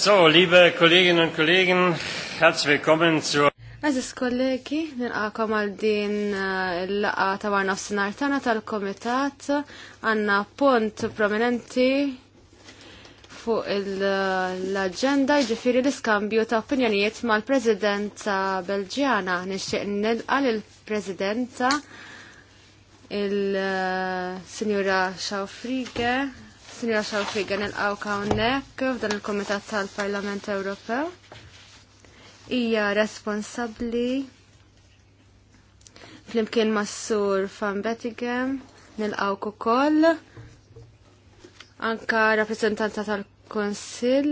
So, liebe Kolleginnen und Kollegen, herzlich willkommen zur Aziz kollegi, nilqakom għal din eh, l-laqa ta' f-sinar tagħna tal-Komitat għandna punt prominenti fuq l agenda ġifieri l-iskambju ta' opinjonijiet mal-Presidenza Belġjana. Nixtieq nilqal il presidenza eh, il-Sinjura Xawfrige Sinjora il nilqaw hawnhekk f'dan il-Kumitat tal-Parlament Ewropew. Hija responsabbli flimkien mas-sur Van Bettigem nilqaw ukoll anka rappreżentanta tal konsil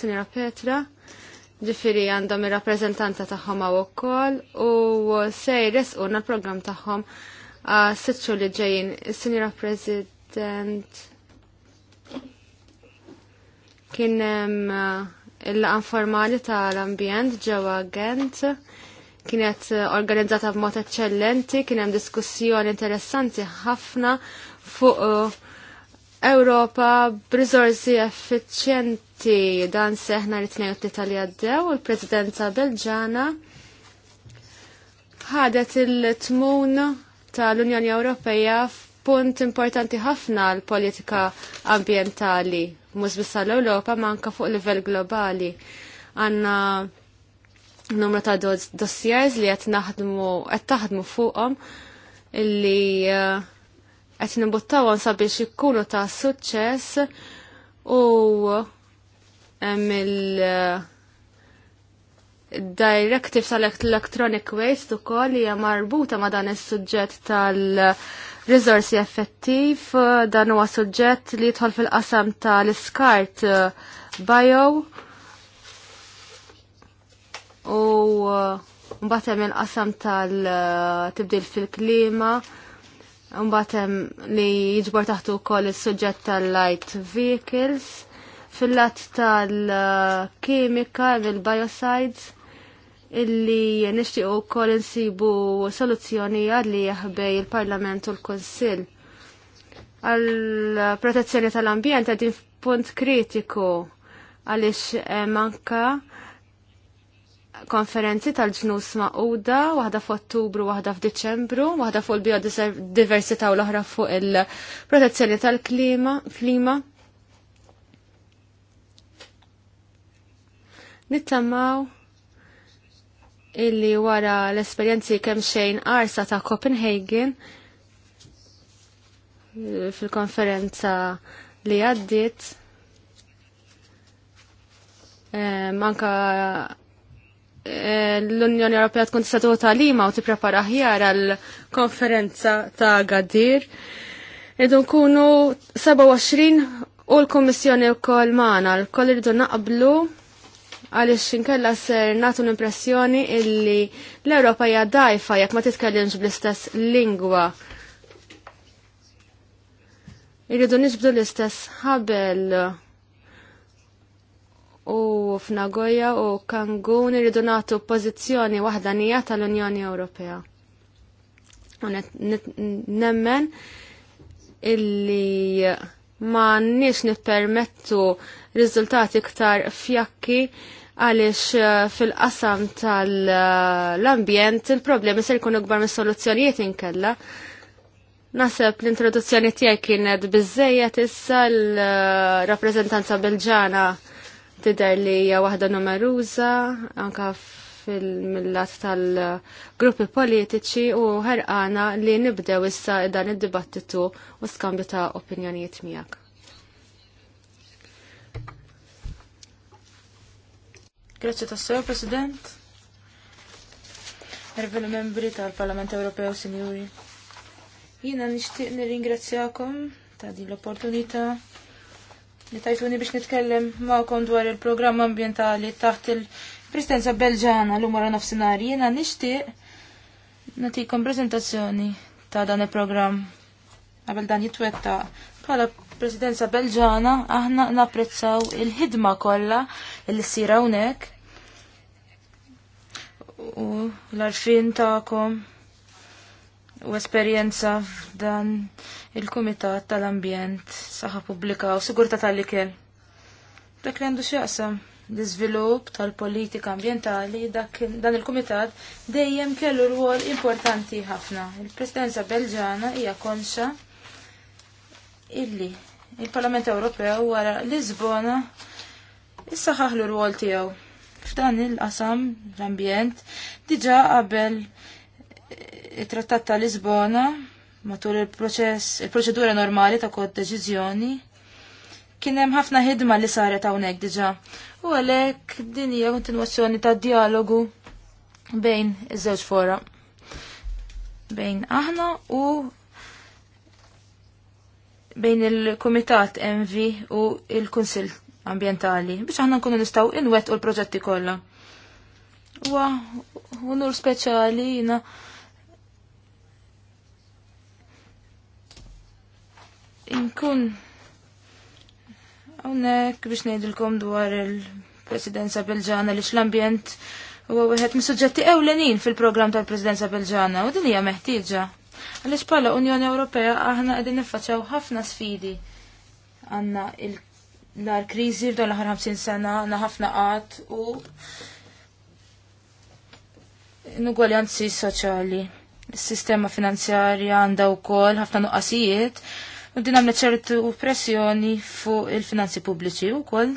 Sinjora Petra, ġifiri għandhom il-rappresentanta tagħhom għaw ukoll u sej jresquna l-programm tagħhom għas-sitt li ġejjin. Sinjora President, Kien hemm eh, il-laqan formali tal-ambjent ġewwa Gent kienet eh, organizzata b'mod eċċellenti, kien hemm diskussjoni interessanti ħafna fuq eh, Ewropa b'riżorsi effiċjenti dan seħna li tnejn li għaddew il presidenza Belġana ħadet il-tmun tal-Unjoni Ewropea f'punt importanti ħafna l-politika ambjentali mhux biss l-Europa, ma anke fuq livell globali. Għanna numru ta' dossiers li qed naħdmu għet taħdmu fuqhom illi eh, qed nimbuttawhom sabiex ikkunu ta' suċċess u mill eh, Directive tal-Electronic Waste ukoll hija marbuta ma' dan is-suġġett tal- Rizorsi effettiv eh, dan huwa suġġett li jidħol fil-qasam tal-iskart eh, bio u eh, mbagħad hemm il-qasam tal-tibdil fil-klima mbagħad hemm li jiġbor taħtu wkoll is-suġġett tal-light vehicles fil-lat tal-kimika il-biocides illi nixtiequ wkoll insibu soluzzjoni għalli jahbej il-Parlament u l-Kunsill. Għal protezzjoni tal-ambjent għedin punt kritiku għaliex eh, manka konferenzi tal-ġnus maquda, waħda f'Ottubru, waħda f'Diċembru, waħda fuq il-biodiversità u l-oħra fuq il-protezzjoni tal-klima. klima Nittamaw illi wara l-esperjenzi kemm xejn arsa ta' Copenhagen eh, fil-konferenza li għaddit eh, manka eh, l-Unjoni Ewropea tkun tista' tuħu talima u tipprepara ħjar għal konferenza ta' Gadir. Idu nkunu 27 u l-Kommissjoni wkoll magħna, l-koll irridu naqblu għaliex inkella ser natu l-impressjoni illi l-Ewropa hija dajfa jekk ma titkellimx bl-istess lingwa. Irridu nixbdu l-istess ħabel u f'Nagoya u Kangun irridu nagħtu pożizzjoni nija tal-Unjoni Ewropea. U nemmen illi ma nix nippermettu riżultati ktar fjakki għaliex eh, fil-qasam tal-ambjent il-problemi se jkun gbar mis soluzzjonijiet inkella. Naseb l-introduzzjoni tiegħek kienet biżejjed issa l-rappreżentanza Belġana tidher li hija waħda numeruża anka fil-millat tal-gruppi politiċi u ħerqana li nibdew issa dan id-dibattitu u skambju ta' opinjonijiet miegħek. Grazie tassew, President. Ervelu membri tal-Parlament Ewropew, Sinjuri. Jina nishtiq nir-ingrazzjakom ta' din l-opportunità li tajtuni biex nitkellem ma'kom dwar il-programm ambientali taħt il-Presidenza Belġana l-umora nofsinhar. Jina nishtiq natikom prezentazzjoni ta' dan il-programm qabel dan jitwetta bħala Presidenza Belġana aħna napprezzaw il-ħidma kollha li ssir hawnhekk u l-arfin tagħkom u esperjenza f'dan il-Kumitat tal-Ambjent, Saħħa Pubblika u Sigurtà tal-Ikel. Dak li għandu x'jaqsam l-iżvilupp tal-politika ambjentali dak dan il-Kumitat dejjem kellu rwol importanti ħafna. Il-Presidenza Belġana hija konxa illi il-Parlament Ewropew wara Lisbona issa ħaħlu r għol tiegħu. F'dan il-qasam l-ambjent diġa qabel it-trattat ta' Lisbona matul il-proċess, il-proċedura normali ta' kod deċiżjoni kien hemm ħafna ħidma li saret hawnhekk diġà. U għalhekk din hija kontinwazzjoni ta' dialogu bejn iż-żewġ fora. Bejn aħna u bejn il-Kumitat MV u il kunsilt ambientali biex aħna nkunu nistgħu inwettqu l-proġetti kollha. Wa unur speċjali jina. inkun hawnhekk biex ngħidilkom dwar il-Presidenza Belġana li l-ambjent huwa wieħed mis-suġġetti ewlenin fil-programm tal-Presidenza Belġana u din hija meħtieġa. Għaliex bħala Unjoni Ewropea aħna qegħdin niffaċċjaw ħafna sfidi għandna il nar kriżi f'dan l-aħħar 50 sena na ħafna qatt u inugwaljanzi soċjali. soċali. sistema finanzjarja għandha wkoll ħafna nuqqasijiet u din għamlet ċertu pressjoni fuq il-finanzi pubbliċi wkoll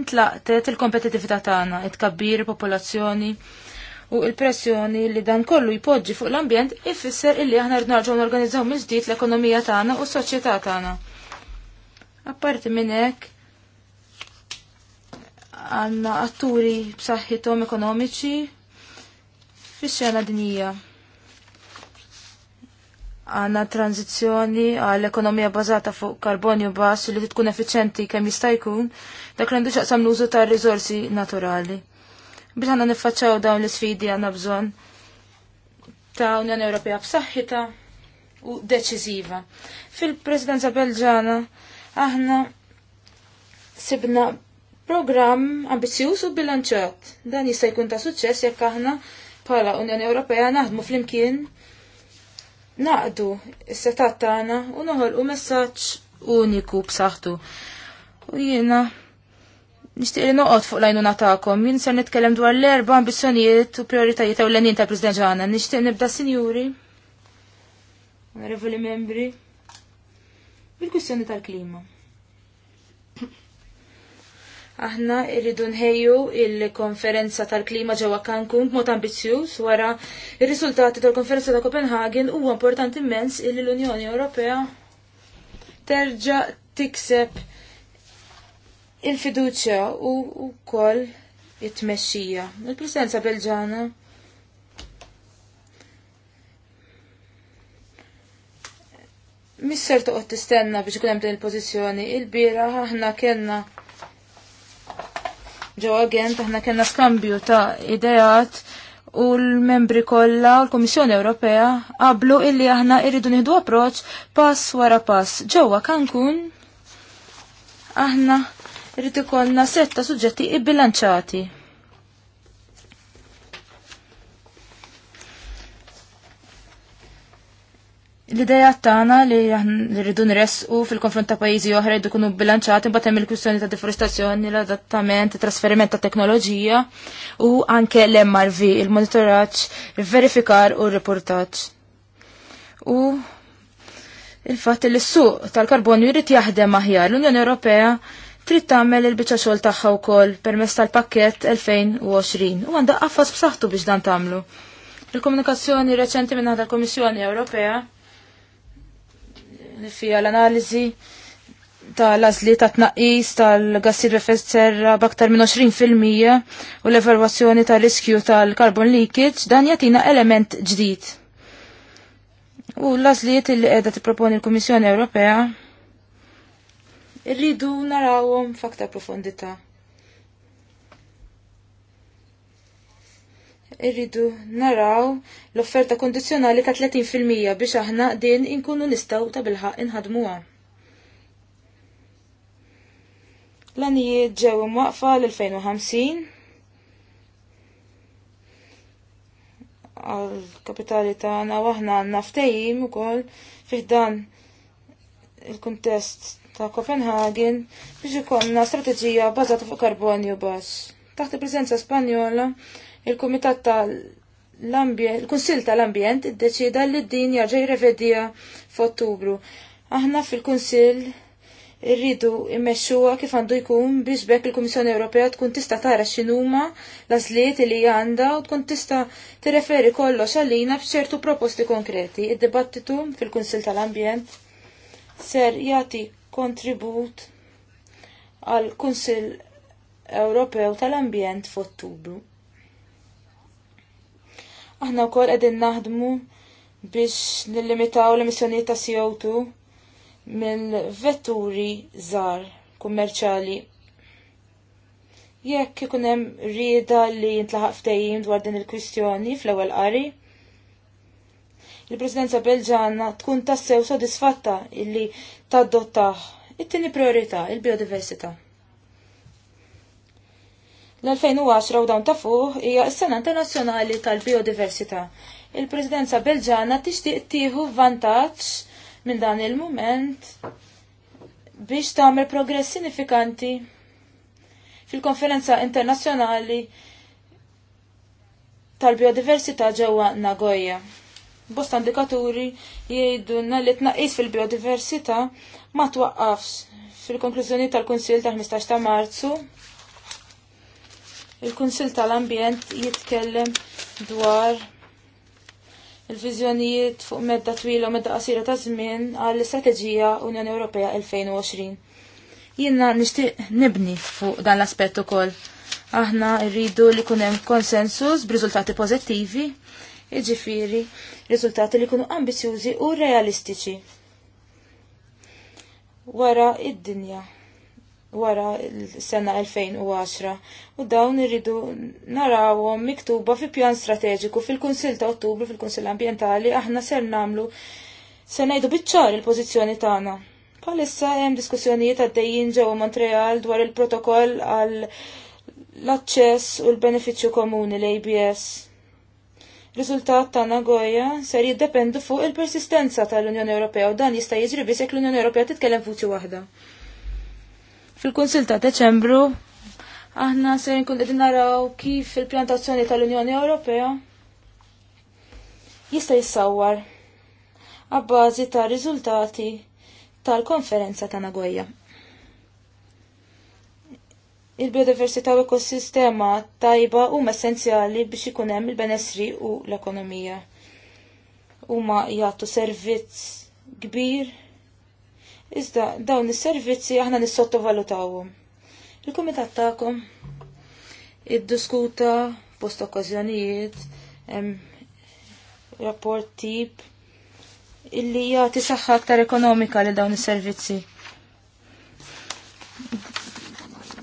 intlaqtet il-kompetitività tagħna, it-kabbir popolazzjoni u il-pressjoni li dan kollu jpoġġi fuq l-ambjent ifisser illi aħna rrid narġgħu norganizzaw minn ġdid l-ekonomija tagħna u s-soċjetà tagħna. Apparti minn hekk, għanna atturi b'saħħithom ekonomiċi fix-xena dinija. Għanna tranzizjoni għall ekonomija bażata fuq karbonju bass li tkun effiċenti kemm jista' jkun dak rendu xaqsam l-użu tar riżorsi naturali. Biex għanna niffaċċaw dawn l-isfidi għanna bżonn ta' Unjoni Ewropea b'saħħitha u deċiżiva. Fil-Presidenza Belġana aħna sibna Programm ambizjuż u bilanċat. Dan jista' jkun ta' suċċess jekk aħna bħala Unjoni Ewropea naħdmu flimkien naqdu s-setat tagħna u noħolqu messaġġ uniku b'saħħtu. U jiena nixtieq li noqgħod fuq lajnuna tagħkom, jien ser nitkellem dwar l-erba' ambizzjonijiet u prioritajiet ewlenin tal-President ġana. Nixtieq nibda sinjuri. Onorevoli membri, bil-kwistjoni tal-klima. Aħna irridu nħejju il-konferenza tal-klima ġewwa Cancun b'mod ambizzjuż wara ir-riżultati tal-konferenza ta' Copenhagen huwa importanti immens illi l-Unjoni Ewropea terġa' tikseb il-fiduċja u wkoll it-tmexxija. Il-presenza Belġana Misser toqgħod tistenna biex ikun hemm din il-pożizzjoni. Il-bieraħ aħna kellna ġo għagħen aħna kellna skambju ta' ideat u l-membri kollha u l-Kummissjoni Ewropea qablu illi aħna irridu nħidu approċċ pass wara pass. Ġewwa Cancun aħna irridu ikollna setta suġġetti ibbilanċati. L-ideja tagħna li rridu nresqu fil-konfront ta' pajjiżi oħra jridu jkunu bilanċati imbagħad hemm il-kwistjoni ta' deforestazzjoni, l-adattament, trasferiment ta' teknoloġija u anke l-MRV, il-monitoraġġ, il-verifikar u r-reportaġġ. U il-fatt li s-suq tal-karbonju jrid jaħdem aħjar. L-Unjoni Ewropea trid tagħmel il-biċċa xogħol tagħha wkoll permezz tal-pakkett 2020 u għandha qafas b'saħħtu biex dan tagħmlu. Il-komunikazzjoni reċenti minn tal-Komissjoni Ewropea li fija l-analiżi tal-azli ta' tnaqqis tal gassir refes serra b'aktar minn 20% u l-evalwazzjoni tal-riskju tal-carbon leakage dan jatina element ġdid. U l-azliet li qiegħda tipproponi l-Kummissjoni Ewropea irridu narawhom f'aktar profondità. irridu naraw l-offerta kondizjonali ta' 30% biex aħna din inkunu nistaw ta' bilħaq inħadmuha. l għanijiet ġew imwaqfa l-2050 għal-kapitali tagħna u aħna għandna ftehim ukoll fih dan il-kuntest ta' Copenhagen biex ikollna strateġija bbażata fuq karbonju bas. taħt il-prezenza Spanjola il-Kumitat tal-Ambjent, il-Kunsil tal-Ambjent iddeċida li d-din jarġa' jirrevedija f'Ottubru. Aħna fil-Kunsil irridu immexxuha kif għandu jkun biex bekk il-Kummissjoni Ewropea tkun tista' tara x'inhuma l-għażliet li għandha u tkun tista' tirreferi kollox għalina f'ċertu proposti konkreti. Id-dibattitu fil-Kunsil tal-Ambjent ser jagħti kontribut għal Kunsil Ewropew tal-Ambjent f'Ottubru. Aħna wkoll qegħdin naħdmu biex nillimitaw l-emissjonijiet ta' CO2 mill-vetturi zar kummerċali. Jekk ikun hemm li jintlaħaq ftejim dwar din il-kwistjoni fl-ewwel qari, il-Presidenza Belġana tkun tassew sodisfatta illi tadottaħ it-tieni priorità, il-biodiversità. il biodiversità L-2010 u dawn ta' fuq hija s-sena internazzjonali tal-biodiversità. Il-Presidenza Belġana tixtieq tieħu vantaġġ minn dan il-mument biex tagħmel progress sinifikanti fil-konferenza internazzjonali tal-biodiversità ġewwa Nagoya. Bosta indikaturi jgħidulna li tnaqqis fil-biodiversità ma twaqqafx fil-konklużjoni tal-Kunsil tal-15 ta' Marzu Il-Kunsil tal-Ambjent jitkellem dwar il-viżjonijiet fuq medda twila u medda qasira ta' żmien għall istrateġija Unjoni Ewropea 2020. Jiena nixtieq nibni fuq dan l-aspett ukoll. Aħna rridu li kun hemm konsensus b'riżultati pożittivi, jiġifieri riżultati li jkunu ambizjużi u realistiċi. Wara id-dinja wara l-sena 2010 u dawn irridu narawhom miktuba fi pjan strateġiku fil-Kunsil ta' Ottubru fil-Kunsil Ambjentali aħna ser namlu se ngħidu biċċar il-pożizzjoni tagħna. Palissa hemm diskussjonijiet għaddejjin ġewwa Montreal dwar il-protokoll għal l-aċċess u l-benefiċċju komuni l-ABS. Riżultat ta' Nagoya ser jiddependu fuq il-persistenza tal-Unjoni Ewropea u dan jista' jiġri biss jekk l-Unjoni Ewropea titkellem fuċi waħda. Fil-Kunsil ta' Deċembru aħna se nkun qegħdin naraw kif il-pjantazzjoni tal-Unjoni Ewropea jista' jissawwar għabbażi ta' riżultati tal-konferenza ta' Nagoya. Il-biodiversità u ekosistema tajba huma essenzjali biex ikun hemm il-benessri u l-ekonomija. Huma jagħtu servizz kbir Iżda dawn is-servizzi aħna nissottovalutawhom. Il-kumitat tagħkom iddiskuta post okkażjonijiet rapport tip illi jagħti saħħa aktar ekonomika li dawn is-servizzi.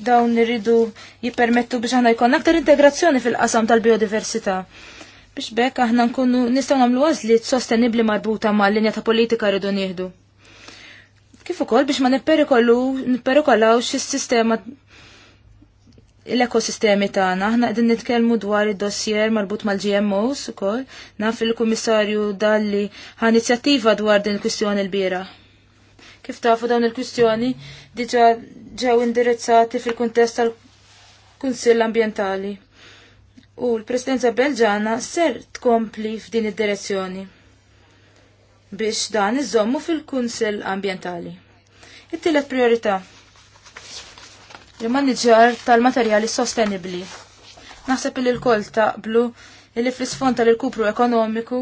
Dawn irridu jippermettu biex aħna jkollna aktar integrazzjoni fil-qasam tal-biodiversità biex bekk aħna nkunu nistgħu nagħmlu għażliet sostenibbli marbuta mal-linja ta' politika rridu nieħdu kif ukoll biex ma nipperikolawx is-sistema l-ekosistemi tagħna. Aħna qegħdin nitkellmu dwar id-dossier marbut mal-GMOs ukoll, naf il-Kummissarju dalli ħa inizjattiva dwar din il-kwistjoni l-bira. Kif tafu dawn il-kwistjoni diġà ġew indirizzati fil-kuntest tal-Kunsill Ambjentali. U l-Presidenza Belġana ser tkompli f'din id-direzzjoni biex dan iżommu fil kunsel Ambientali. It-tielet priorità. il manager tal-materjali sostenibli. Naħseb li l-kol taqblu li fl-isfond tal-kupru ekonomiku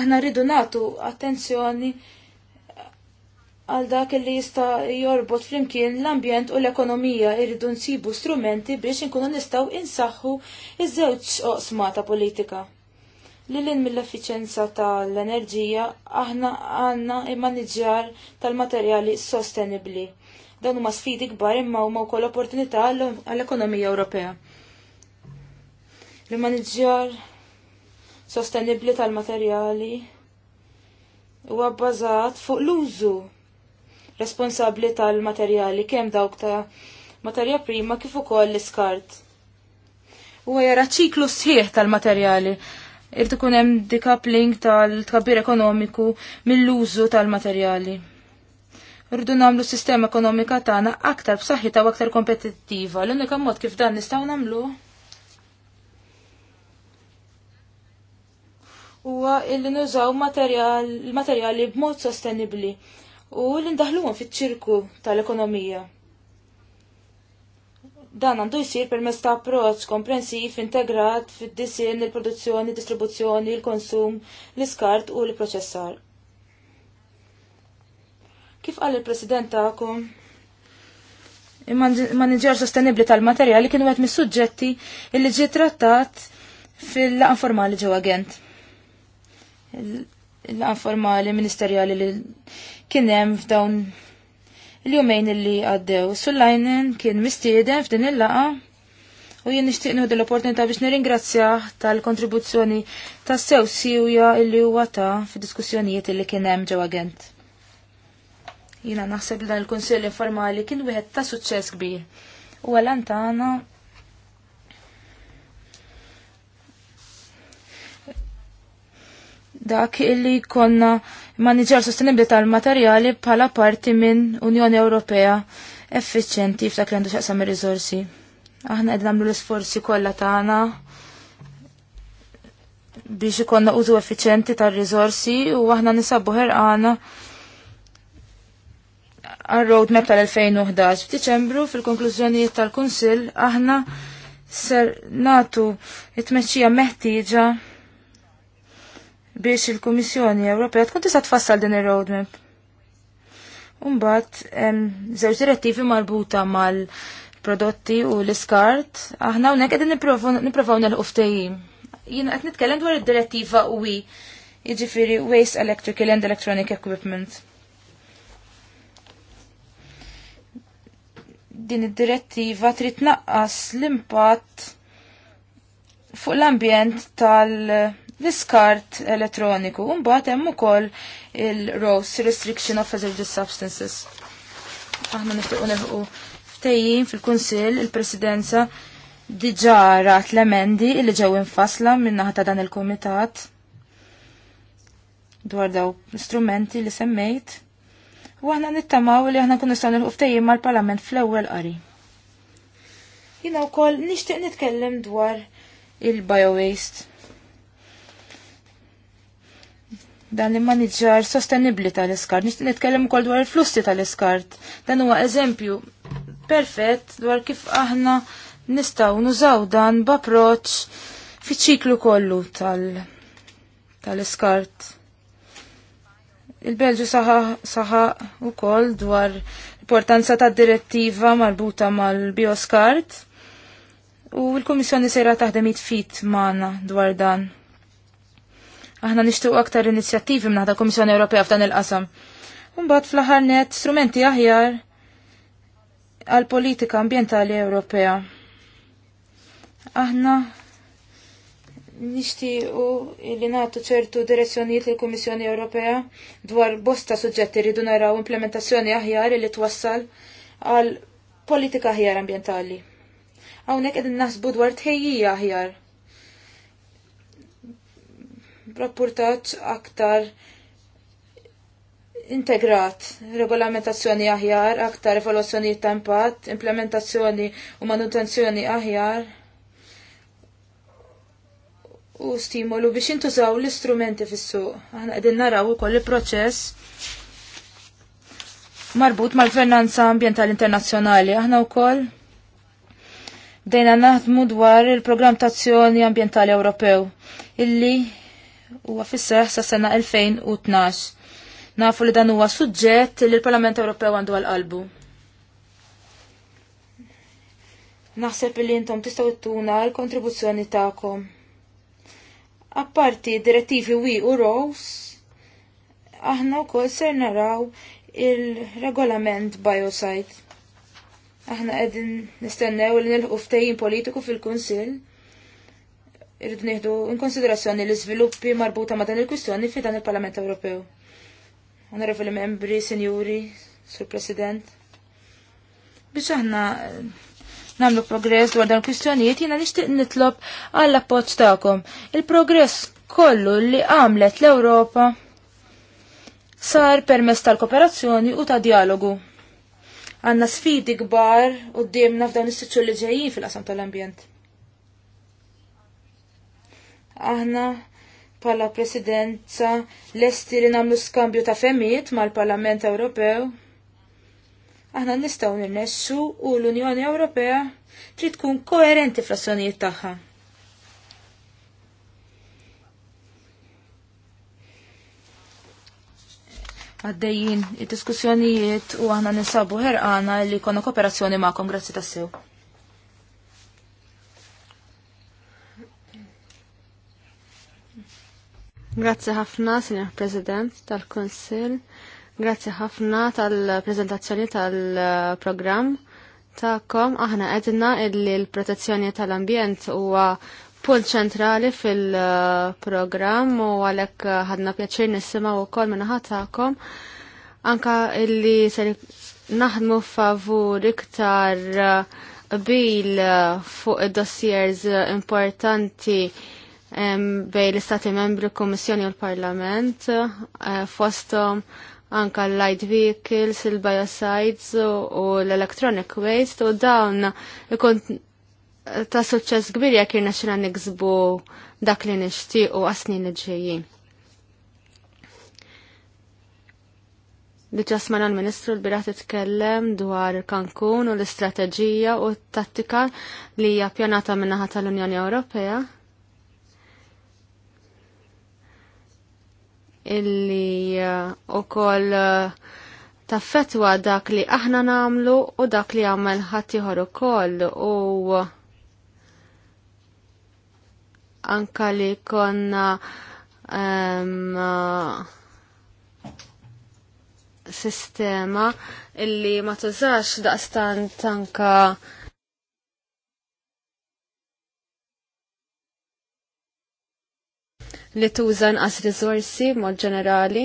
aħna rridu natu attenzjoni għal dak li jista jorbot flimkien l-ambjent u l-ekonomija irridu nsibu strumenti biex inkunu nistaw insaħħu iż-żewġ oqsma ta' politika li l mill-effiċenza tal-enerġija aħna għanna immaniġġar tal-materjali sostenibli. Dan huma sfidi kbar imma huma wkoll opportunità għall-ekonomija Ewropea. L-immaniġġar sostenibli tal-materjali huwa bbażat fuq l-użu responsabbli tal-materjali kemm dawk ta' materja prima kif ukoll l-iskart. Huwa jara ċiklu sħiħ tal-materjali irrid ikun hemm decoupling tal-tkabbir ekonomiku mill-użu tal-materjali. Rridu nagħmlu s-sistema ekonomika tagħna aktar b'saħħita u aktar kompetittiva. L-unika mod kif dan nistgħu nagħmlu huwa illi nużaw materjali b'mod sostenibbli u li ndaħluhom fiċ-ċirku tal-ekonomija. Dan għandu jisir permezz ta' approċċ komprensiv integrat fid-disin, il-produzzjoni, distribuzzjoni, il-konsum, l-iskart u l-proċessar. Kif qal il-President ta'kom, il-manager sostenibli tal-materjali kienu għet mis il li ġi trattat fil-laqan formali ġewa Gent. Il-laqan formali ministerjali li kienem f'dawn l-jumejn illi għaddew. Sullajnen kien mistieden f'din il-laqa u jien nixtieq nieħu l-opportunità biex nirringrazzjah tal-kontribuzzjoni tas sew siwja illi huwa ta' fid-diskussjonijiet illi kien hemm ġew agent. Jiena naħseb li dan il-Kunsill informali kien wieħed ta' suċċess kbir. U għal antana dak illi konna maniġar sostenibli tal-materjali bħala parti minn Unjoni Ewropea effiċenti f'dak li għandu xaqsam ir-riżorsi. Aħna qed nagħmlu l-isforzi kollha tagħna biex ikonna użu effiċenti tar-riżorsi u aħna nisabu ħerqana għal-roadmap tal-2011. F'Diċembru fil-konklużjonijiet tal-Kunsill aħna ser natu it-tmexxija meħtieġa biex il-Kummissjoni Ewropea tkun tista' tfassal din ir-roadmap. Umbat, żewġ direttivi marbuta mal-prodotti u l-iskart, aħna hawnhekk qegħdin nipprovaw nelħu ftehim. Jien qed nitkellem dwar id-direttiva wi, jiġifieri Waste Electrical and Electronic Equipment. Din id-direttiva trid tnaqqas l-impatt fuq l-ambjent tal- l-iskart elettroniku, mbagħad hemm ukoll il-Rose Restriction of Hazardous Substances. Aħna niftuqu nilħu ftejjin fil-Kunsill il-Presidenza diġà rat l-emendi li ġew infasla minnaħa ta' dan il-Kumitat dwar daw l li semmejt. U aħna nittamaw li aħna nkunu nistgħu nilħu ftejjin mal-Parlament fl-ewwel qari. Jina wkoll nixtieq nitkellem dwar il-biowaste dan il-manager sostenibli tal-iskart. Nix nitkellem ukoll dwar il-flussi tal-iskart. Dan huwa eżempju perfett dwar kif aħna nistgħu nużaw dan b'approċċ fiċ-ċiklu kollu tal-iskart. Tal Il-Belġu saħa saħa ukoll dwar l importanza ta' direttiva marbuta mal-bioskart u l-Komissjoni sejra taħdem it-fit maħna dwar dan. Aħna nixtiequ aktar inizjattivi minn ħata Komissjoni Ewropea f'dan il-qasam. Mbagħad fl-aħħar net strumenti aħjar għal politika ambientali Ewropea. Aħna nixtiequ li nagħtu ċertu direzzjonijiet il kummissjoni Ewropea dwar bosta suġġetti rridu naraw implementazzjoni aħjar li twassal għal politika aħjar ambientali. Hawnhekk qegħdin naħsbu dwar tħejjija aħjar rapportat aktar integrat, regolamentazzjoni aħjar, aktar evoluzzjoni ta' impatt, implementazzjoni u manutenzjoni aħjar u stimolu biex intużaw l-istrumenti fis-suq. Aħna qegħdin naraw ukoll il-proċess marbut mal-gvernanza ambjentali internazzjonali. Aħna wkoll dejna naħdmu dwar il-programm ambientali ambjentali Ewropew illi huwa għafisseħ sa sena 2012. Nafu li dan huwa suġġett li l-Parlament Ewropew għandu għal-qalbu. Naħseb li intom tistaw ittuna l-kontribuzzjoni ta'kom. Apparti direttivi wi u rows, aħna u kol ser naraw il-regolament biosite. Aħna għedin nistennew li nilħu ftejjin politiku fil konsil irrid nieħdu inkonsiderazzjoni l-iżviluppi marbuta ma' dan il-kwistjoni fi dan il-Parlament Ewropew. Onorevoli membri, senjuri, sur President. Biex aħna eh, namlu progress dwar dan il-kwistjonijiet jiena nixtieq nitlob għall appoġġ tagħkom. Il-progress kollu li għamlet l-Ewropa sar permess tal-kooperazzjoni u ta' dialogu. Għanna sfidi kbar u d-diemna f'dawn is-sitxu li ġejjin fil-qasam tal-ambjent Aħna pala presidenza lesti li namlu skambju ta' femijiet mal-Parlament Ewropew. Aħna nistaw nirnessu u l-Unjoni Ewropea trid tkun koerenti fl-azzjonijiet tagħha. għaddejjin id-diskussjonijiet u aħna ninsabu ħerqana li konna kooperazzjoni ma'kom grazzi tassew. Grazzi ħafna, Signor President tal-Konsil. Grazzi ħafna tal-prezentazzjoni tal-programm ta'kom. Aħna għedna illi l-protezzjoni tal-ambjent huwa punt ċentrali fil-programm u għalek ħadna pjaċir nissima u kol minna ta'kom. Anka illi ser naħdmu favur iktar bil fuq id-dossiers importanti bej l-Istati membri, l-Kommissjoni u l-Parlament, eh, fostom anka l-light vehicles, il-biocides u l-electronic waste u dawn ikon ta' suċċess kbir jek irna xina niksbu dak li nixtiequ għasnin li ġejjin. Diġa smana l-Ministru l-birat itkellem dwar Cancun u l-istrateġija u t-tattika li hija pjanata minnaħa tal-Unjoni Ewropea illi uh, u koll uh, taffetwa dak li aħna namlu u dak li għamel ħatiħor u koll uh, u anka li konna um, sistema illi ma tużax daqstant anka li tuża nqas rizorsi mod ġenerali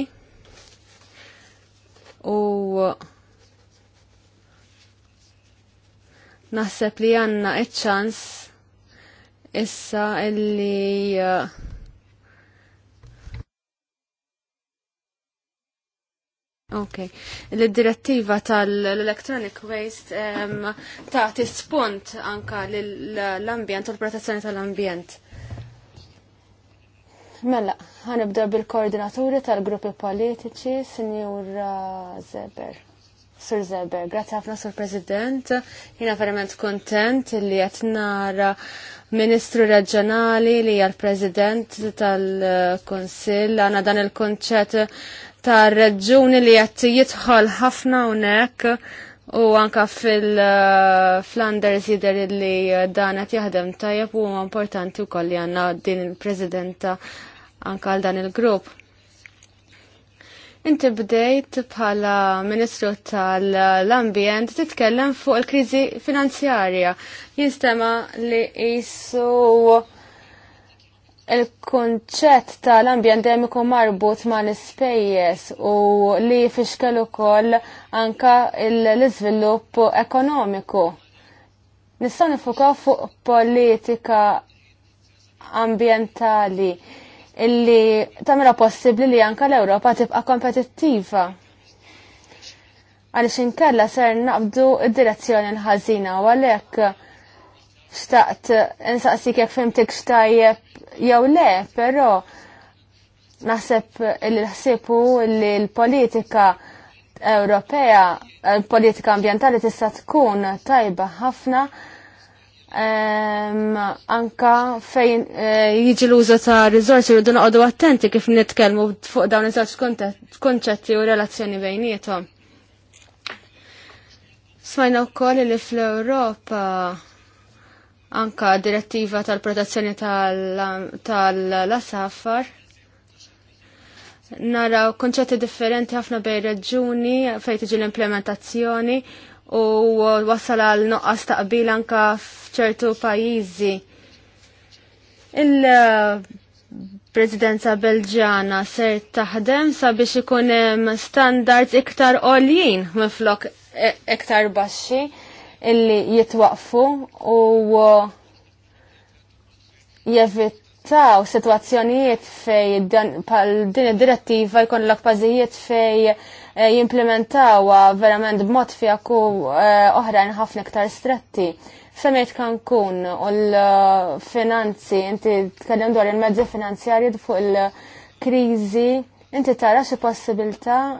u naħseb li għanna iċ-ċans issa illi uh, Ok, l-direttiva tal-electronic waste um, ta' spunt anka l-ambjent u l-protezzjoni tal-ambjent. Mela, ħanibda bil-koordinaturi tal-gruppi politiċi, Sinjura uh, Zeber. Sur Zeber, grazie ħafna sur President. Jina verament kontent li qed Ministru Reġjonali li hija l-President tal-Kunsill għana dan il konċet tar-reġuni li qed jidħol ħafna hawnhekk U anka fil-Flanders uh, jider li uh, dan qed jaħdem tajjeb u huma importanti wkoll li għandna din il-Presidenta anka għal dan il-grupp. Inti bdejt bħala Ministru tal-Ambjent titkellem fuq il-kriżi finanzjarja. Jinstema li jisu il-konċett tal-ambjent demiku marbut ma' l-ispejjeż u li fiskelu ukoll anka l izvilupp ekonomiku. Nistgħu nifukaw fuq politika ambjentali illi tamra possibbli li anka l-Ewropa tibqa' kompetittiva. Għaliex inkella ser naqbdu id-direzzjoni l-ħażina u għalhekk Staqt, insaqsik jekk fimtik xtajjeb jew le, però naħseb il-ħsibu li l-politika Ewropea, l-politika ambientali tista' tkun tajba ħafna anka fejn eh, jiġi l-użu ta' rizorsi rridu noqogħdu attenti kif nitkellmu fuq dawn iż-żewġ konċetti u relazzjoni bejniethom. Smajna wkoll li fl-Ewropa anka direttiva tal-protezzjoni tal-asaffar. Naraw konċetti differenti ħafna bej reġuni fejn tiġi l-implementazzjoni u wasal għal noqqas taqbil anka f'ċertu pajjiżi. Il-Presidenza Belġana ser taħdem sabiex ikun hemm standards iktar għoljin minflok e- iktar baxxi illi jitwaqfu u uh, jevittaw situazzjonijiet fej pal din id-direttiva jkun l pażijiet fej eh, jimplementawa verament b'mod fi u eh, oħrajn ħafna iktar stretti. Semmejt Cancun u l-finanzi, inti tkellem dwar il-mezzi finanzjarji fuq il-krizi, inti tara xi possibilità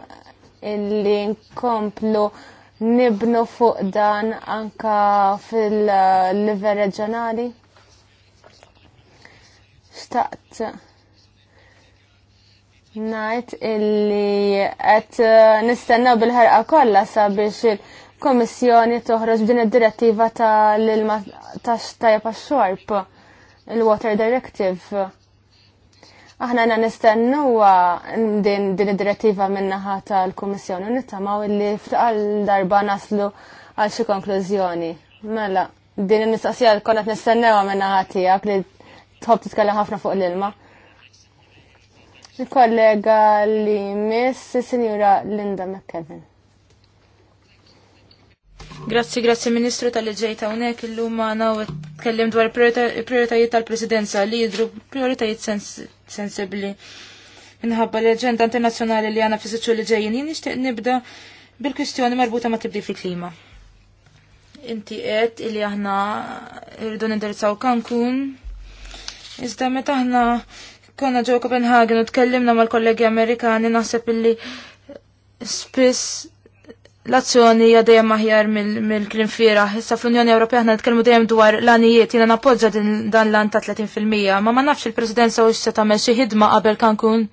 illi nkomplu nibnu fuq dan anka fil-livell reġjonali? Xtaqt najt illi qed uh, nistennaw bil ħarqa kollha sabiex il-Komissjoni toħroġ din id-direttiva tal-ilma tax tajja xorb il-Water Directive Aħna na nistennu din din id-direttiva minnaħa tal-Kummissjoni nittamaw illi f'taqal darba naslu għal xi konklużjoni. Mela, din il-mistaqsija li konna nistennewa minnaħa tiegħek li tħobb titkellem ħafna fuq l-ilma. Il-kollega li miss sinjura Linda McKevin. Grazzi, grazzi Ministru tal-li ġejta unek il-lum għana u t-kellim dwar prioritajiet tal-presidenza li jidru prioritajiet sensibli. Minħabba l-Aġenda Internazzjonali li għana fis li ġejjin jien nixtieq nibda bil-kwistjoni marbuta ma' tibdi fil-klima. Inti qed illi aħna rridu nindirizzaw Cancun, iżda meta aħna konna ġew Copenhagen u tkellimna mal-kollegi Amerikani naħseb illi spiss l-azzjoni hija maħjar mill-krim fira. Issa fl-Unjoni Ewropea aħna nitkellmu dejjem dwar l-anijiet, jiena nappoġġa dan l-an ta' 30%, ma ma nafx il-Presidenza u se tagħmel xi ħidma qabel kankun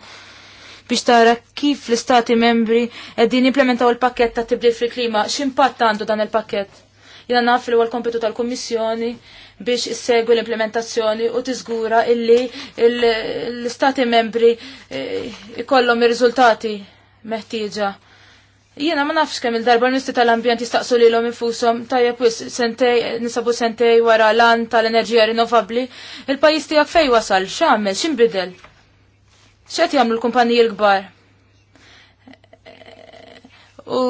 biex tara kif l-istati membri qegħdin implementaw il-pakket ta' tibdil fil-klima, x'impatt għandu dan il-pakket? Jina naf li huwa l-kompetu tal-Kummissjoni biex issegwi l-implementazzjoni u tiżgura illi l-istati membri eh, ikollhom ir-riżultati meħtieġa Jena ma nafx kemm il-darba l tal-Ambjent jistaqsu lilhom infushom tajjeb sentej nisabu sentej wara lan tal-enerġija rinnovabbli, il-pajjiż tiegħek fejn wasal, x'għamel, x'inbidel? X'qed jagħmlu l-kumpaniji l-kbar? U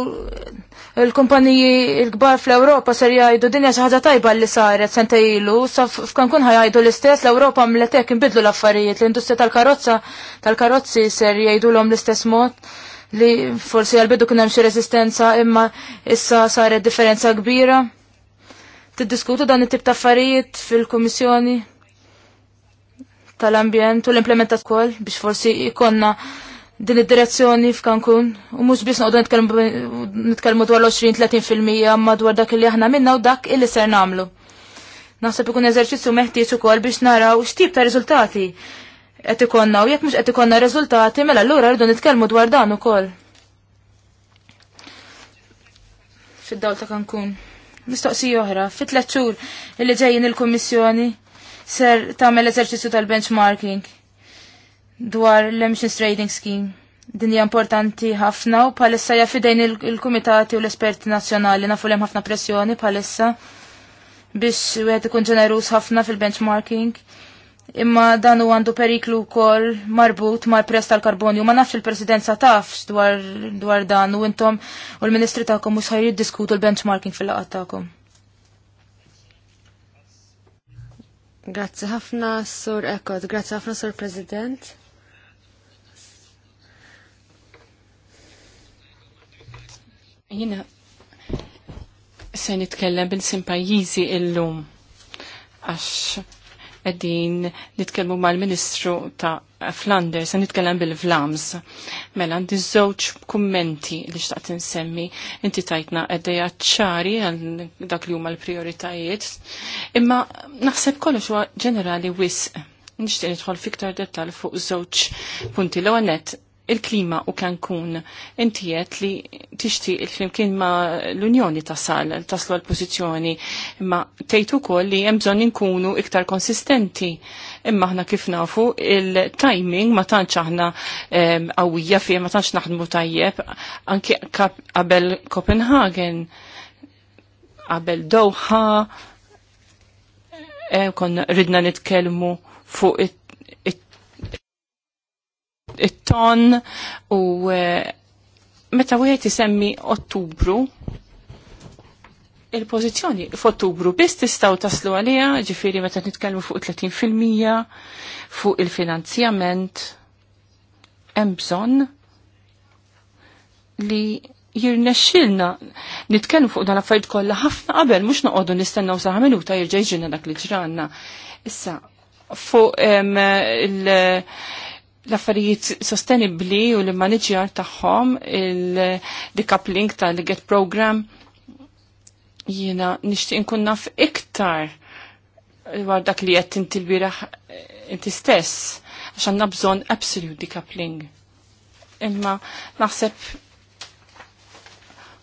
l-kumpaniji l-kbar fl-Ewropa ser jgħidu dinja xi ħaġa tajba li saret sentej ilu, sa f'kankun jgħidu l-istess l-Ewropa mletek inbidlu l-affarijiet, l-industrija tal-karozza tal-karozzi ser jgħidulhom l-istess mod li forsi għalbidu kunem xie hemm xi resistenza imma issa saret differenza kbira. Tiddiskutu dan it-tip ta' affarijiet fil-Kummissjoni tal-Ambjent u l-implementat ukoll biex forsi ikonna din id-direzzjoni f'Kankun u mhux biss naqdu nitkellmu dwar l-20-30 fil-mija madwar dak li aħna minna u dak illi ser nagħmlu. Naħseb ikun eżerċizzju meħtieġ ukoll biex naraw x'tip ta' riżultati qed ikonna u jekk mhux qed ikonna riżultati mela allura rridu nitkellmu dwar dan ukoll. Fid-dawl ta' Cancun. Mistoqsija oħra, fit tlet xhur li ġejjin il-Kummissjoni ser tagħmel eżerċizzju tal-benchmarking dwar l-Emissions Trading Scheme. Din hija importanti ħafna u palissa hija fidejn il-kumitati u l-esperti nazzjonali nafu hemm ħafna pressjoni palissa biex wieħed ikun ġenerus ħafna fil-benchmarking imma dan u għandu periklu kol marbut mal press tal-karbonju. Ma nafx il-presidenza taf dwar, dwar dan u intom u l-ministri ta'kom mux ħajrid diskutu l-benchmarking fil-laqat ta'kom. Grazzi ħafna, Sur Ekod. Grazie ħafna, Sur President. Jina, se nitkellem bil-simpajizi illum għax qegħdin nitkellmu mal-Ministru ta' Flanders se nitkellem bil-Vlams. Mela għandi żewġ kummenti li xtaqt insemmi inti tajtna qegħdejja ċari għal dak li huma l prioritajiet Imma naħseb kollox huwa ġenerali wisq. Nixtieq nidħol fiktar dettal fuq żewġ punti l għonet il-klima u Cancun. Intijet li tixti il-flimkien ma l-Unjoni tasal, taslu għal-pozizjoni, imma tejtu kol li jemżon inkunu iktar konsistenti. Imma ħna kif nafu, il-timing ma tantx aħna għawija fie, ma tantx naħdmu tajjeb, anki qabel Copenhagen, qabel Doha, konna kon ridna nitkelmu fuq it it-ton u eh, meta wieħed isemmi Ottubru il-pożizzjoni f'Ottubru biss tistgħu taslu għaliha, ġifieri meta nitkellmu fuq 30% fuq il-finanzjament hemm bżonn li jirnexxilna nitkellmu fuq dan affarijiet kollha ħafna qabel mhux noqogħdu nistennew saħħa minuta jirġa' jġinna dak li ġranna. Issa fuq l-affarijiet sostenibli u l-manager tagħhom il-decoupling tal-get program jiena nixtieq inkun naf iktar dwar dak li qed inti l inti stess għax għandna bżonn absolute decoupling. Imma naħseb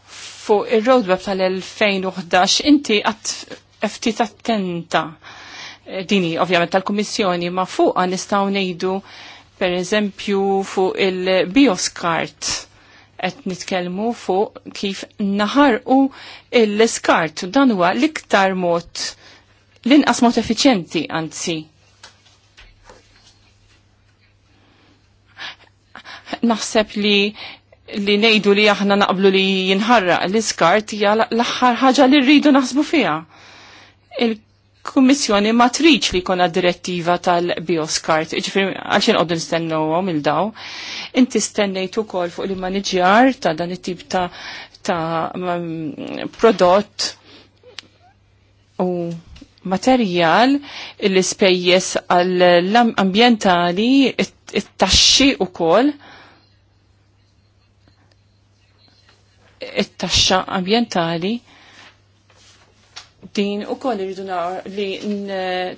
fuq ir-roadmap tal-2011 inti qatt ftit attenta dini ovvjament tal-Kummissjoni ma fuqa nistgħu ngħidu Per eżempju fuq il-bioskart qed nitkellmu fuq kif naħarqu l-skart dan huwa l-iktar mod l-inqas mod effiċjenti anzi. Naħseb li li nejdu li aħna naqblu li jinħarra l-iskart hija l-aħħar ħaġa li rridu naħsbu fiha kummissjoni ma triċ li kona direttiva tal-bioskart, ġifir għalxin għoddu għom il-daw, inti stennejtu kol fuq il-maniġjar ta' dan it-tip ta', ta mm, prodott u materjal l-ispejjes għall-ambientali, spejjes koll, it-taxxa ambientali, it taxxi u kol it taxxa ambientali it din u koll irridu li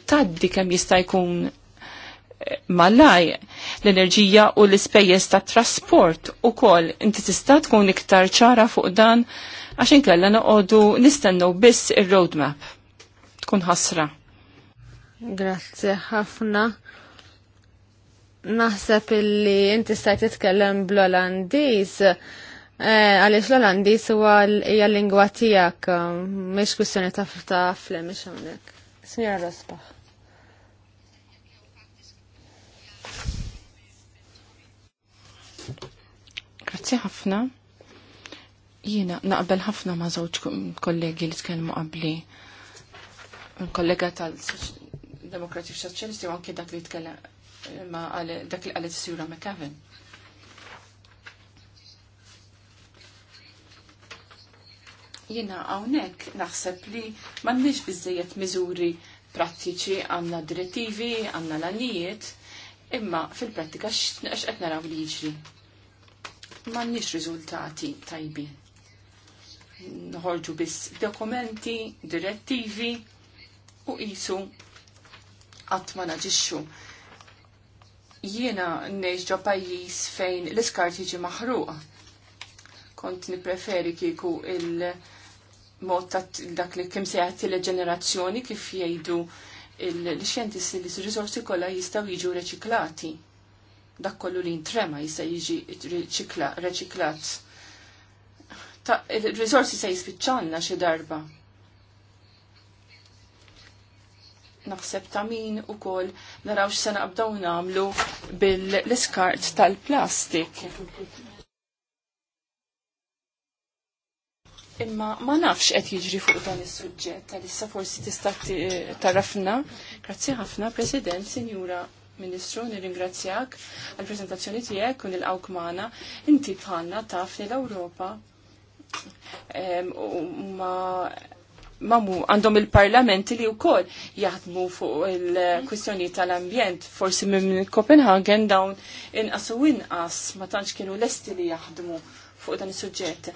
taddi kem jista' jkun eh, malaj l-enerġija u l-ispejjeż ta' trasport u koll inti tista' tkun iktar ċara fuq dan għax inkella noqogħdu nistennew biss ir-roadmap. Tkun ħasra. Grazzi ħafna. Naħseb illi inti stajt titkellem bl-Olandiż Eh, għalix l-Olandis huwa hija ija lingwa tiegħek eh, mhix kwistjoni ta' fta' fle, mhix hawnhekk. Signora Rosbach. Grazzi ħafna. Jiena naqbel ħafna ma' żewġ kollegi li tkellmu qabli. Kollega tal-Demokratik Soċjalisti u anke dak li tkellem ma' dak li qalet Sjura McCavin jina għawnek naħseb li mannix bizzejiet miżuri prattiċi għanna direttivi, għanna l-għanijiet, imma fil-prattika x'qed naraw li jiġri. Mannix riżultati tajbi. Nħorġu biss dokumenti, direttivi u qisu qatt ma naġixxu. Jiena ngħix ġo pajjiż fejn l-iskart jiġi maħruq kont nipreferi kieku il- mod ta' dak li kemm sejħat il-ġenerazzjoni kif jgħidu l-xjentisti li s rizorsi kollha jistgħu jiġu reċiklati. Dak kollu li ntrema jista' jiġi reċiklat. il rizorsi se jispiċċanna xi darba. Naħseb ta' min u kol narawx sena naqbdaw namlu bil-iskart tal-plastik Imma ma nafx qed jiġri fuq dan is-suġġett tal-issa forsi tista' tarafna. Grazzi ħafna, President, Sinjura Ministru, nirringrazzjak għall prezentazzjoni tiegħek u nilqgħu magħna. Inti bħalna taf li l-Ewropa ehm, ma mamu għandhom il-parlamenti li wkoll jaħdmu fuq il-kwistjoni tal-ambjent. Forsi minn Copenhagen dawn inqasu inqas ma tantx kienu lesti li jaħdmu fuq dan is-suġġett.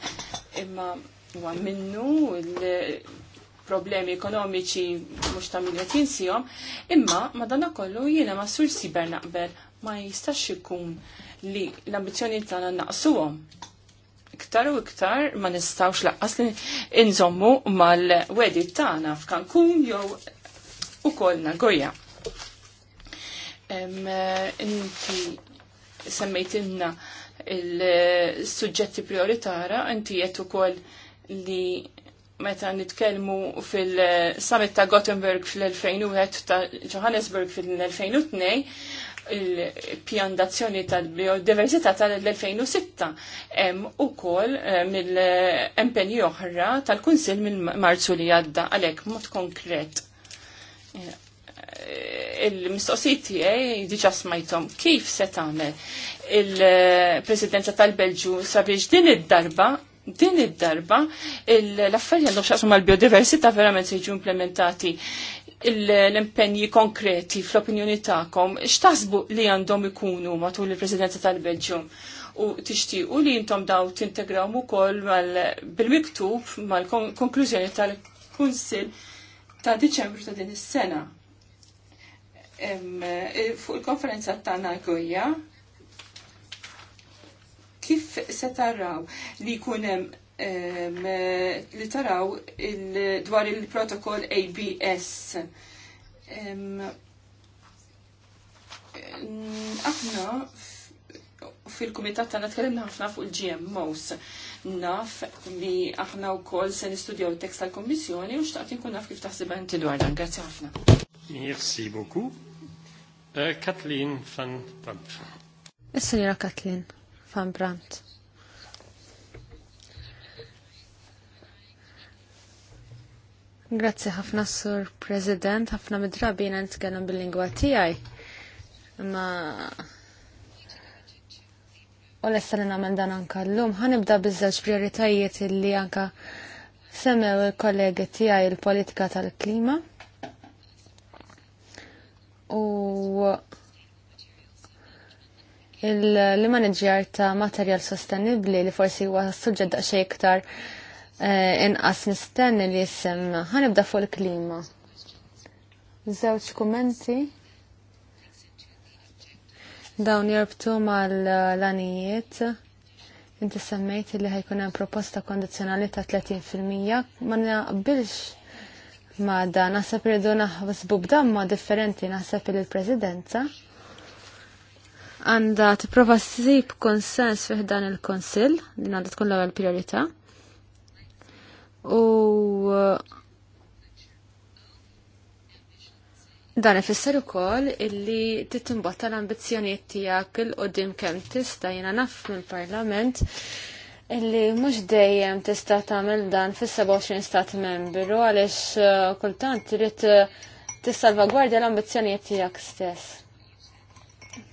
Imma huwa minnu il-problemi ekonomiċi mhux ta' min qed jinsihom, imma madonna kollu jiena ma' sur siber naqbel ma jistax ikun li l-ambizzjoni tagħna naqsuhom. Iktar u iktar ma nistawx laqqas li inżommu mal-wedi tagħna f'Kankun jew ukoll Nagoya. Inti semmejtinna il-sujġetti prioritara, inti jett ukoll li meta nitkellmu fil-summit ta' Gothenburg fil-2001 ta' Johannesburg fil-2002 il-pjandazzjoni tal-biodiversità tal-2006 hemm ukoll eh, mill-impenji oħra tal-Kunsill minn Marzu li għadda għalhekk mod konkret. Eh, il-mistoqsijiet tiegħi diġà smajthom kif se tagħmel il-Presidenza tal-Belġu sabiex din id-darba din id-darba l affarijiet għandhom xaqsum għal-biodiversita verament se jiġu implementati l-impenji konkreti fl-opinjoni ta'kom, x'taħsbu li għandhom ikunu matul il-Presidenza tal-Belġium u tixtiequ li jintom daw tintegraw ukoll bil-miktub mal-konklużjoni tal-Kunsil ta' Diċembru ta' din is-sena. Eh, fuq il-konferenza ta' Nagoya kif se taraw li jkun hemm li taraw il dwar il-protokoll ABS. Aħna fil-kumitat tagħna tkellimna ħafna fuq il-GMOs. Naf li aħna wkoll se nistudjaw il tekst tal-Kommissjoni u xtaqt inkun naf kif taħseb inti dwar dan. Grazzi ħafna. Merci beaucoup. Euh, Kathleen van Tamp. Is-sinjora Kathleen. Van Brandt. Grazzi ħafna sur President, ħafna midrabi jena nitkellem bil-lingwa tiegħi. Ma u lesta li nagħmel dan anka llum, ħanibda biżewġ prioritajiet illi anka semmew il-kollegi tiegħi il-politika tal-klima. U il-manager ta' materjal sostenibli li forsi huwa suġġett daqsxejn iktar eh, inqas mistenni li jissemma. Ħanibda fuq il-klima. Żewġ kummenti dawn jorbtu mal-lanijiet. Inti semmejt li ħajkun hemm proposta kondizzjonali ta' 30% ma naqbilx ma dan naħseb irridu naħsbu b'damma differenti naħseb il-Presidenza. il presidenza għanda t-prova s-sib konsens fiħdan il-konsil, din għanda tkun l-għal priorita. U dan ifisser ukoll illi titimbotta l-ambizzjonijiet tiegħek il qudiem kemm tista' jina naf mill-Parlament illi mhux dejjem tista' tagħmel dan fis-27 stat membru għaliex uh, kultant trid tissalvagwardja l-ambizzjonijiet tiegħek stess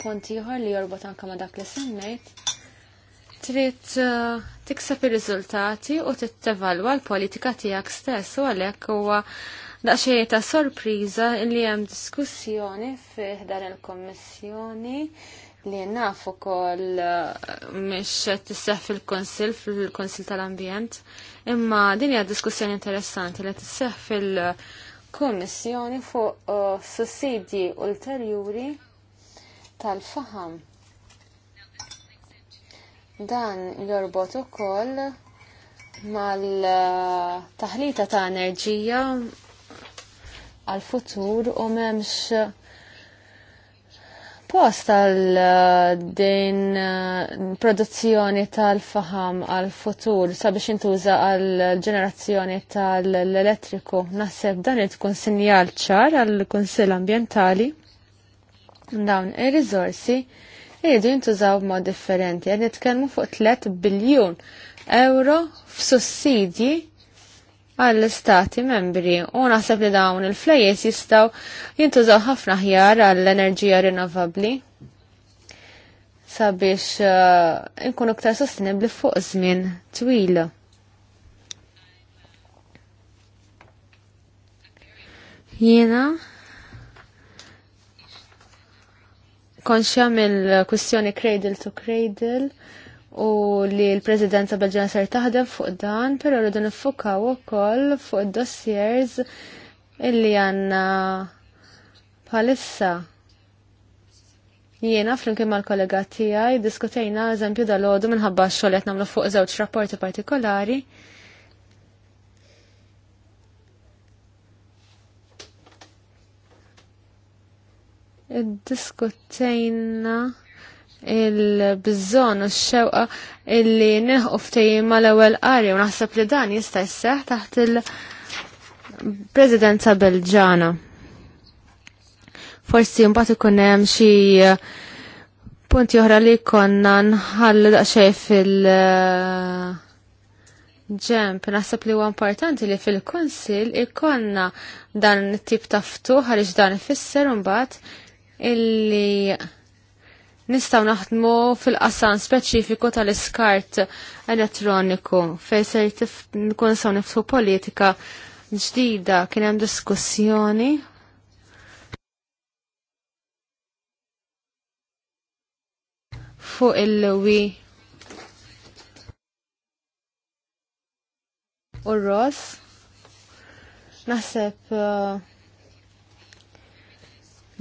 punt ieħor li jorbot anke ma' dak li semmejt trid uh, tikseb ir-riżultati u tittevalwa l-politika tiegħek stess u għalhekk huwa daqsxejn ta' sorpriża li hemm diskussjoni fih dan il-Kommissjoni li naf ukoll uh, mhix qed tisseħ fil-Kunsill fil-Kunsill tal-Ambjent, imma din hija diskussjoni interessanti li tisseħ fil-Kummissjoni fuq uh, sussidji ulterjuri tal-faham. Dan jorbot ukoll mal-taħlita ta' enerġija għal-futur u memx post għal din eh, produzzjoni tal-faham għal-futur sabiex intuża għal-ġenerazzjoni tal-elettriku. Naħseb dan tkun sinjal ċar għal-Kunsill Ambientali Dawn ir rizorsi jridu jintużaw b'mod differenti. Għed nitkellmu fuq 3 biljun euro f'sussidji għall-istati membri u naħseb li dawn il flejjes jistaw jintużaw ħafna ħjar għall-enerġija rinnovabli sabiex uh, nkunu ktar sostenibli fuq żmien twil. Jiena konxja mill-kwistjoni cradle to cradle u li l-Presidenza Belġana ser taħdem fuq dan, pero rridu nifukaw ukoll fuq dossiers illi għanna bħalissa. Jiena flimkien mal-kollega tiegħi diskutejna eżempju dal-għodu minħabba xogħol qed nagħmlu fuq żewġ rapporti partikolari. diskutejna il-bizzon u x-xewqa illi neħu ftejim mal ewwel qari u naħseb li dan jista' jseħ taħt il-Presidenza Belġana. Forsi mbagħad ikun hemm xi punti oħra li konna nħallu daqsxejn fil- ġemp, naħseb li huwa importanti li fil konsil ikonna dan it-tip ta' ftuħ għaliex dan ifisser imbagħad illi nistaw naħdmu fil-qasam speċifiku tal-iskart elettroniku fej se nkun saw nifsu politika ġdida kien hemm diskussjoni fuq il lewi u r-ros naħseb uh,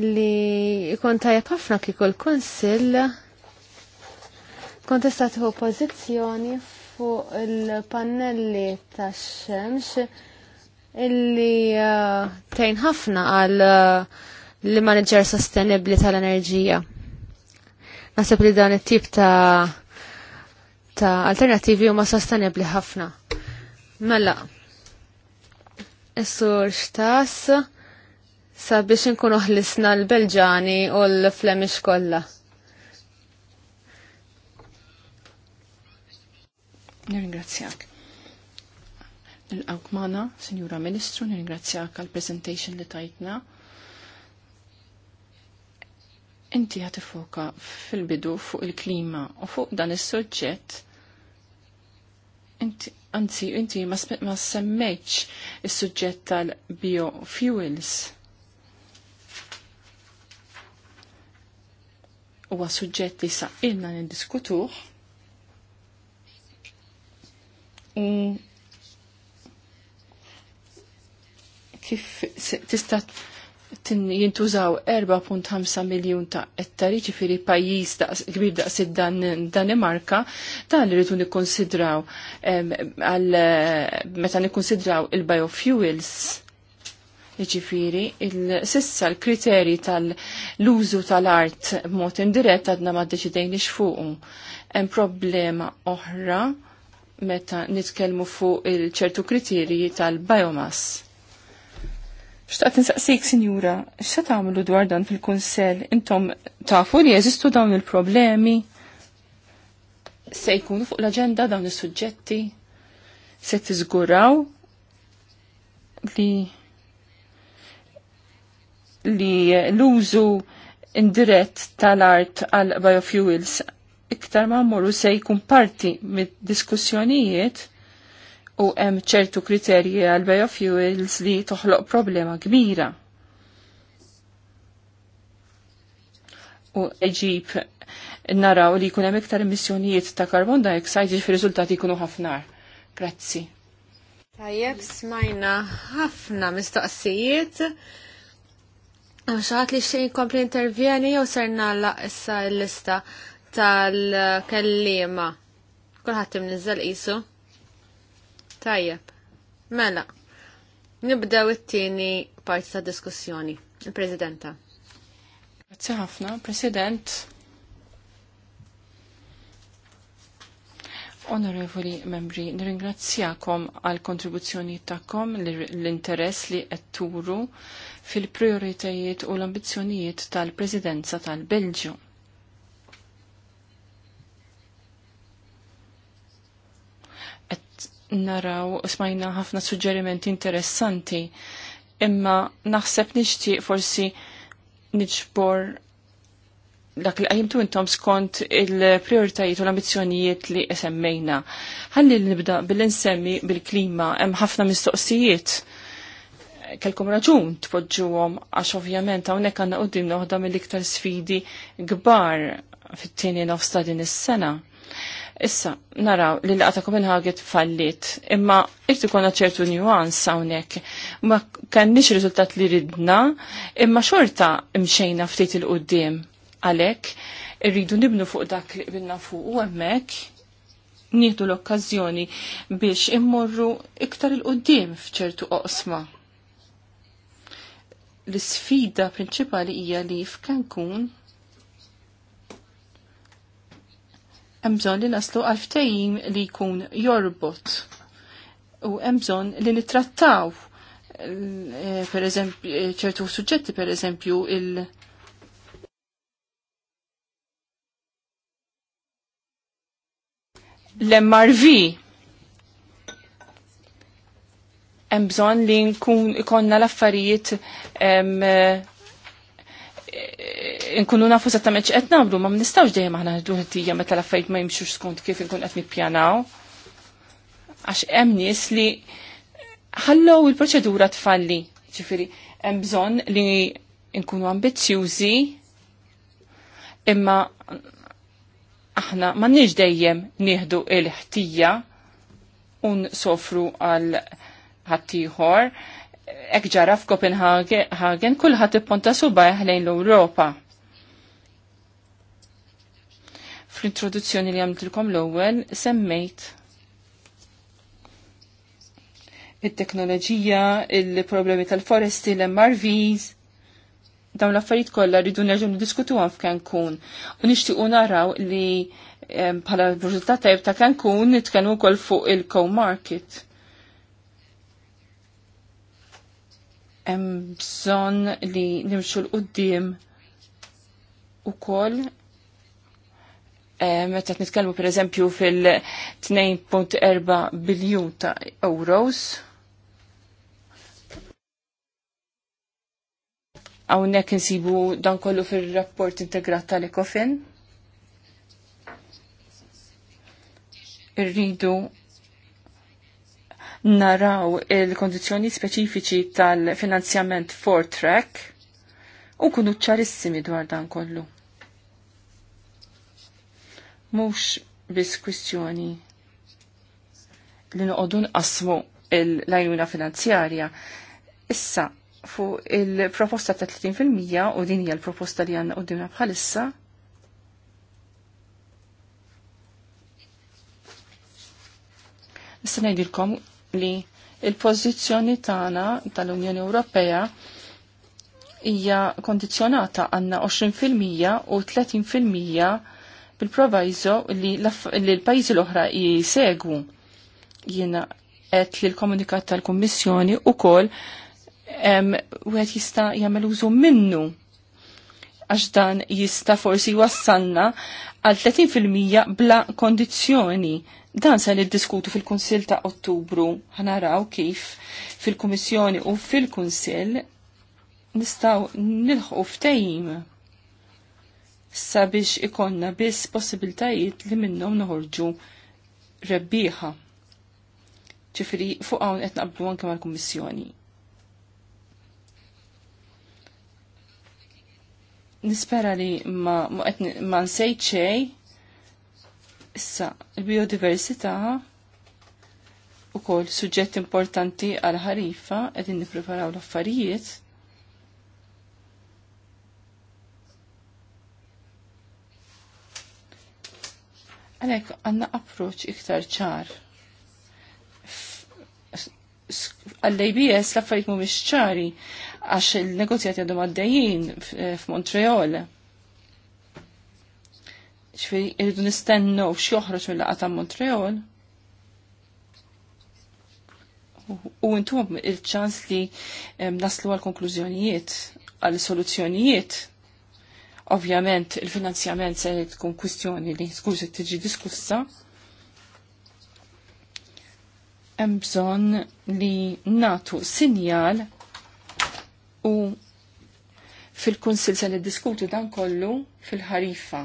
li jkun tajjeb ħafna kieku l-Kunsill kontestatiħu pozizjoni fuq il-pannelli tax-xemx illi uh, tejn ħafna għal uh, li manager sostenibli tal-enerġija. Nasib li dan it-tip ta' ta' alternativi huma sostenibli ħafna. Mela, is-sur xtas sabiex nkunu ħlisna l-Belġani u l-Flemish kollha. Nirringrazzjak. Nilqawk mana, Sinjura Ministru, nirringrazzjak għal presentation li tajtna. Inti għati foka fil-bidu fuq il-klima u fuq dan is-suġġett inti anzi inti ma semmejtx is-suġġett tal-biofuels huwa suġġett li saqilna niddiskutuh u kif tista' jintużaw 4.5 miljun ta' ettari ġifiri pajjiż da kbir daqs id-Danimarka, dan li rridu nikkonsidraw għal meta nikkonsidraw il-biofuels Jiġifieri, il sissa l-kriteri tal-użu tal-art b'mod indirett għadna ma deċidejn xfuqu. Hemm problema oħra meta nitkellmu fuq il-ċertu kriterji tal-biomass. Xtaqt nsaqsik, sinjura, x'se tagħmlu dwar dan fil-kunsell? Intom tafu li jeżistu dawn il-problemi? Se jkunu fuq l-aġenda dawn is-suġġetti? Se tiżguraw li li l-użu indirett tal-art għal biofuels iktar ma morru se jkun parti mid-diskussjonijiet u hemm ċertu kriterji għal biofuels li toħloq problema kbira. U eġib naraw li jkun hemm iktar emissjonijiet ta' carbon dioxide fir-riżultati jiġifieri jkunu ħafnar. Grazzi. Tajjeb smajna ħafna mistoqsijiet Xaħat li xejn kompli intervjeni jew ser nalla issa l-lista tal-kellima. Kulħadd imniżżel qisu. Tajjeb. Mela. Nibdew it-tieni parti ta' diskussjoni. Il-Presidenta. Grazzi ħafna, President. Onorevoli membri, nirringrazzjakom għal kontribuzzjoni tagħkom l-interess li qed turu fil-prioritajiet u l-ambizzjonijiet tal-Presidenza tal-Belġju. naraw smajna ħafna suġġerimenti interessanti, imma naħseb nixtieq forsi niġbor dak li qajimtu intom skont il-prioritajiet u l-ambizzjonijiet li semmejna. Ħalli nibda bil-insemmi bil-klima hemm ħafna mistoqsijiet kelkom raġun tpoġġuhom għax ovvjament hawnhekk għandna qudiem noħda mill-iktar sfidi kbar fit-tieni nofs ta' din is-sena. Issa, naraw li laqa ta' Copenhagen fallit, imma irti konna ċertu nuans hawnhekk. Ma kenniex riżultat li ridna, imma xorta imxejna ftit il-qudiem. Għalhekk irridu nibnu fuq dak li qbilna fuq u hemmhekk nieħdu l-okkażjoni biex immorru iktar il-qoddim f'ċertu oqsma l-sfida prinċipali hija li f'Cancun hemm bżonn li naslu għal ftehim li jkun jorbot u hemm bżonn li nittrattaw eh, per eżempju eh, ċertu suġġetti per eżempju il- l-MRV hemm bżonn li nkun ikonna l-affarijiet eh, nkunu nafu esattament x'qed nagħmlu, ma nistgħux dejjem aħna ħdu ħtija meta l-affarijiet ma jimxux skont kif inkun qed nippjanaw. Għax hemm nies li ħallu il-proċedura tfalli, ġifieri hemm bżonn li nkunu ambizzjużi imma aħna ma dejjem nieħdu il-ħtija un sofru għal ħattijħor, hekk ġara f'Kopenhagen kulħadd ipponta subajh lejn l-Ewropa. Fl-introduzzjoni li għamiltilkom l-ewwel semmejt il teknoloġija il-problemi tal-foresti, l-MRVs, dawn l-affarijiet kollha rridu nerġgħu niddiskutu għan f'Cancun. U nixtiequ naraw li eh, bħala riżultat tajb ta' Cancun nitkellmu wkoll fuq il-co-market. hemm bżonn li nimxu l-qudiem ukoll eh, meta nitkellmu pereżempju fil-2.4 biljun ta' euros. Hawnhekk insibu dan kollu fir-rapport integrat tal-Ecofin. Irridu naraw il-kondizjoni speċifiċi tal-finanzjament for track u kunu ċarissimi dwar dan kollu. Mux bis kwistjoni li noqogħdu nqasmu l-lajnuna finanzjarja. Issa, fuq il-proposta ta' 30% u din hija l-proposta li għandna qudiemna bħalissa, Nista' ngħidilkom li il-pożizzjoni tagħna tal-Unjoni Ewropea hija kondizzjonata għandna 20% u 30% bil proviso li l-pajjiżi l-oħra jisegwu. Jiena qed li l-komunikat tal-Kummissjoni ukoll wieħed jista' jagħmel użu minnu għax dan jista forsi wassanna għal 30% bla kondizjoni. Dan se niddiskutu fil-Kunsill ta' Ottubru ħanaraw kif fil-Kummissjoni u fil-Kunsill nistaw nilħu ftejim sabiex ikonna biss possibiltajiet li minnhom noħorġu rebbieħa. Ċifri fuq hawn qed naqblu anke mal-Kummissjoni. nispera li ma, ma nsejt xej, issa, il-biodiversità u kol suġġett importanti għal ħarifa edin nipreparaw l-affarijiet. Għalek għanna approċ iktar ċar. għal abs l-affarijiet mu ċari għax il-negozjati għadhom għaddejjin f'Montreal. Xfiri, irridu nistennu x'joħroġ mill-laqa ta' Montreal. U intum il-ċans li naslu għal-konklużjonijiet, għal-soluzzjonijiet. Ovvjament, il-finanzjament se tkun kwistjoni li skużi se tiġi diskussa. Hemm bżonn li natu sinjal U fil-Kunsil se niddiskutu dan kollu fil-ħarifa.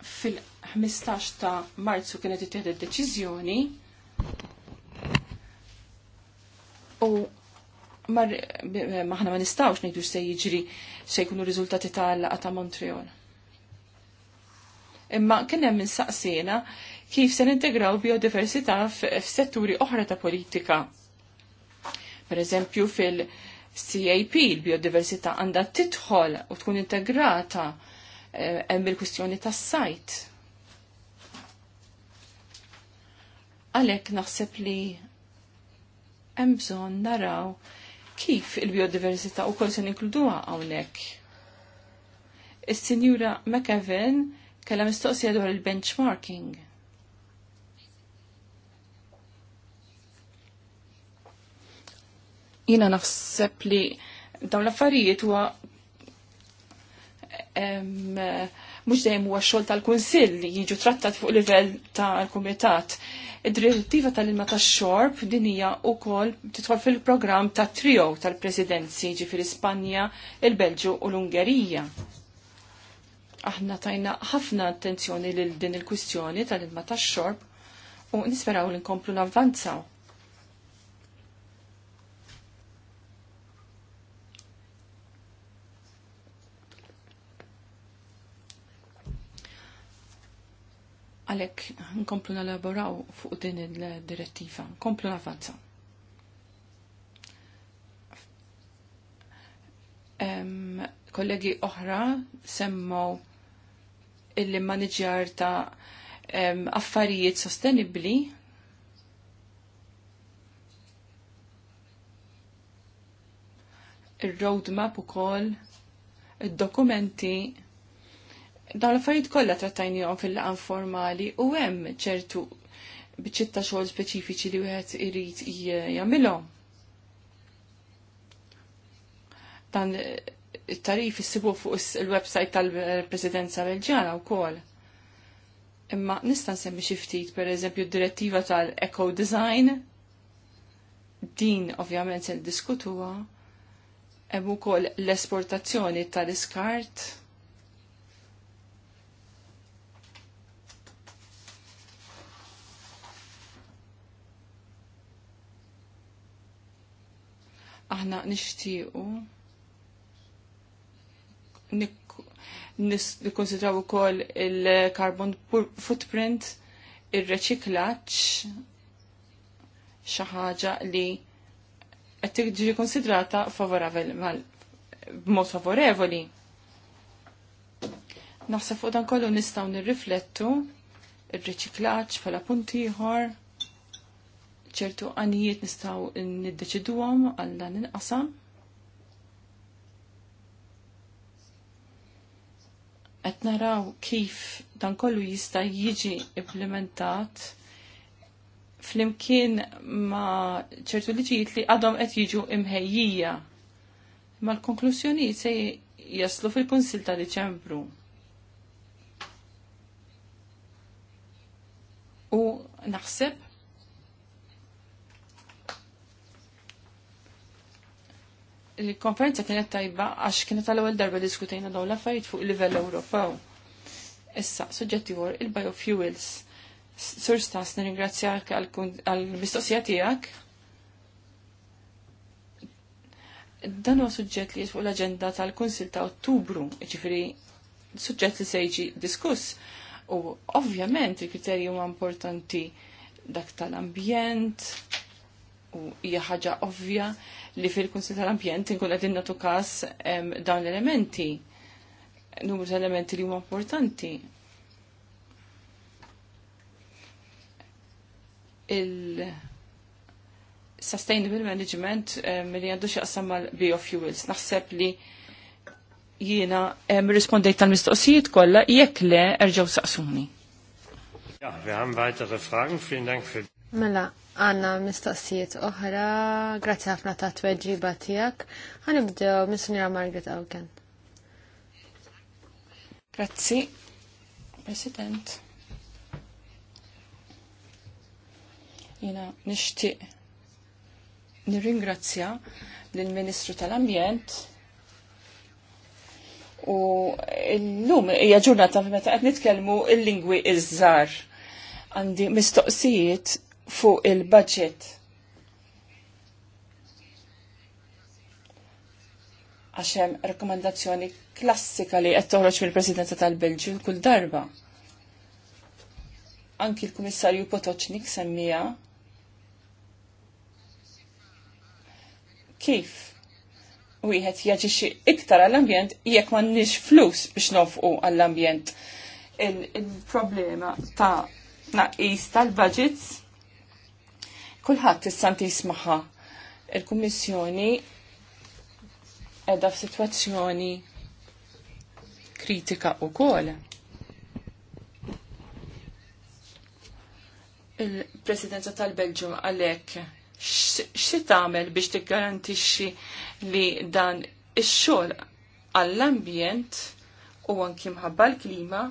Fil-15 ta' Marzu kienet ittieħed id-deċiżjoni u mar maħna ma nistawx ngħidu se jiġri se jkunu riżultati tal laqgħa ta' Montreal. Imma kien hemm insaqsina kif se nintegraw biodiversità f'setturi oħra ta' politika. Per eżempju fil-CAP, il-biodiversità għandha titħol u tkun integrata eh, hemm il-kwistjoni tas-sajt. Għalhekk naħseb li hemm bżonn naraw kif il-biodiversità kol se ninkluduha hawnhekk. Is-Sinjura McEwen kellha mistoqsija dwar il-benchmarking Jina naħseb li dawn l-affarijiet huwa mhux dejjem huwa xogħol tal-kunsill li jiġu trattat fuq livell tal-kumitat. Id-direttiva tal-ilma tax-xorb din hija wkoll titħol fil-programm ta' trio tal-presidenzi ġifieri Spanja, il-Belġu u l-Ungerija. Aħna tajna ħafna attenzjoni lil din il-kwistjoni tal-ilma tax-xorb u nisperaw li nkomplu navvanzaw Għalek, nkomplu nalaboraw fuq din il-direttiva, nkomplu navanza. kollegi oħra semmaw il-manager ta' affarijiet sostenibli il-roadmap u kol, il-dokumenti Dawn l-affarijiet kollha trattajnihom fil-laqan formali u hemm ċertu biċċitta xogħol speċifiċi li wieħed irid jagħmilhom. Dan eh, it-tarif issibu fuq il-website tal-Presidenza Belġjana wkoll. Imma nista' nsemmi xi ftit pereżempju d-direttiva tal-Eco Design din ovvjament se ndiskutuha hemm ukoll l-esportazzjoni tal-iskart aħna nixtiequ nikkonsidraw ukoll il-carbon footprint, ir-reċiklaġġ xi ħaġa li qed tiġi konsidrata b'mod favorevoli. Naħseb fuq dan kollu nistgħu nirriflettu il riċiklaġġ bħala punt ieħor ċertu għanijiet nistaw niddeċiduhom għal dan inqasam. Qed naraw kif dan kollu jista' jiġi implementat flimkien ma ċertu liġijiet li għadhom qed jiġu imħejjija. Ma l konklusjoni se jaslu fil-Kunsil ta' Diċembru. U naħseb il-konferenza kienet tajba għax kienet tal ewwel darba diskutejna dawn l-affarijiet fuq livell Ewropew. Issa, suġġetti wor il-biofuels. Sur Stas, nirringrazzjak għal-mistoqsija tiegħek. Dan huwa suġġett li fuq l-aġenda tal-Kunsil ta' Ottubru, ġifieri suġġett li se jiġi diskuss. U ovvjament il-kriterji huma importanti dak tal-ambjent, u hija ħaġa ovvja li fil-Kunsil tal-Ambjent inkun qegħdin nagħtu każ dawn l-elementi, numru ta' elementi li huma importanti. Il-sustainable management li għandu xaqsam mal-biofuels. Naħseb li jiena rispondejt tal-mistoqsijiet kollha jekk le erġgħu saqsuni. Ja, wir haben weitere Fragen. Vielen Dank für Mela, għanna mistaqsijiet oħra, grazzi ħafna ta' tweġiba tijak. Għanibdew minn Margaret Awken. Grazzi, President. Jena nishtiq nirringrazzja l-Ministru tal-Ambjent u l-lum hija ġurnata meta qed nitkellmu l-lingwi iż-żar. Għandi mistoqsijiet fuq il-budget. Għaxem rekomendazzjoni klassika li qed toħroġ mill-Presidenza tal belġu kull darba. Anki l-Kummissarju Potoċnik semmija kif wieħed jaġixxi iktar għall-ambjent jekk m'għandniex flus biex nofqu għall-ambjent. Il-problema ta' naqis tal-budgets Kulħadd santi jismaha il-Kummissjoni edha f'sitwazzjoni kritika u kol. Il-Presidenza tal-Belġum għalek x'si tagħmel biex garantixi li dan ix-xogħol għall-ambjent u anki mħabba l-klima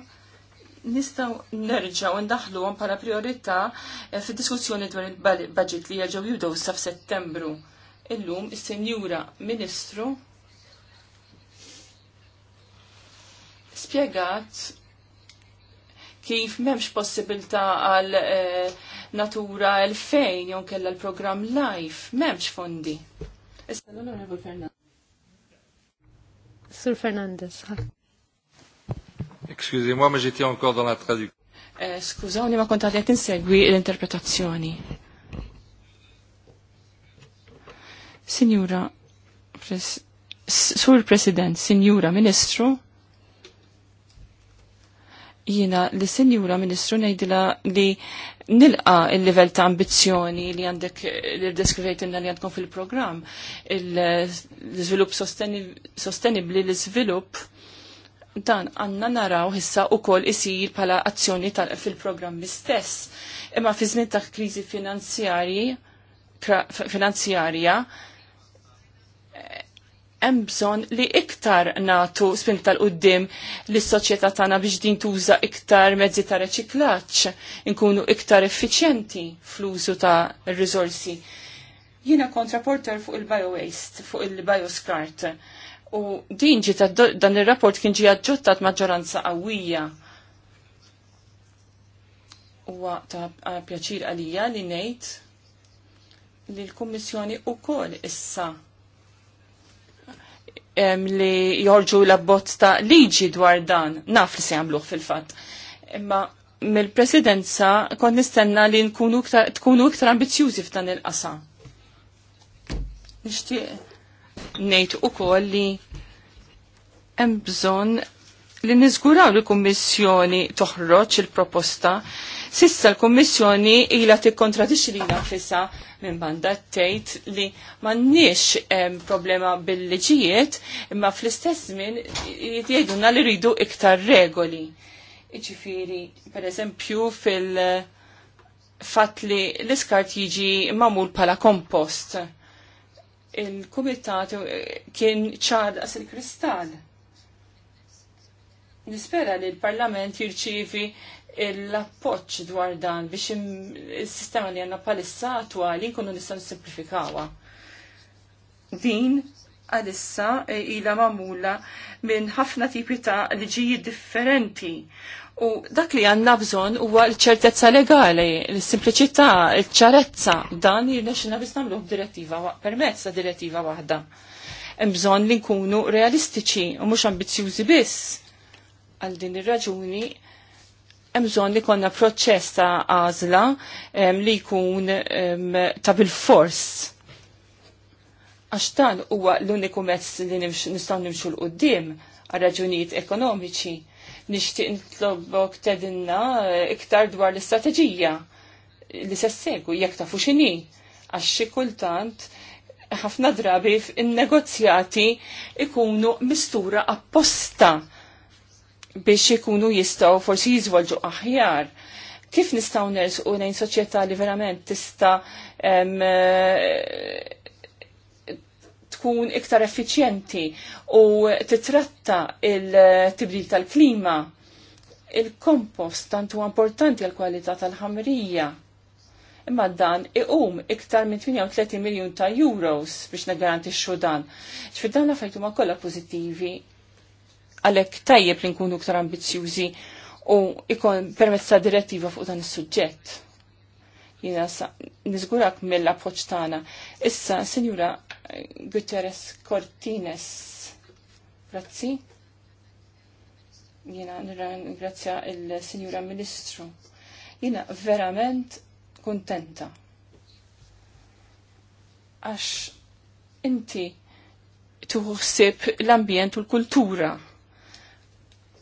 nistaw nerġaw ndaħlu għan pala priorita eh, fi diskussjoni dwar il-budget li jaġaw judaw saf settembru. Illum, il-senjura ministru spiegat kif memx possibilta għal eh, natura l-fejn jew kella l-program live, memx fondi. Issa l Fernandez. Sur Fernandez, Excusez-moi, ma j'étais encore dans la traduction. Eh, Skużawni ma kont għadjat insegwi l-interpretazzjoni. Signora, pres, Sur President, Signora Ministru, jina li Signora Ministru nejdila li nilqa il-level ta' ambizjoni li għandek li inna li għandkom fil-program, il-żvilupp sostenibli, l-żvilupp dan għanna naraw hissa u kol isir pala azzjoni fil-programmi stess. Imma fi żmien ta' kriżi finanzjarja hemm bżonn li iktar natu spin tal-qudiem lis soċjetà tagħna biex din tuża iktar mezzi ta' reċiklaġġ, inkunu iktar effiċjenti fl-użu ta' risorsi. Jiena kontraporter fuq il-bio waste, fuq il-bio U din ġita dan ir-rapport kien ġi aġġottat maġġoranza qawwija. Huwa ta' pjaċir għalija li ngħid li l-Kummissjoni wkoll issa li jorġu l-abbozz ta' liġi dwar dan, naf li se jagħmluh fil-fatt. Imma mill-presidenza kont nistenna li tkunu iktar ambizjużi f'dan il-qasam. Nixtieq ngħid ukoll li hemm bżonn li niżguraw li kummissjoni toħroġ il-proposta sissa l-Kommissjoni ila tikkontradixxi li nafisa minn banda tgħid li m'għandniex problema bil leġijiet imma fl-istess żmien jgħidulna li ridu iktar regoli. per pereżempju fil- fatt li l-iskart jiġi mamul pala kompost il-kumitat kien ċar daqs il-kristall. Nispera li l-Parlament jirċivi l-appoċ dwar dan biex il-sistema li għanna palissa attuali kunu nistaw simplifikawa. Din għalissa e ila mamula minn ħafna tipi ta' liġijiet differenti U dak li għanna bżon huwa l-ċertezza legali, l-simpliċità, l-ċarezza, dan jirnexxina biss nagħmlu direttiva permezz ta' direttiva waħda. Hemm bżonn li nkunu realistiċi u mhux ambizzjużi biss. Għal din ir-raġuni hemm bżonn li konna proċess ta' għażla li jkun ta' bil-fors. Għax dan huwa l-uniku mezz li nistgħu nimxu l-qudiem għal raġunijiet ekonomiċi nixtieq nitlobok tedinna eh, iktar dwar l-istrateġija li se segu jekk tafu x'inhi għax xi kultant ħafna drabi in-negozjati ikunu mistura apposta biex ikunu jistaw forsi jizvolġu aħjar. Kif nistaw nersu nejn soċjetà li verament tista' eh, tkun iktar effiċjenti u titratta il-tibdil tal-klima. Il-kompost tant huwa importanti għal kwalità tal-ħamrija. Imma dan iqum iktar minn 38 miljun ta' euros biex nagarantixxu dan. ċfid dan affarijiet huma kollha pożittivi għalhekk tajjeb li nkunu iktar ambizzjużi u ikon permezz direttiva fuq dan is-suġġett jina nizgurak mill-appoċ tana. Issa, senjura Guterres Cortines. Grazzi. Jena ringrazja il signora Ministru. Jena verament kontenta. Għax inti tuħsib l-ambjent u l-kultura.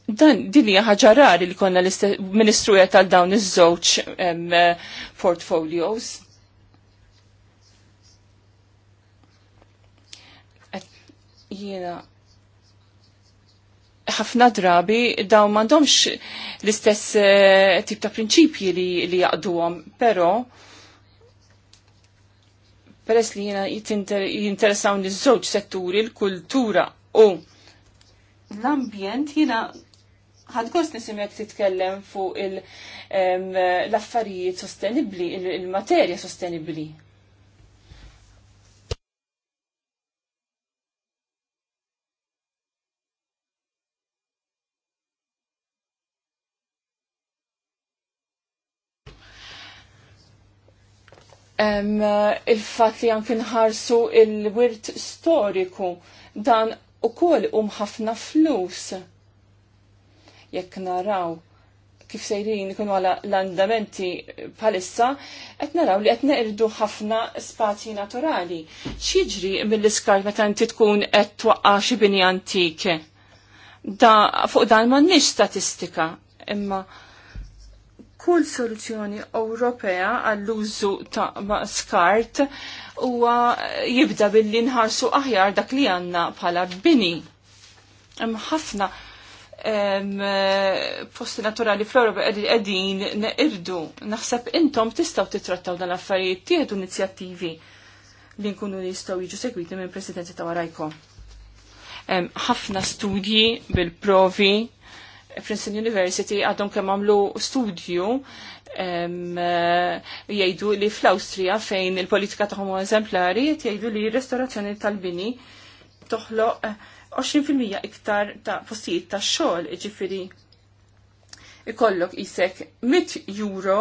Dan din hija ħaġa rari li konna l-Ministru qed għal dawn iż-żewġ eh, portfolios Jiena ħafna drabi daw mandomx l-istess uh, tip ta' prinċipji li, li jaqduhom, pero peress li jiena jinteressaw niż-żewġ setturi, l-kultura u l-ambjent, jiena ħadgost nisim jek titkellem fuq l-affarijiet sostenibli, il-materja sostenibli. il-fat li anki nħarsu il-wirt storiku dan u kol um ħafna flus. Jekk naraw kif sejrin kun għala l-andamenti palissa, qed naraw li qed neqrdu ħafna spazji naturali. X'jiġri mill iskar meta inti tkun qed twaqqa xi bini antik? Da fuq dan m'għandniex statistika, imma kull soluzzjoni Ewropea għall-użu ta' skart huwa jibda billi nħarsu aħjar dak li għandna bħala bini. Hemm ħafna posti naturali fl-Ewropa qegħdin neqirdu. Naħseb intom tistgħu titrattaw dan affarijiet tieħdu inizjattivi li nkunu jistgħu jiġu segwiti minn Presidenzi ta' warajkom. Ħafna studji bil-provi Princeton University għadhom kemm għamlu studju eh, jgħidu li fl-Awstrija fejn il-politika tagħhom eżemplari jgħidu li r-restorazzjoni tal-bini toħloq 20% eh, iktar ta' postijiet ta' xogħol, ġifieri ikollok isek 100 euro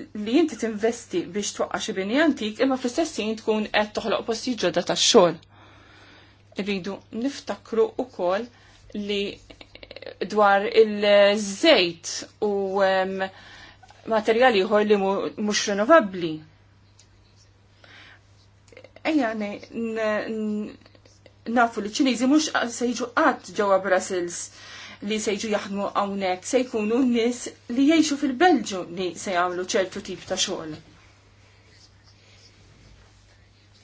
li inti tinvesti biex twaqqa xi bini antik imma fl-istess tkun qed toħloq postijiet ġodda tax-xogħol. Iridu niftakru ukoll li dwar il-żejt u materjali li mhux renovabbli. Ejja nafu li ċiniżi mhux se jiġu qatt ġewwa Brussels li se jiġu jaħdmu hawnhekk se jkunu nies li jgħixu fil-Belġu li se jagħmlu ċertu tip ta' xogħol.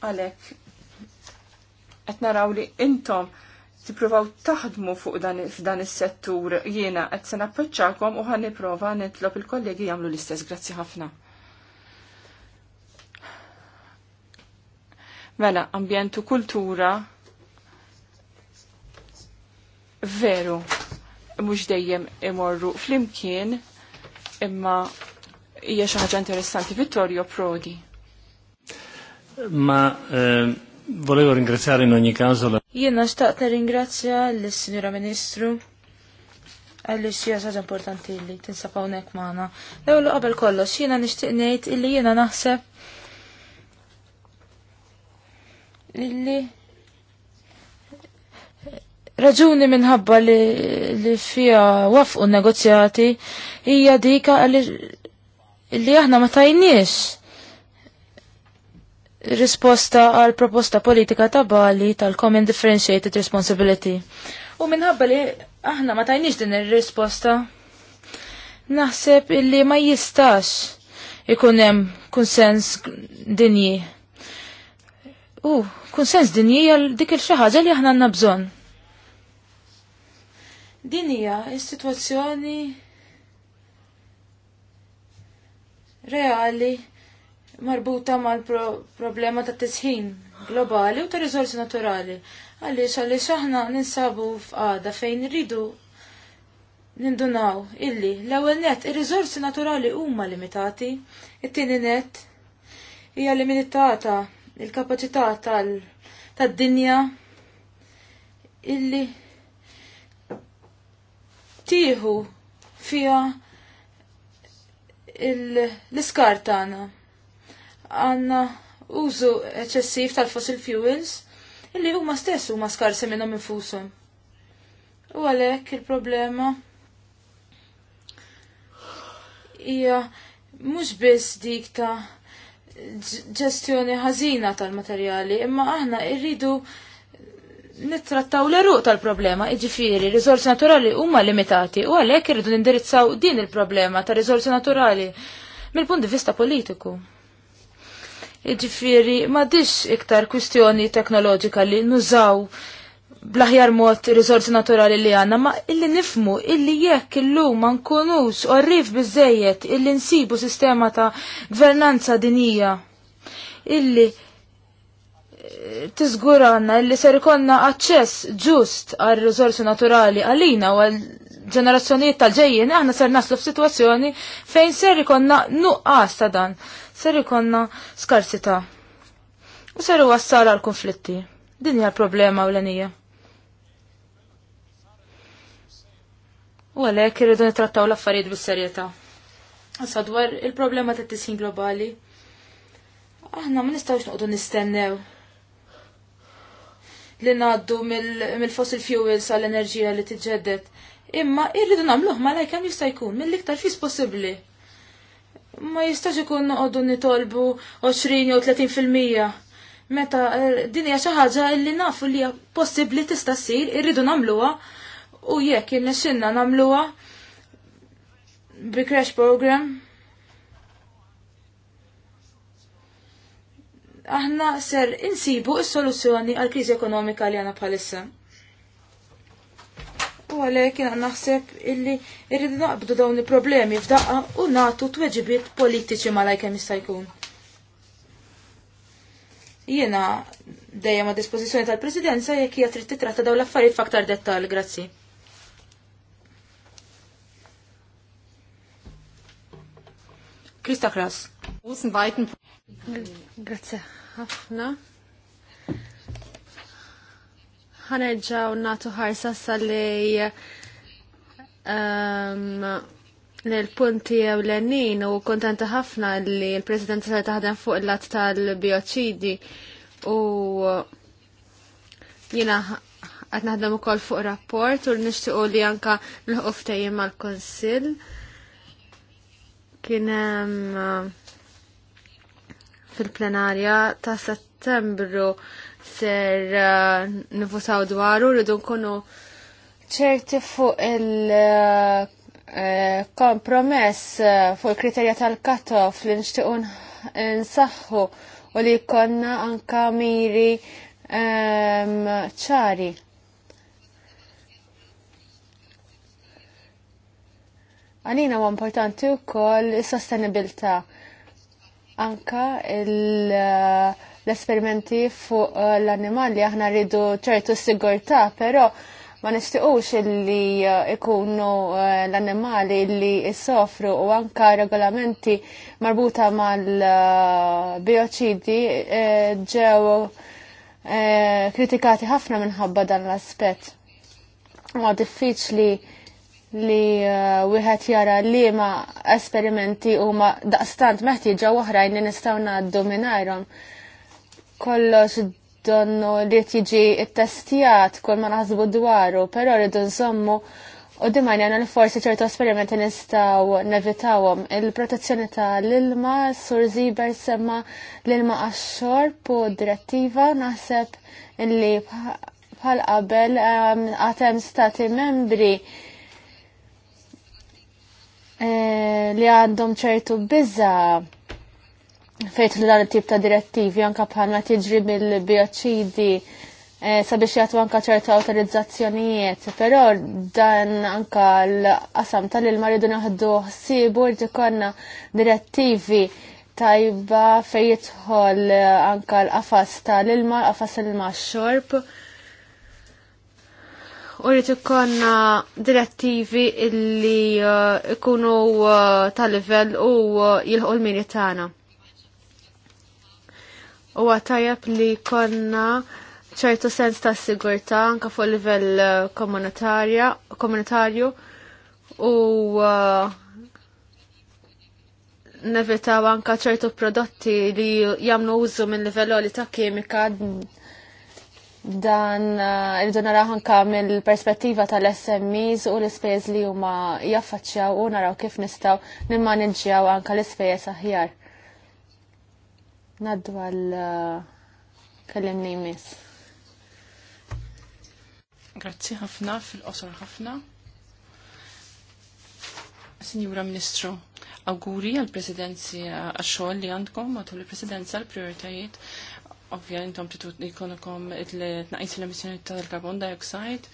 Għalhekk qed naraw li intom tippruvaw taħdmu fuq dan f'dan is-settur jiena qed se nappoġġakom u ħan nipprova nitlob il-kollegi jagħmlu l-istess. Grazzi ħafna. Mela, ambjentu kultura veru mhux dejjem imorru flimkien imma hija xi ħaġa interessanti Vittorio Prodi. Ma eh, Volevo ringraziare in ogni caso la... Jiena xtaqt ringrazzja l-Sinjura Ministru għalli xija ħaġa importanti li tinsab hawnhekk magħna. L-ewwel qabel kollox jiena nixtieq ngħid illi jiena naħseb illi raġuni minħabba li, li fija wafqu negozjati hija dika li, li aħna ma tajniex risposta għal proposta politika ta' Bali tal-Common Differentiated Responsibility. U minħabba li aħna ma tajniex din ir-risposta. Naħseb illi ma jistax ikun hemm kunsens dinji. U kunsens dinji għal dik il xi ħaġa li aħna għandna bżonn. Din hija situazzjoni sitwazzjoni reali marbuta mal-problema ta' tisħin globali u ta' rizorsi naturali. Għaliex għaliex aħna ninsabu f'għada fejn rridu nindunaw illi l-ewwel net ir rizorsi naturali huma limitati, it-tieni net hija limitata il-kapaċità tad-dinja illi tieħu fija l-iskar tagħna għanna użu eċessiv tal-fossil fuels illi huma stess huma skarsi minnhom infushom. U għalhekk il-problema hija mhux biss dik ta' ġestjoni ħażina tal-materjali, imma aħna rridu nittrattaw l-eruq tal-problema, iġifiri, riżorsi naturali huma limitati u għalhekk irridu nindirizzaw din il-problema ta' riżorsi naturali mill-punt di vista politiku. Iġifiri, ma dix iktar kwistjoni teknoloġika li nużaw blaħjar mod rizorsi naturali li għanna, ma illi nifmu, illi jekk illum ma nkunux orrif bizzejiet, illi nsibu sistema ta' gvernanza dinija, illi eh, tizguranna illi ser ikonna aċċess ġust għal rizorsi naturali għalina u għal ġenerazzjonijiet tal-ġejjien, aħna ser naslu f'sitwazzjoni fejn ser ikonna nuqqas ta' dan ser ikonna skarsità. U ser wassal għal konflitti. Din hija l-problema u l-enija. U għalhekk irridu nittrattaw l-affarijiet bis-serjetà. Issa dwar il-problema ta' tisin globali. Aħna ma nistgħux noqogħdu nistennew li ngħaddu mill-fossil fuels għall enerġija li tiġġedded. Imma irridu nagħmluh malaj kemm jista' jkun mill-iktar fis possibbli ma jistax ikun noqogħdu nitolbu 20 jew 30 fil-mija. Meta eh, din hija xi ħaġa li nafu li hija possibbli tista' ssir, irridu nagħmluha u jekk innexxinna nagħmluha bi crash program. Aħna ser insibu s-soluzzjoni għal kriżi ekonomika li għana bħalissa. U għalhekk jiena naħseb illi irridu naqbdu dawn il-problemi f'daqqa u nagħtu tweġibiet politiċi kemm jista' jkun. Jiena dejjem ma' dispożizzjoni tal-Presidenza jekk hija trid titratta dawn l-affarijiet f'aktar dettall, grazzi. Krista Kras. Grazie ħafna ħanerġaw natu ħarsa sal-li ehm, l-punti u l-ennin u kontenta ħafna li l-President sa' taħdem fuq il-lat tal-bioċidi u jina għat naħdem u koll fuq rapport u u li janka l-ħuftajim mal-konsil kien eh, fil-plenarja ta' settembru ser uh, nivotaw dwaru li nkunu ċerti fuq il-kompromess uh, uh, fuq il-kriterja tal-katof li nixtiequ nsaħħu u li jkollna anka miri um, ċari. Għalina huwa importanti wkoll is-sostenibilità anka il- uh, l-esperimenti fuq eh, l-annimali aħna rridu ċertu sigurtà, però ma nistiqux li eh, ikunu eh, l-annimali li jissofru u anka regolamenti marbuta mal-bioċidi ġew kritikati ħafna minħabba dan l-aspet. Ma diffiċli li wieħed jara li ma esperimenti u ma daqstant meħtieġa oħrajn li nistgħu ngħaddu minn kollox donnu li tiġi il testijat kol ma naħsbu dwaru, pero rridu nżommu u dimajn għana li forsi ċertu esperimenti nistaw nevitawom. Il-protezzjoni ta' l-ilma, sur ziber semma l-ilma għax-xorb u direttiva naħseb li bħal qabel ehm, għatem stati membri eh, li għandhom ċertu bizza' fejt li dan it-tip ta' direttivi anka bħalma tiġri mill-bioċidi eh, sabiex jgħatu anka ċertu awtorizzazzjonijiet, però dan anka l-qasam tal-ilma rridu naħdu ħsibu rridu konna direttivi tajba fejn jidħol anka l-qafas tal-ilma, l-qafas l-ilma xorb. U rrid ikollna direttivi illi eh, ikunu eh, tal-livell u jilħu l-miri tagħna u għatajab li konna ċertu sens ta' sigurta anka fuq livell uh, komunitarju u uh, nevitaw anka ċertu prodotti li jamnu użu minn livell li ta' kimika dan uh, il-dun anka mill-perspettiva tal-SMEs u l-ispejjeż li huma jaffaċċjaw u naraw kif nistgħu nimmaneġġjaw anka l-ispejjeż aħjar Naddu għal uh, li jmiss. Grazzi ħafna fil-qosor ħafna. Sinjura Ministru, auguri għal presidenzi uh, għaxol li għandkom matul il-presidenza l-prioritajiet Ovvijan, intom titu ikonokom il-tnaqis l-emissjoni tal-carbon dioxide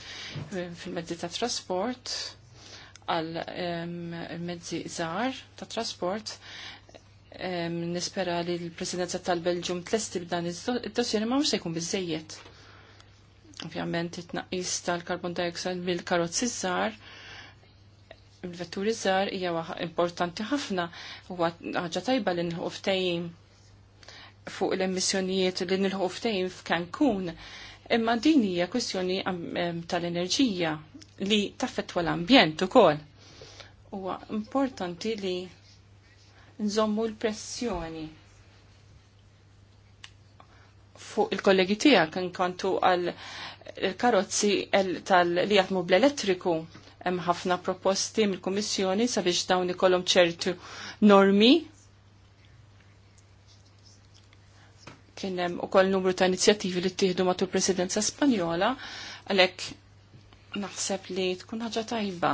eh, fil-mezzi ta' trasport għal ehm, mezzi zar ta' trasport nispera li l-presidenza tal-Belġum t-lesti b'dan id-dossier ma mhux se jkun biżejjed. Ovvjament it-tnaqqis tal-carbon dioxide mill karotzi zzar, il-vetturi żgħar hija importanti ħafna huwa ħaġa tajba li nilħu fuq l-emissjonijiet li nilħu ftehim f'Cancun. Imma din hija kwestjoni tal-enerġija li taffettwa l-ambjent ukoll. Huwa importanti li nżommu l-pressjoni fuq il-kollegi kien kontu għal karozzi li għatmu bl-elettriku hemm ħafna proposti mill-Kummissjoni sabiex dawn ikollhom ċertu normi. Kien hemm ukoll numru ta' inizjattivi li ttieħdu matul Presidenza Spanjola, għalhekk naħseb li tkun ħaġa tajba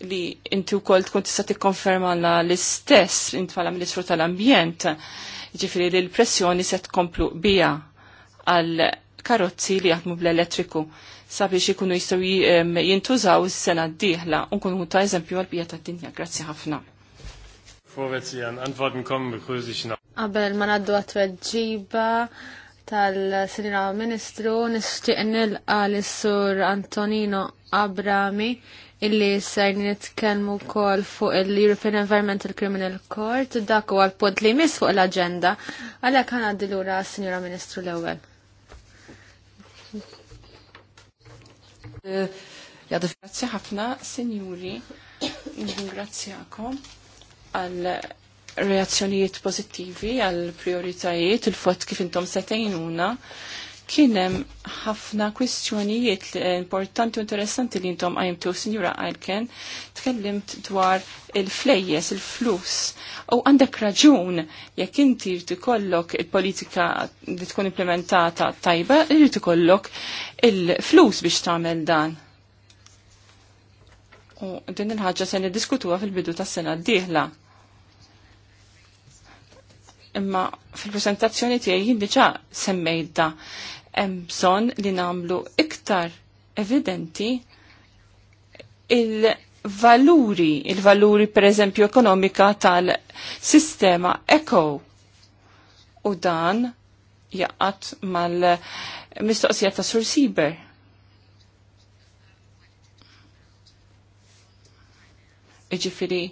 li inti u koll tkun tista tikkonfermana l-istess intfala ministru tal-ambjent, ġifiri li l-pressjoni se tkomplu bija għal karozzi li jaħdmu bl-elettriku sabiex ikunu jistaw jintużaw s-sena d-dihla unkun ta' eżempju għal bija ta' dinja. Grazzi ħafna. Vorwärts, Jan, antworten ma naddu għat-tweġġiba, tal-Sinjora Ministru nixtieq nilqa l-Sur Antonino Abrami illi ser nitkellmu wkoll fuq il-European Environmental Criminal Court dak huwa l-punt li jmiss fuq l-aġenda għalhekk ħanaddi lura Sinjora Ministru l-ewwel. Eh, Jadu grazzi ħafna, Sinjuri, ngrazzjakom għal reazzjonijiet pozittivi għal prioritajiet il-fot kif intom setajnuna kienem ħafna kwistjonijiet eh, importanti u interessanti li intom għajmtu, Sinjura Alken, tkellimt dwar il-flejjes, il-flus. U għandek raġun, jekk inti kollok il-politika li tkun implementata tajba, li kollok il-flus biex tagħmel dan. U din il-ħagġa se niddiskutuha fil-bidu tas-sena d-dieħla imma fil-presentazzjoni tiegħi diġà semmejda hemm bżonn li nagħmlu iktar evidenti il-valuri, il-valuri per eżempju ekonomika tal-sistema ECO. U dan jaqat mal-mistoqsija ta' Sur Siber. Iġifiri,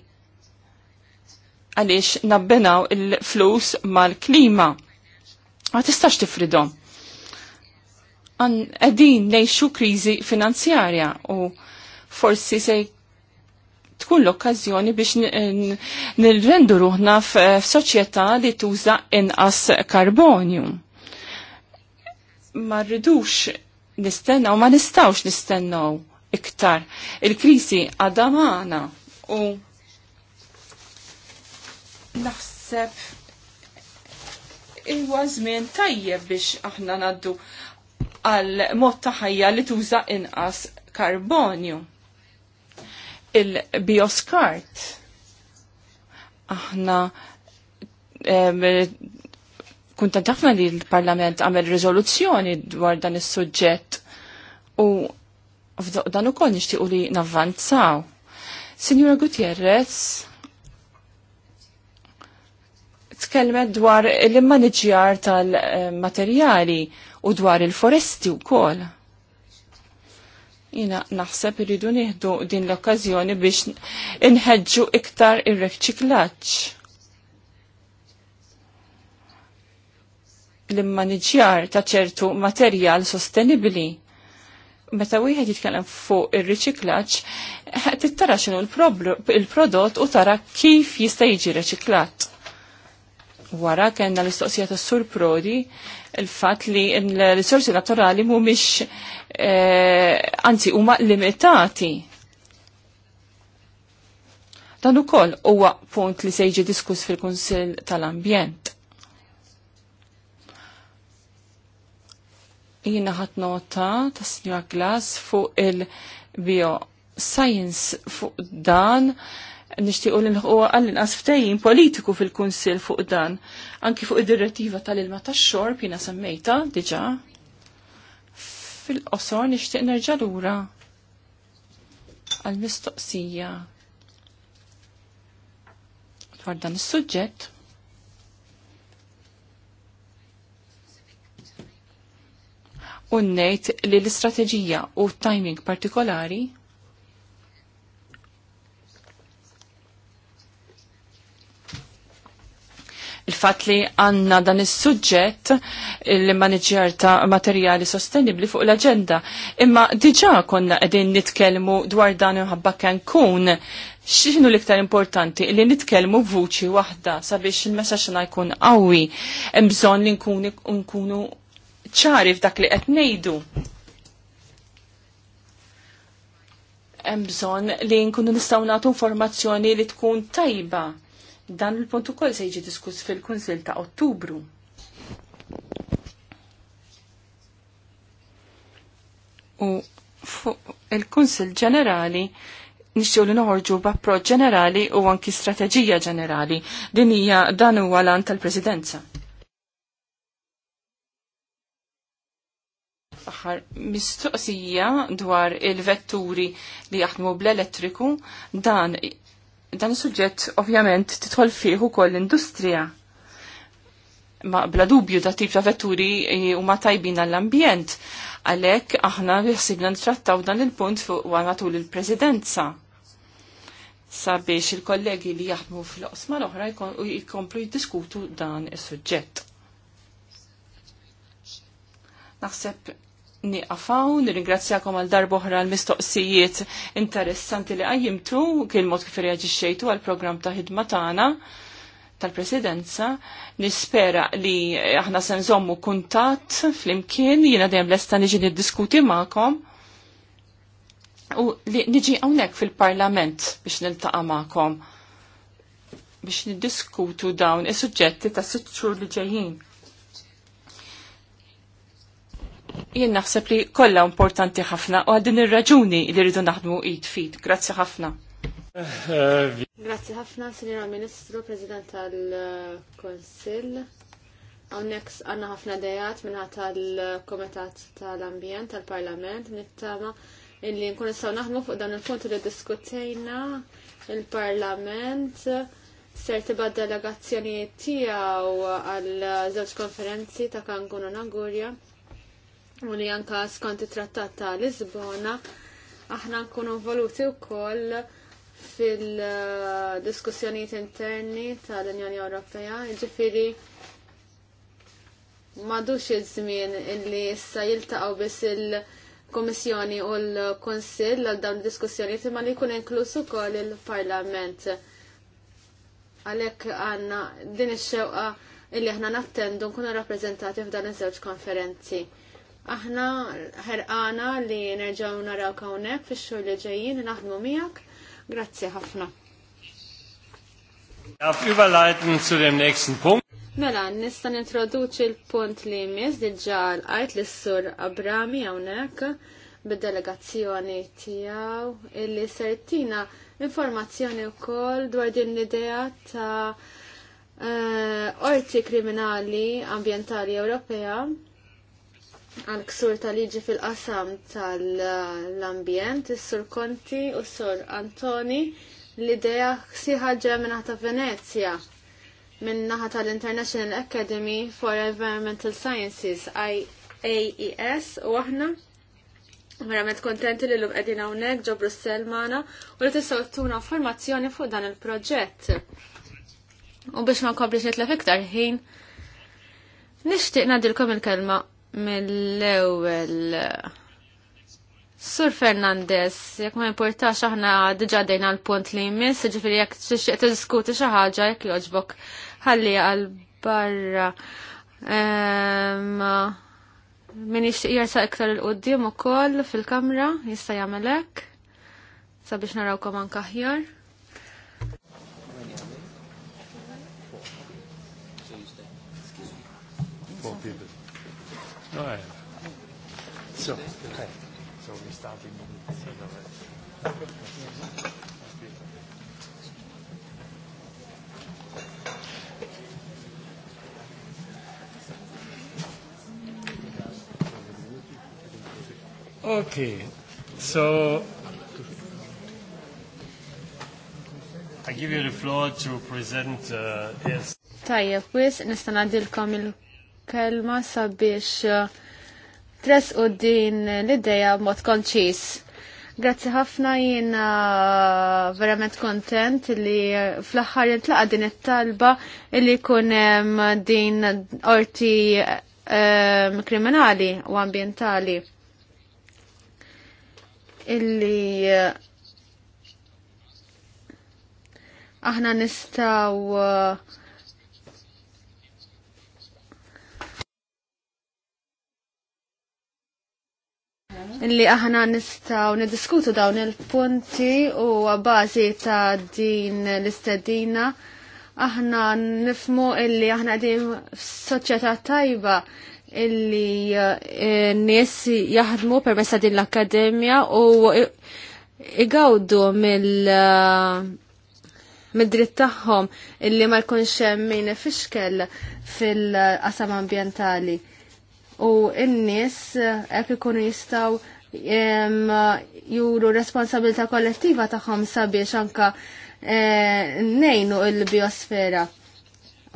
għaliex nabbenaw il-flus mal-klima. Ma tistax tifridhom. Għadin nejxu krizi finanzjarja u forsi se tkun l-okkazjoni biex nirrendu ruħna f'soċjetà li tuża inqas karbonju. Ma rridux nistennaw, ma nistawx nistennaw iktar. Il-krisi għadamana u naħseb Iwa żmien tajjeb biex aħna naddu għal mod ta' ħajja li tuża inqas karbonju. Il-bioskart aħna kuntant ħafna li l-Parlament għamel riżoluzzjoni dwar dan is-suġġett u dan ukoll nixtiequ li navvanzaw. Signora Gutierrez, tkellmet dwar l-immaniġjar tal-materjali u dwar il-foresti u kol. Jina naħseb irridu nieħdu din l-okkazjoni biex inħedġu iktar ir-reċiklaġġ. L-immaniġjar ta' ċertu materjal sostenibli. Meta wieħed jitkellem fuq ir-riċiklaġġ, tittara x'inhu l-prodott u tara kif jista' jiġi riċiklat wara kena l-istoqsija ta' Sur Prodi il-fat li l-risorsi naturali mumiex eh, anzi huma limitati. Dan ukoll huwa punt li se jiġi diskuss fil-Kunsill tal-Ambjent. Jiena ħat nota ta' Sinjor Glass fuq il-bio science fuq dan nishtiqu li nħu għall-inqas ftejjin politiku fil-Kunsil fuq dan, anki fuq id-direttiva tal-ilma tax-xorb jiena semmejta diġa', Fil-qosor nixtieq nerġa' lura għall-mistoqsija dwar dan is-suġġett. U ngħid li l-istrateġija u timing partikolari il-fat li għanna dan is-suġġett il-manager ta' materjali sostenibli fuq l-agenda. Imma diġa konna qegħdin nitkellmu dwar dan imħabba kan kun xinu l-iktar importanti li nitkellmu vuċi waħda sabiex il-messaċna jkun qawwi hemm bżonn li nkunu ċari f'dak li qed ngħidu. Hemm bżonn li nkunu nistgħu nagħtu informazzjoni li tkun tajba Dan il-punt ukoll se jiġi diskuss fil-Kunsil ta' Ottubru. U fuq il-Kunsil ġenerali nixtiegħu li noħorġu b'approċċ ġenerali u anki strateġija ġenerali. Din hija dan huwa lan tal-Presidenza. aħħar mistoqsija dwar il-vetturi li jaħdmu bl-elettriku dan dan is-suġġett ovvjament titħol fih ukoll l-industrija. Ma bla dubju da tip ta' vetturi eh, huma tajbin għall-ambjent, għalhekk aħna jħsibna nittrattaw dan il-punt fuq matul il-Presidenza sabiex il-kollegi li jaħdmu fil-qosma l-oħra jkomplu jiddiskutu dan is-suġġett. Naħseb niqafaw, nirringrazzjakom għal darboħra l-mistoqsijiet interessanti li għajjimtu, kien mod kif reagġiċċejtu għal program ta' ħidma tagħna tal-presidenza, nispera li aħna se zommu kuntat fl-imkien, jina dejjem lesta niġi niddiskuti ma'kom, U li niġi hawnhekk fil-Parlament biex niltaqa' ma'kom biex niddiskutu dawn is-suġġetti ta' sitt xhur li ġejjin jien naħseb li kollha importanti ħafna u għaddin ir-raġuni li rridu naħdmu id fit. Grazzi ħafna. Grazzi ħafna, Sinjora Ministru, President tal konsil Hawnhekk għandna ħafna dejat minna tal-Komitat tal-Ambjent tal-Parlament nittama illi nkun nistgħu naħdmu fuq dan il-punt li diskutejna il-Parlament ser tibad delegazzjonijiet tiegħu għal żewġ konferenzi ta' Kangun u Nagurja u li anka skont it-trattat ta' Lisbona aħna nkunu involuti wkoll fil-diskussjonijiet interni tal-Unjoni Ewropea, ġifiri madux iż-żmien illi issa jiltaqgħu biss il-Kummissjoni u l-Kunsill għal dawn id-diskussjonijiet imma li jkun inkluż ukoll il-Parlament. Għalhekk għandna din ix-xewqa illi aħna nattendu nkunu rappreżentati f'dan iż-żewġ konferenzi. Aħna ħerqana li nerġaw naraw kawnek fi xur li ġejjin naħdmu miegħek. Grazzi ħafna. Darf überleiten zu dem nächsten Punkt. Mela, nista nintroduċi l-punt li mis diġa l-għajt l-sur Abrami hawnhekk bid-delegazzjoni tijaw illi sertina informazzjoni u koll dwar din l-idea ta' uh, orti kriminali ambientali Ewropea għal ksur tal-liġi fil-qasam tal-ambjent, is-sur Konti u s-sur Antoni, l-ideja ħsiħħaġa ġemina ta' Venezia, naħa tal-International Academy for Environmental Sciences, IAES, u aħna verament kontenti li l-lum edina unnek ġo Brussel mana u li t tuna informazzjoni fuq dan il-proġett. U biex ma nkompli xitlef iktar ħin, nishtiq nadilkom il-kelma mill-ewwel Sur Fernandez, jekk ma importax aħna diġa dejna l-punt li jmiss, ġifiri jekk xieq t xi ħaġa jekk jogħġbok ħalli għal barra. Min jixtieq jersa iktar il-qudiem ukoll fil-kamra jista' jagħmel hekk sabiex narawkom koman aħjar. So, okay. So we start in minute. Okay, so I give you the floor to present uh, yes. il kelma sabiex uh, tres u din l-ideja mod konċis. Grazzi ħafna jina uh, verament kontent li fl-axħar jintlaqa din it-talba li kunem din orti um, kriminali u ambientali illi uh, aħna nistaw uh, li aħna nistaw nidiskutu dawn il-punti u għabazi ta' din l-istedina aħna nifmu illi aħna għadim f-soċieta tajba illi eh, n-nies jaħdmu per messa din l-akademja u igawdu mill eh, mid-dritt tagħhom illi ma jkunx hemm min fil-qasam ambjentali u n-nies eh, hekk ikunu jistgħu juru responsabilità kollettiva tagħhom sabiex anka eh, nejnu il-biosfera.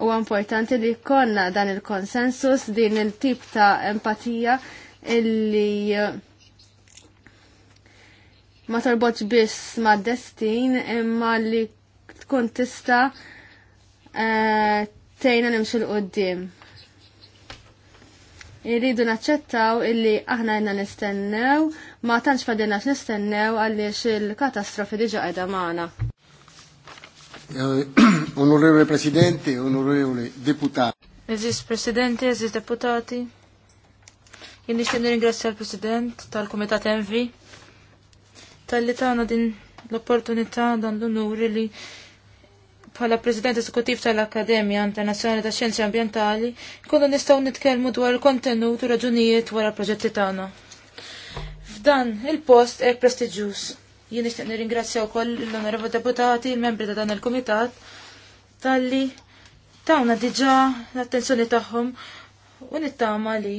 U importanti li konna dan il-konsensus, din il-tip ta' empatija illi eh, ma torbot biss ma' destin imma li tkun tista' tejna nimxu l-qoddim. Irridu naċċettaw illi aħna jenna nistennew, ma tantx fadilna nistennew għaliex il-katastrofi diġa qiegħda magħna. Eh, onorevole Presidente, onorevole Deputati. Eżis Presidente, eżis Deputati. Jien nixtieq nirringrazzja l-President tal-Kumitat Envi tal-li tagħna din l-opportunità dan l-unuri li bħala President Esekutiv tal-Akademja Internazzjonali ta' Xjenzi Ambientali, kollu nistgħu nitkellmu dwar il-kontenut u raġunijiet wara proġetti tagħna. F'dan il-post hekk prestiġjuż. Jien nixtieq nirringrazzja wkoll l-onorevoli deputati, membri ta' dan il-kumitat talli tawna diġà l-attenzjoni tagħhom u nittama li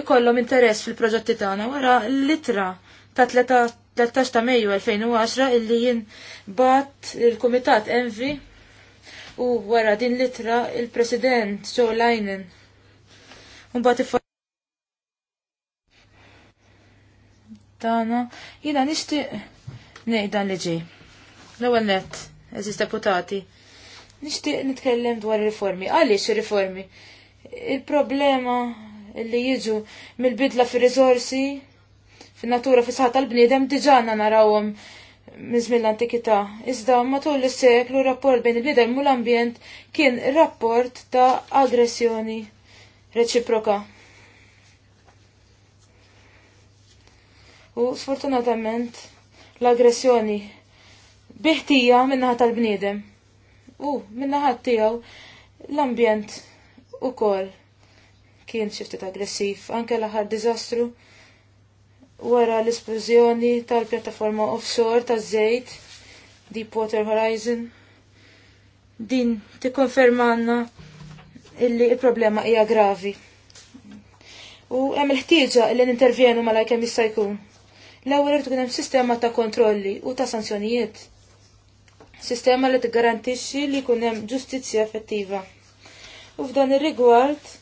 ikollhom interess fil-proġetti tagħna wara l-litra ta' 13 ta' Mejju 2010 illi jien bat il-Kumitat Envi u wara din litra il-President Joe Leinen. Mbagħad tagħna jiena nixtieq ngħid dan li ġej. L-ewwel nett, eżis deputati. Nixtieq nitkellem dwar riformi. Għaliex riformi? Il-problema li jiġu mill-bidla fi rizorsi, fin-natura fi saħħa tal-bniedem diġà narawhom mizmin l-antikità. Iżda matul is-seklu rapport bejn il-bidem u l-ambjent kien rapport ta' aggressjoni reċiproka. U sfortunatament l-aggressjoni biħtija minnaħa tal-bniedem. U minnaħa tiegħu l-ambjent ukoll kien xiftit aggressiv anke l-aħħar diżastru wara l-esplużjoni tal-pjattaforma offshore ta' żejt Deepwater Horizon. Din tikkonfermanna illi il-problema hija gravi. U hemm il-ħtieġa li nintervjenu malajk hemm jista' jkun. L-ewwel irid tkun hemm sistema ta' kontrolli u ta' sanzjonijiet. Sistema li tiggarantixxi li jkun hemm ġustizzja effettiva. U f'dan ir-rigward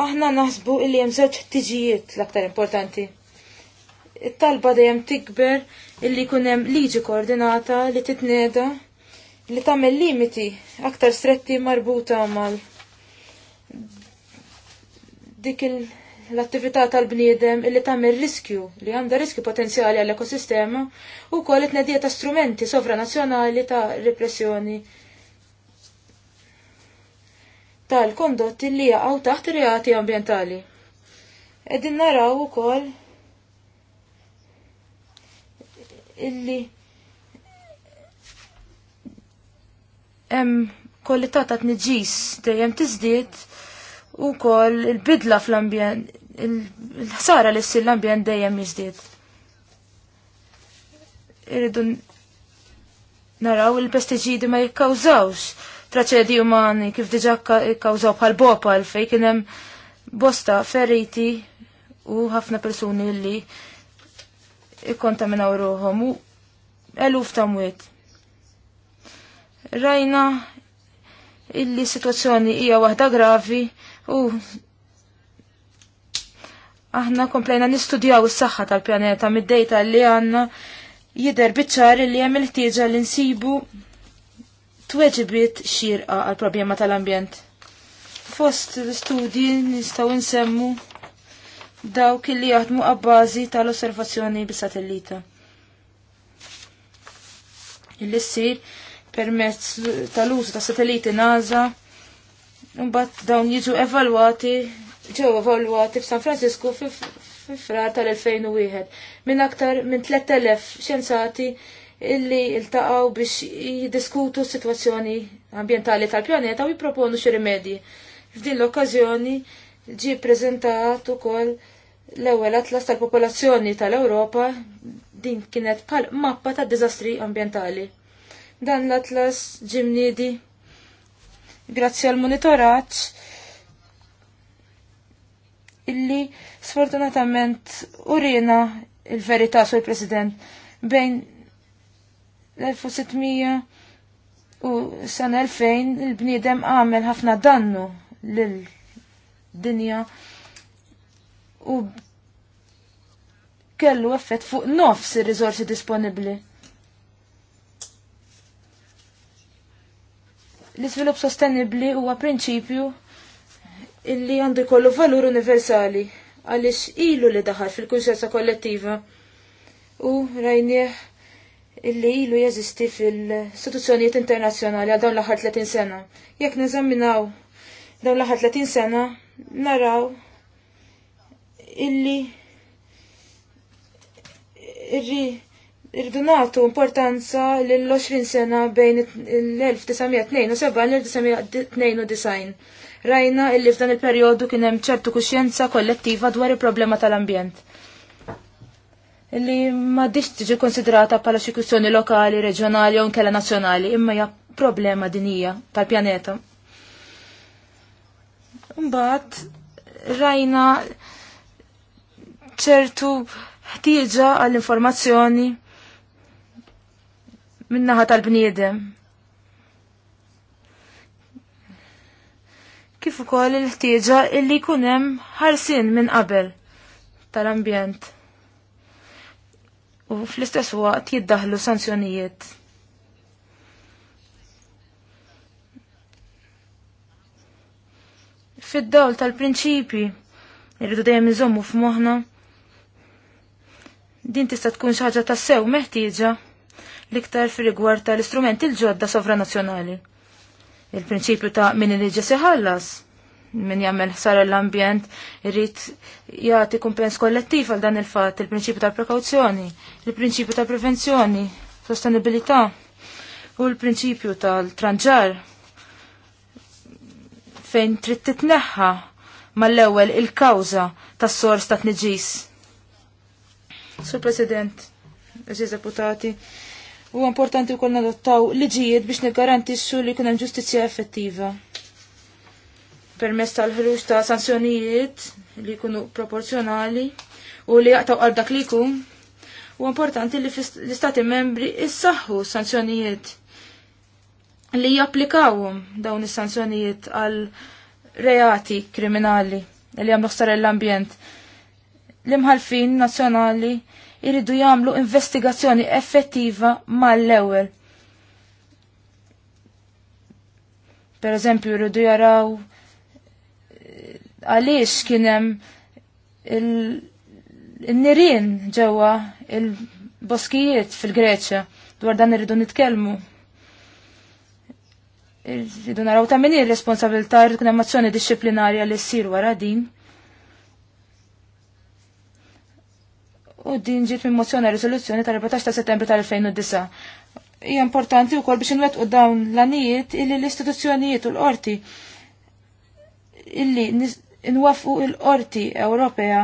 Aħna naħsbu illi hemm żewġ tiġijiet l-aktar importanti. It-talba dejjem tikber illi jkun hemm liġi koordinata li titneda li tagħmel limiti aktar stretti marbuta mal dik l-attività tal-bniedem illi tagħmel riskju li għandha riskju potenzjali għall-ekosistema u koll it-nedija ta' strumenti sovranazzjonali ta' repressjoni tal-kondotti li jaqgħu taħt reati ambjentali. Qegħdin naraw ukoll illi hemm kollità ta' tniġis dejjem tiżdied ukoll il-bidla fl-ambjent il-ħsara li ssir l-ambjent dejjem jiżdied. Irridu naraw il-pestiċidi ma jikkawżawx traċedi umani kif diġa kawżaw bħal bopal fej kienem hemm bosta feriti u ħafna persuni li ikkontaminaw ruħom u eluf ta' mwiet. Rajna illi situazzjoni hija waħda gravi u aħna komplejna nistudjaw is-saħħa tal-pjaneta mid-dejta li għandna jidher biċċar li hemm il-ħtieġa li nsibu tweġibiet xirqa għal problema tal-ambjent. Fost l-studji nistaw nsemmu dawk kelli jaħdmu għabbażi tal-osservazzjoni bis-satellita. Illi ssir permezz tal-użu ta' satelliti NASA, mbagħad dawn jiġu evalwati, ġew evalwati f'San Francisco fi frar tal-2001 minn aktar minn 3000 xjenzati illi il-taqaw biex jidiskutu s-sitwazzjoni ambjentali tal-pjaneta u jipproponu xi rimedji. F'din l-okkażjoni ġie ppreżentat ukoll l-ewwel atlas tal-popolazzjoni tal-Ewropa din kienet bħal mappa ta' diżastri ambjentali. Dan l-atlas ġimnidi grazzi għal monitoraġġ illi sfortunatament urina il-verità sur president bejn l-1600 u san 2000 il-bniedem għamel ħafna dannu l-dinja u kellu effett fuq nofs ir rizorsi disponibbli. L-iżvilupp sostenibbli huwa prinċipju illi għandu jkollu valur universali għaliex ilu li daħar fil-kunsjenza kollettiva u rajnieh illi ilu jeżisti fil-istituzzjonijiet internazzjonali għal dawn l-aħħar 30 sena. Jekk niżamminaw dawn l-aħħar 30 sena, naraw illi irridu nagħtu importanza lil 20 sena bejn l-1972 l-1992. Rajna illi f'dan il-perjodu kien hemm ċertu kuxjenza kollettiva dwar il-problema tal-ambjent li ma diċ tiġi konsiderata pala xi kwistjoni lokali, reġjonali u nkella nazzjonali, imma hija problema dinija tal-pjaneta. Mbagħad rajna ċertu ħtieġa għall-informazzjoni minnaħa tal-bniedem. Kif ukoll il-ħtieġa illi jkun hemm ħarsien minn qabel tal-ambjent u fl-istess waqt jiddaħlu sanzjonijiet. Fid-dawl tal-prinċipi irridu dejjem iżommu f'moħħna din tista' tkun xi ħaġa tassew meħtieġa l-iktar fir-rigward tal-istrumenti l-ġodda sovranazzjonali. Il-prinċipju ta' min il-liġi seħallas. Si min jagħmel ħsara l-ambjent irrid jagħti kumpens kollettiv għal dan il-fatt, il-prinċipju ta' prekauzzjoni, il-prinċipju ta' prevenzjoni, sostenibilità u l-prinċipju tal-tranġar fejn trid titneħħa mal-ewwel il-kawża tas-sors ta' tniġis. Sur President, Eżiż Deputati, huwa importanti wkoll nadottaw liġijiet biex niggarantixxu li kien hemm ġustizzja effettiva permess tal-ħruġ ta' sanzjonijiet li jkunu proporzjonali u li jaqtaw għal dak li jkun. U importanti li l-istati membri issaħħu sanzjonijiet li japplikawhom dawn is-sanzjonijiet għal reati kriminali li għamlu ħsar l-ambjent. L-imħalfin nazzjonali jridu jagħmlu investigazzjoni effettiva mal-ewwel. Per eżempju, jridu jaraw għaliex kienem il-nirin ġewwa il-boskijiet fil-Greċja dwar dan irridu nitkellmu. Irridu naraw ta' minni ir-responsabilità irridu kien hemm azzjoni dixxiplinarja li ssir wara din. U din ġiet minn mozzjoni riżoluzzjoni tal-14 ta' settembru tal-2009. Hija importanti wkoll biex u dawn l-anijiet illi l-istituzzjonijiet u l-qorti illi inwafu il-Qorti Ewropea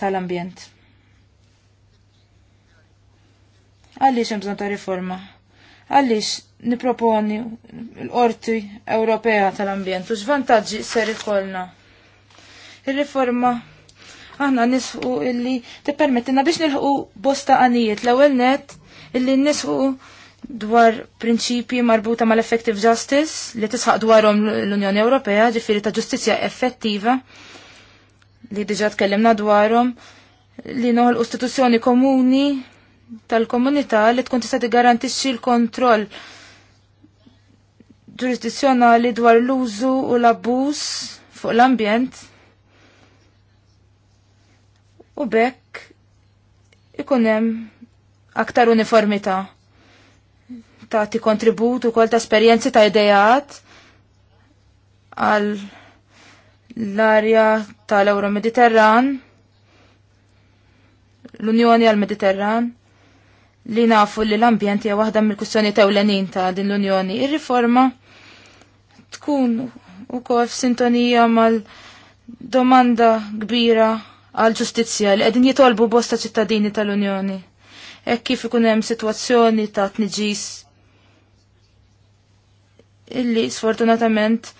tal-Ambjent. Għaliex hemm bżonn ta' riforma? Għaliex niproponi l-Qorti Ewropea tal-Ambjent u x'vantaġġi ser ikollna? Ir-riforma aħna nisħu illi permettina biex nilħu bosta għanijiet l-ewwel net illi nisħu dwar prinċipji marbuta mal-effective justice li tisħaq dwarhom l-Unjoni Ewropea, ġifieri ta' ġustizzja effettiva li diġà tkellimna dwarhom li noħol istituzzjoni komuni tal-komunità li tkun tista' tigarantixxi l-kontroll ġurisdizzjonali dwar l-użu u l-abbuż fuq l-ambjent. U bekk ikun hemm aktar uniformità ti kontribut ukoll ta' esperjenzi ta' idejat għal l-arja tal-Euro Mediterran, l-Unjoni għal Mediterran, li nafu li l-ambjent hija waħda mill-kussjoni tewlenin ta' din l-Unjoni. Ir-riforma tkun ukoll f'sintonija mal-domanda kbira għal ġustizzja li qegħdin jitolbu bosta ċittadini tal-Unjoni. Hekk kif ikun hemm sitwazzjoni ta' tniġis illi sfortunatament,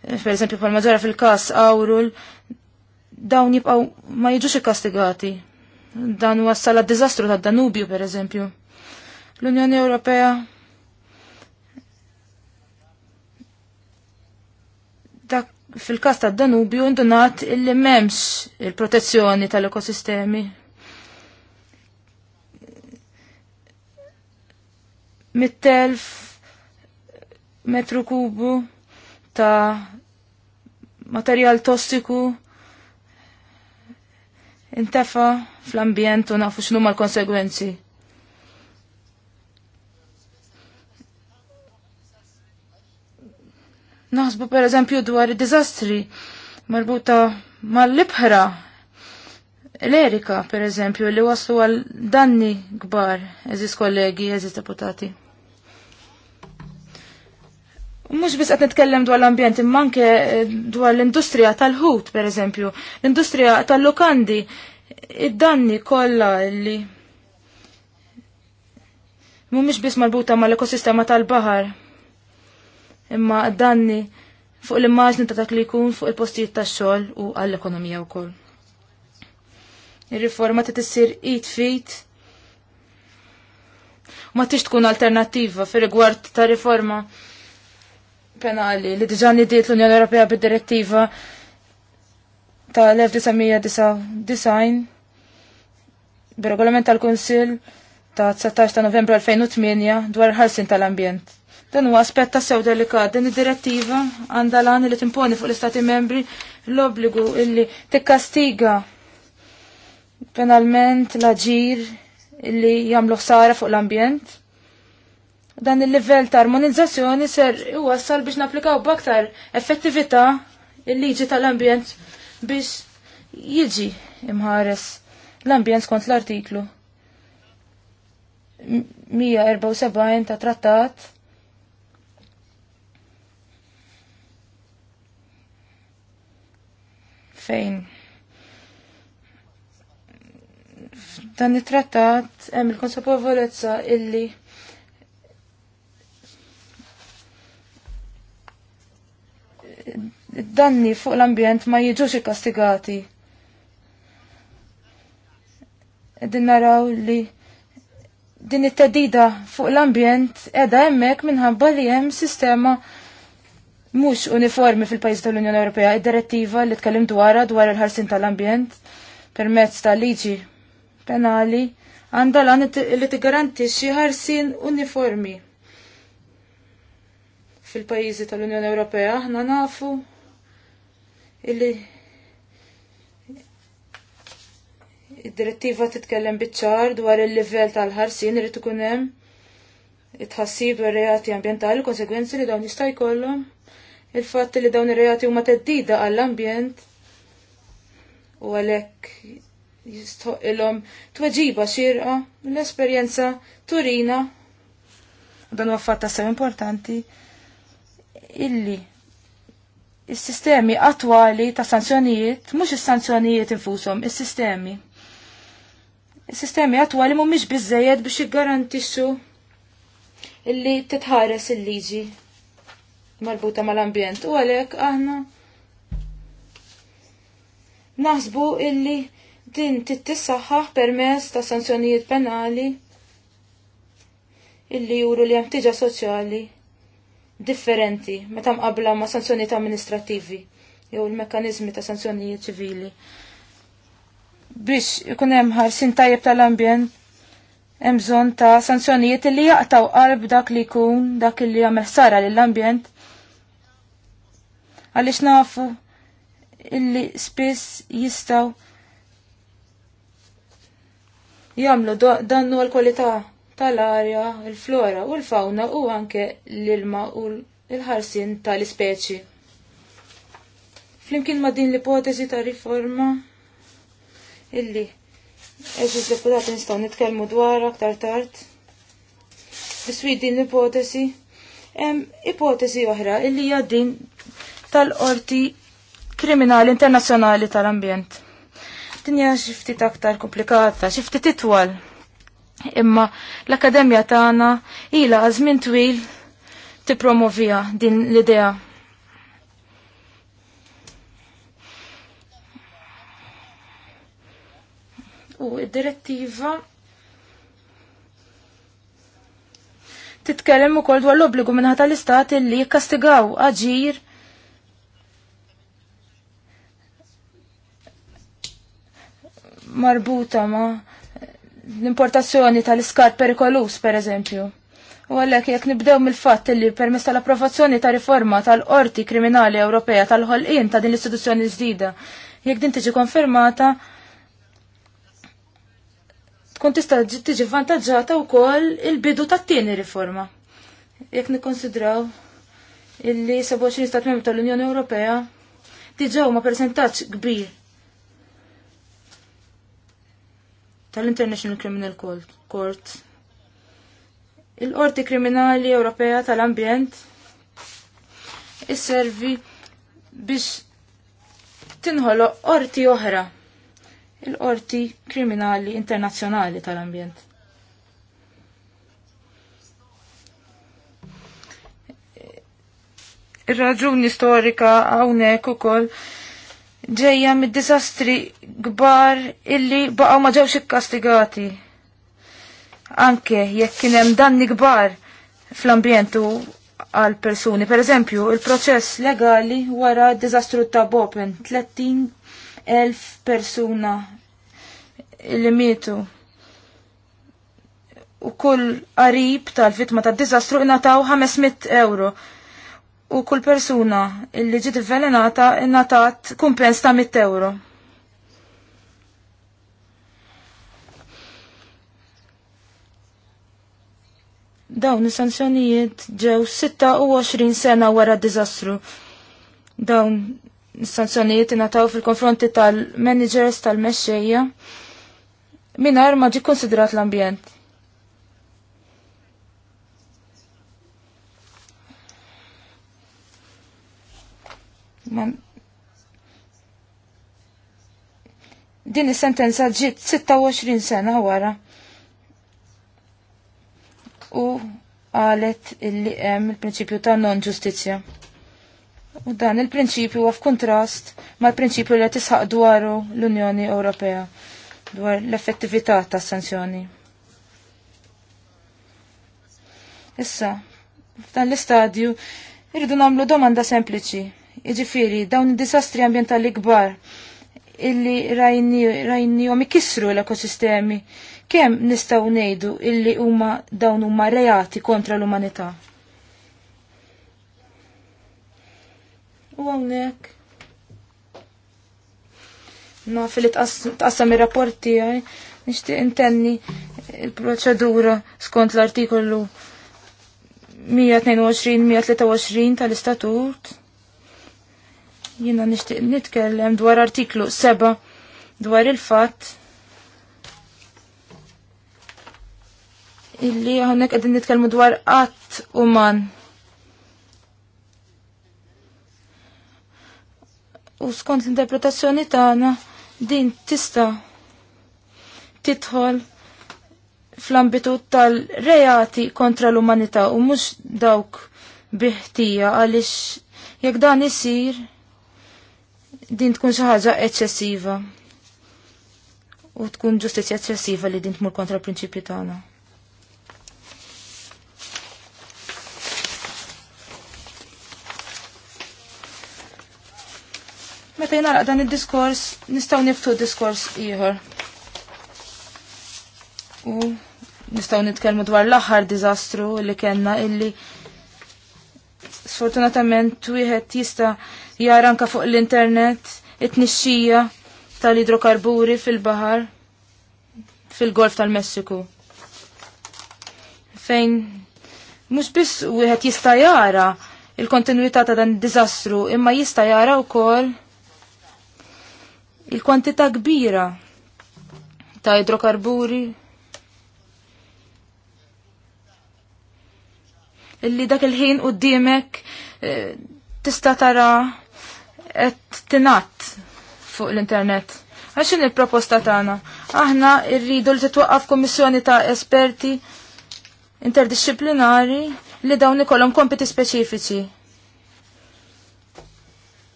eh, per esempio pal maġara fil-kas Awrul, dawn jibqaw ma jiġux ikkastigati. Dan wassal d dizastru ta' Danubju, per esempio. L-Unjoni Ewropea fil-kas ta' Danubju indunat illi memx il-protezzjoni tal-ekosistemi. Mittelf metru kubu ta' materjal tossiku intefa fl-ambjent u nafu x'numa l-konsegwenzi. Naħsbu per eżempju dwar id-dizastri marbuta mal-libħra l-erika per eżempju li waslu għal danni gbar, eżis kollegi, eżis deputati. Mux bis qed nitkellem dwar l-ambjent imma anke eh, dwar l-industrija tal-ħut, per eżempju, l-industrija tal-lukandi, id-danni kollha li mhumiex biss marbuta mal-ekosistema tal-baħar. Imma danni fuq l-immaġni ta' dak li jkun fuq il-postijiet tax-xogħol u għall-ekonomija wkoll. Ir-riforma ta' tissir eat fit ma tix tkun alternattiva fir rigward ta' riforma penali li diġa nidiet l-Unjoni Ewropea bid-direttiva tal-1999 bir-regolament tal kunsil ta' 19 ta' novembru 2008 dwar ħarsin tal-ambjent. Dan huwa aspett ta' sew delikat. Din id-direttiva għandha lan li timponi fuq l-Istati membri l-obbligu illi tikkastiga penalment l-aġir illi jagħmlu ħsara fuq l-ambjent Dan il-livell ta' armonizzazzjoni ser iwassal biex naplikaw b'aktar effettività il-liġi tal-ambjent biex jiġi imħares l-ambjent kont l-artiklu 174 ta' trattat fejn dan it-trattat hemm il-konsapevolezza illi id-danni fuq l-ambjent ma jiġux ikkastigati. Din naraw li din it-tedida fuq l-ambjent edha hemmhekk minħabba li hemm sistema mhux uniformi fil-pajjiż tal-Unjoni Ewropea, id-direttiva li tkellim dwarha dwar il-ħarsin tal-ambjent permezz ta' liġi penali għandha lan li tigarantixxi ħarsin uniformi fil-pajjiżi tal-Unjoni Ewropea aħna nafu illi id-direttiva titkellem biċ-ċar dwar il-livell tal-ħarsin irid ikun hemm it-ħassib ir-reati ambjentali, konsegwenzi li dawn jista' jkollhom, il-fatt li dawn ir-reati huma teddida għall-ambjent u għalhekk jistħoq ilhom tweġiba xirqa l-esperjenza turina dan huwa fatt tassew importanti illi is-sistemi attwali ta' sanzjonijiet, mhux is-sanzjonijiet infushom, is-sistemi. Is-sistemi attwali mhumiex biżejjed biex jiggarantixxu illi titħares il-liġi marbuta mal-ambjent u għalhekk aħna naħsbu illi din titissaħħaħ permess ta' sanzjonijiet penali illi juru li hemm tiġa soċjali differenti meta mqabla ma' sanzjonijiet amministrattivi jew il-mekkaniżmi ta' sanzjonijiet ċivili. Biex ikun hemm ħarsin tajjeb tal-ambjent hemm bżonn ta' sanzjonijiet li jaqtaw qalb dak li jkun dak li jagħmel ħsara lill-ambjent. Għaliex nafu illi spiss jistgħu jagħmlu dannu l kwalità tal-arja, il-flora u l-fauna u anke l-ilma u l-ħarsin tal-ispeċi. Flimkien ma din l-ipotezi ta' riforma illi eżis deputati nistaw nitkellmu dwar aktar tard. Biswi din l-ipotezi, hemm ipotezi oħra illi hija din tal-qorti kriminali internazzjonali tal-ambjent. Dinja xi ftit aktar komplikata, xi ftit itwal Imma l-Akademja tagħna ilha għażmin twil tippromovija din l-idea. U id-direttiva titkellem ukoll dwar l-obbligu minħata tal-istat li jikkastigaw aġir marbuta ma' l-importazzjoni tal-iskat perikolus, per eżempju. U għallek jek nibdew mill-fatt li permess tal-approvazzjoni ta' riforma tal-Qorti Kriminali Ewropea tal-ħolqien ta' din l-istituzzjoni ġdida, jekk din tiġi konfermata, tkun tista' tiġi vantaġġata wkoll il-bidu tat-tieni riforma. Jekk nikkonsidraw illi 27 stat membri tal-Unjoni Ewropea diġaw ma percentaġġ kbir tal-International Criminal Court. Il-Qorti Kriminali Ewropea tal-Ambjent isservi biex tinħolo qorti oħra il-Qorti Kriminali Internazzjonali tal-Ambjent. Ir-raġuni storika hawnhekk ukoll ġejja mid-disastri kbar illi baqgħu ma ġewx ikkastigati. Anke jekk kien hemm danni kbar fl-ambjentu għal persuni. Per eżempju, il-proċess legali wara d-diżastru ta' Bopen, 30.000 persuna li mietu. U kull qarib tal-vittma tad-diżastru ingħataw 500 euro u kull persuna illi ġiet avvelenata innatat kumpens ta' 100 euro. Dawn is-sanzjonijiet ġew 26 sena wara d-diżastru. Dawn is-sanzjonijiet ingħataw fil-konfronti tal-managers tal-mexxejja mingħajr ma ġie konsidrat l-ambjent. Ma... Din is-sentenza ġiet 26 sena wara. U qalet illi hemm il-prinċipju ta' non ġustizzja. U dan il-prinċipju huwa f'kuntrast mal-prinċipju li tisħaq dwaru l-Unjoni Ewropea dwar l-effettività tas sanzjoni. Issa, f'dan l-istadju irridu nagħmlu domanda sempliċi. Iġifiri, dawn id-disastri ambientali kbar illi rajnijom ikissru l-ekosistemi, kem nistaw nejdu illi huma dawn huma reati kontra l-umanità? U għonek. Ma fil tqassam ir-rapporti għaj, nishtiq intenni il-proċedura skont l-artikolu 122-123 tal-istatut Jina nishtiq nitkellem dwar artiklu 7 dwar il-fat illi għonek għedin nitkellmu dwar qatt uman. U skont l-interpretazzjoni tagħna din tista' titħol fl-ambitu tal-reati kontra l-umanità u mhux dawk biħtija għaliex jekk dan isir din tkun xi ħaġa eċċessiva u tkun ġustizzja eċċessiva li din tmur kontra l-prinċipju tagħna. Meta jnara dan id-diskors, nistgħu niftu diskors ieħor. U nistgħu nitkellmu dwar l-aħħar diżastru li kellna illi sfortunatament wieħed jista' jara anka fuq l-internet it-tnixxija tal-idrokarburi fil-baħar fil-Golf tal-Messiku. Fejn mhux biss wieħed jista' jara il-kontinuità ta' dan id-diżastru, imma jista' jara wkoll il-kwantità kbira ta' idrokarburi illi dak il-ħin qudiemek eh, tista' tara qed tingħat fuq l-internet. Għaxin il-proposta tagħna? Aħna rridu li titwaqqaf kummissjoni ta' esperti interdisciplinari li dawn ikollhom kompiti speċifiċi.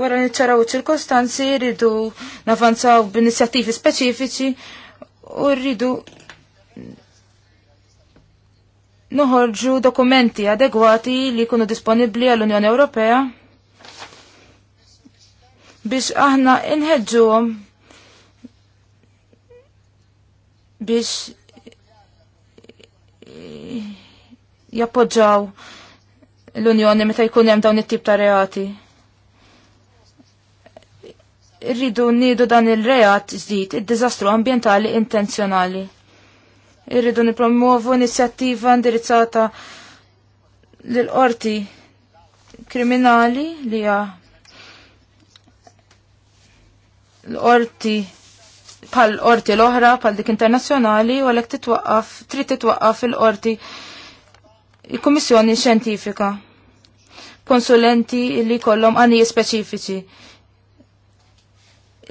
Wara niċċaraw ċirkostanzi rridu navanzaw b'inizjattivi speċifiċi u rridu noħorġu dokumenti adegwati li jkunu disponibbli għall-Unjoni Ewropea biex aħna inħedġuhom biex jappoġġaw l-Unjoni meta jkun hemm dawn it-tip ta' reati. Irridu nidu dan il-reat żdid id-diżastru ambjentali intenzjonali irridu nipromuovu inizjattiva indirizzata l-qorti kriminali li ja l-qorti pal qorti l-oħra pal dik internazzjonali u għalhekk titwaqqaf trid titwaqqaf il-qorti il-Kummissjoni Xjentifika konsulenti li kollhom għaniji speċifiċi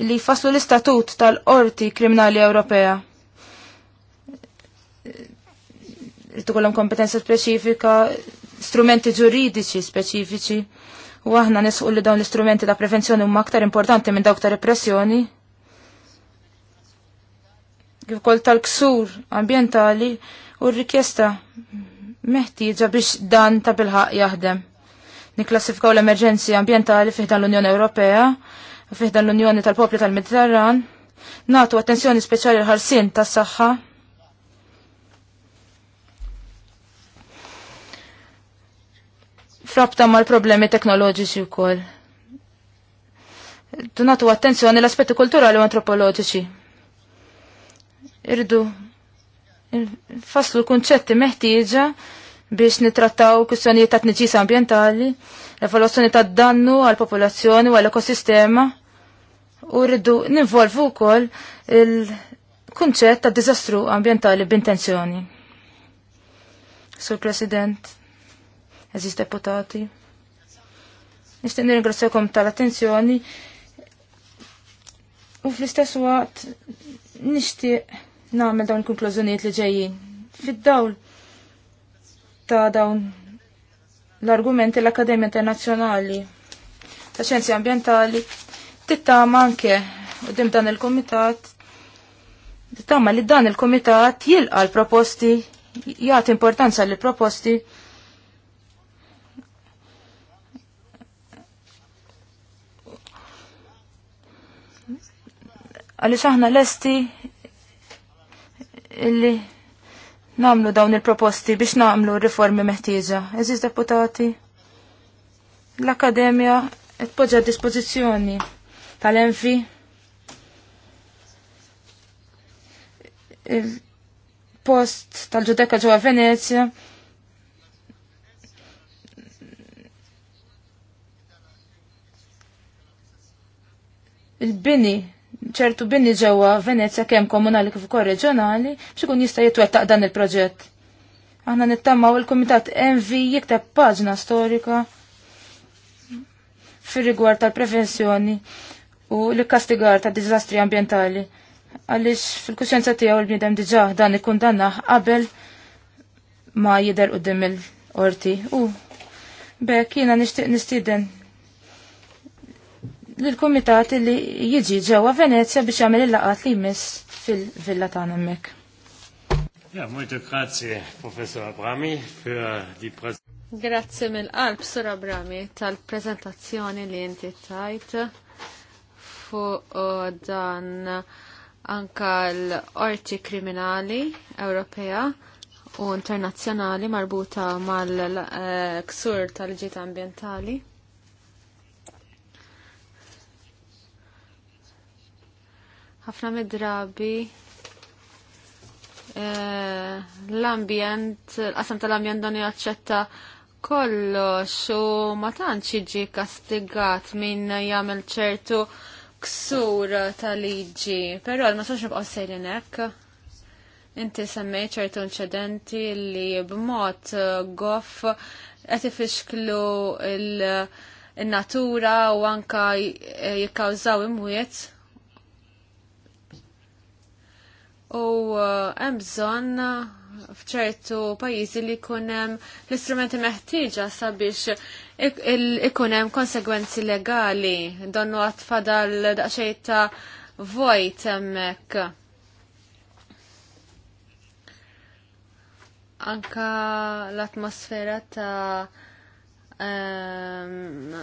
li faslu l-istatut tal-Qorti Kriminali Ewropea tkollhom kompetenza speċifika, strumenti ġuridiċi speċifiċi. U aħna nisqu li dawn l-istrumenti ta' prevenzjoni huma aktar importanti minn dawk ta' repressjoni. Kif kol tal-ksur ambientali u r-rikjesta meħtieġa biex dan ta' bilħaq jaħdem. Niklassifikaw l-emerġenzi ambientali fiħdan l-Unjoni Ewropea, fiħdan l-Unjoni tal-Popli tal-Mediterran, natu attenzjoni speċjali l-ħarsin tas-saħħa, Rabta mal-problemi teknoloġiċi wkoll. Donatu attenzjoni l-aspetti kulturali u antropoloġiċi. Irdu faslu l-kunċetti meħtieġa biex nitrattaw kwistjonijiet ta' tniġis ambjentali, l-evoluzzjoni ta' dannu għal popolazzjoni u għall ekosistema u rridu ninvolvu wkoll il-kunċett ta' diżastru ambjentali b'intenzjoni. Sur President, eżis deputati. Nistaq nirringrazzjakom tal-attenzjoni u fl-istess waqt nixtieq nagħmel dawn il-konklużjonijiet li ġejjin. Fid-dawl ta' dawn l-argumenti l-Akademja Internazzjonali ta' Xjenzi Ambjentali tittama anke qudiem dan il-Kumitat tittama li dan il-Kumitat jilqa' l-proposti jagħti importanza lill proposti għaliex aħna lesti illi namlu dawn il-proposti biex namlu riformi meħtieġa. Eżiz deputati, l-Akademja qed poġġa dispożizzjoni tal-enfi post tal-ġudeka ġewwa Venezia il-bini ċertu binni ġewwa Venezja kemm komunali kif ukoll reġjonali biex ikun jista' jitwettaq dan il-proġett. Aħna nittammaw il-Kumitat MV jikteb paġna storika fir-rigward tal-prevenzjoni u l-kastigar ta' diżastri ambientali. Għaliex fil-kuxjenza tiegħu l-bniedem diġà dan ikun danna qabel ma jidher qudiem il-qorti u bekk jiena nixtieq nistieden l-komitat li jiġi ġewwa Venezia biex jagħmel il-laqat li jmiss fil-villa tagħna hemmhekk. Ja, molto grazie, professor Abrami, per di Grazie mill-qalb, Sur Abrami, tal-prezentazzjoni li inti tajt fuq uh, dan anka l-orti kriminali Ewropea u internazzjonali marbuta mal-ksur uh, tal-ġiet ambientali. ħafna mid-drabi eh, l-ambjent, l-qasam tal-ambjent dan jaċċetta kollox xo ma tantx jiġi kastigat minn jagħmel ċertu ksur tal-liġi, però ma sax nibqgħu sejrin hekk. Inti semmej ċertu inċidenti li b'mod eh, goff qed ifixklu il-natura u anka eh, jikkawżaw imwiet u uh, hemm bżonn fċertu pajjiżi li jkun hemm l-istrumenti meħtieġa sabiex ikun hemm konsegwenzi legali donnu fadal daqsxejn ta' vojt hemmhekk. Anka l-atmosfera ta' um,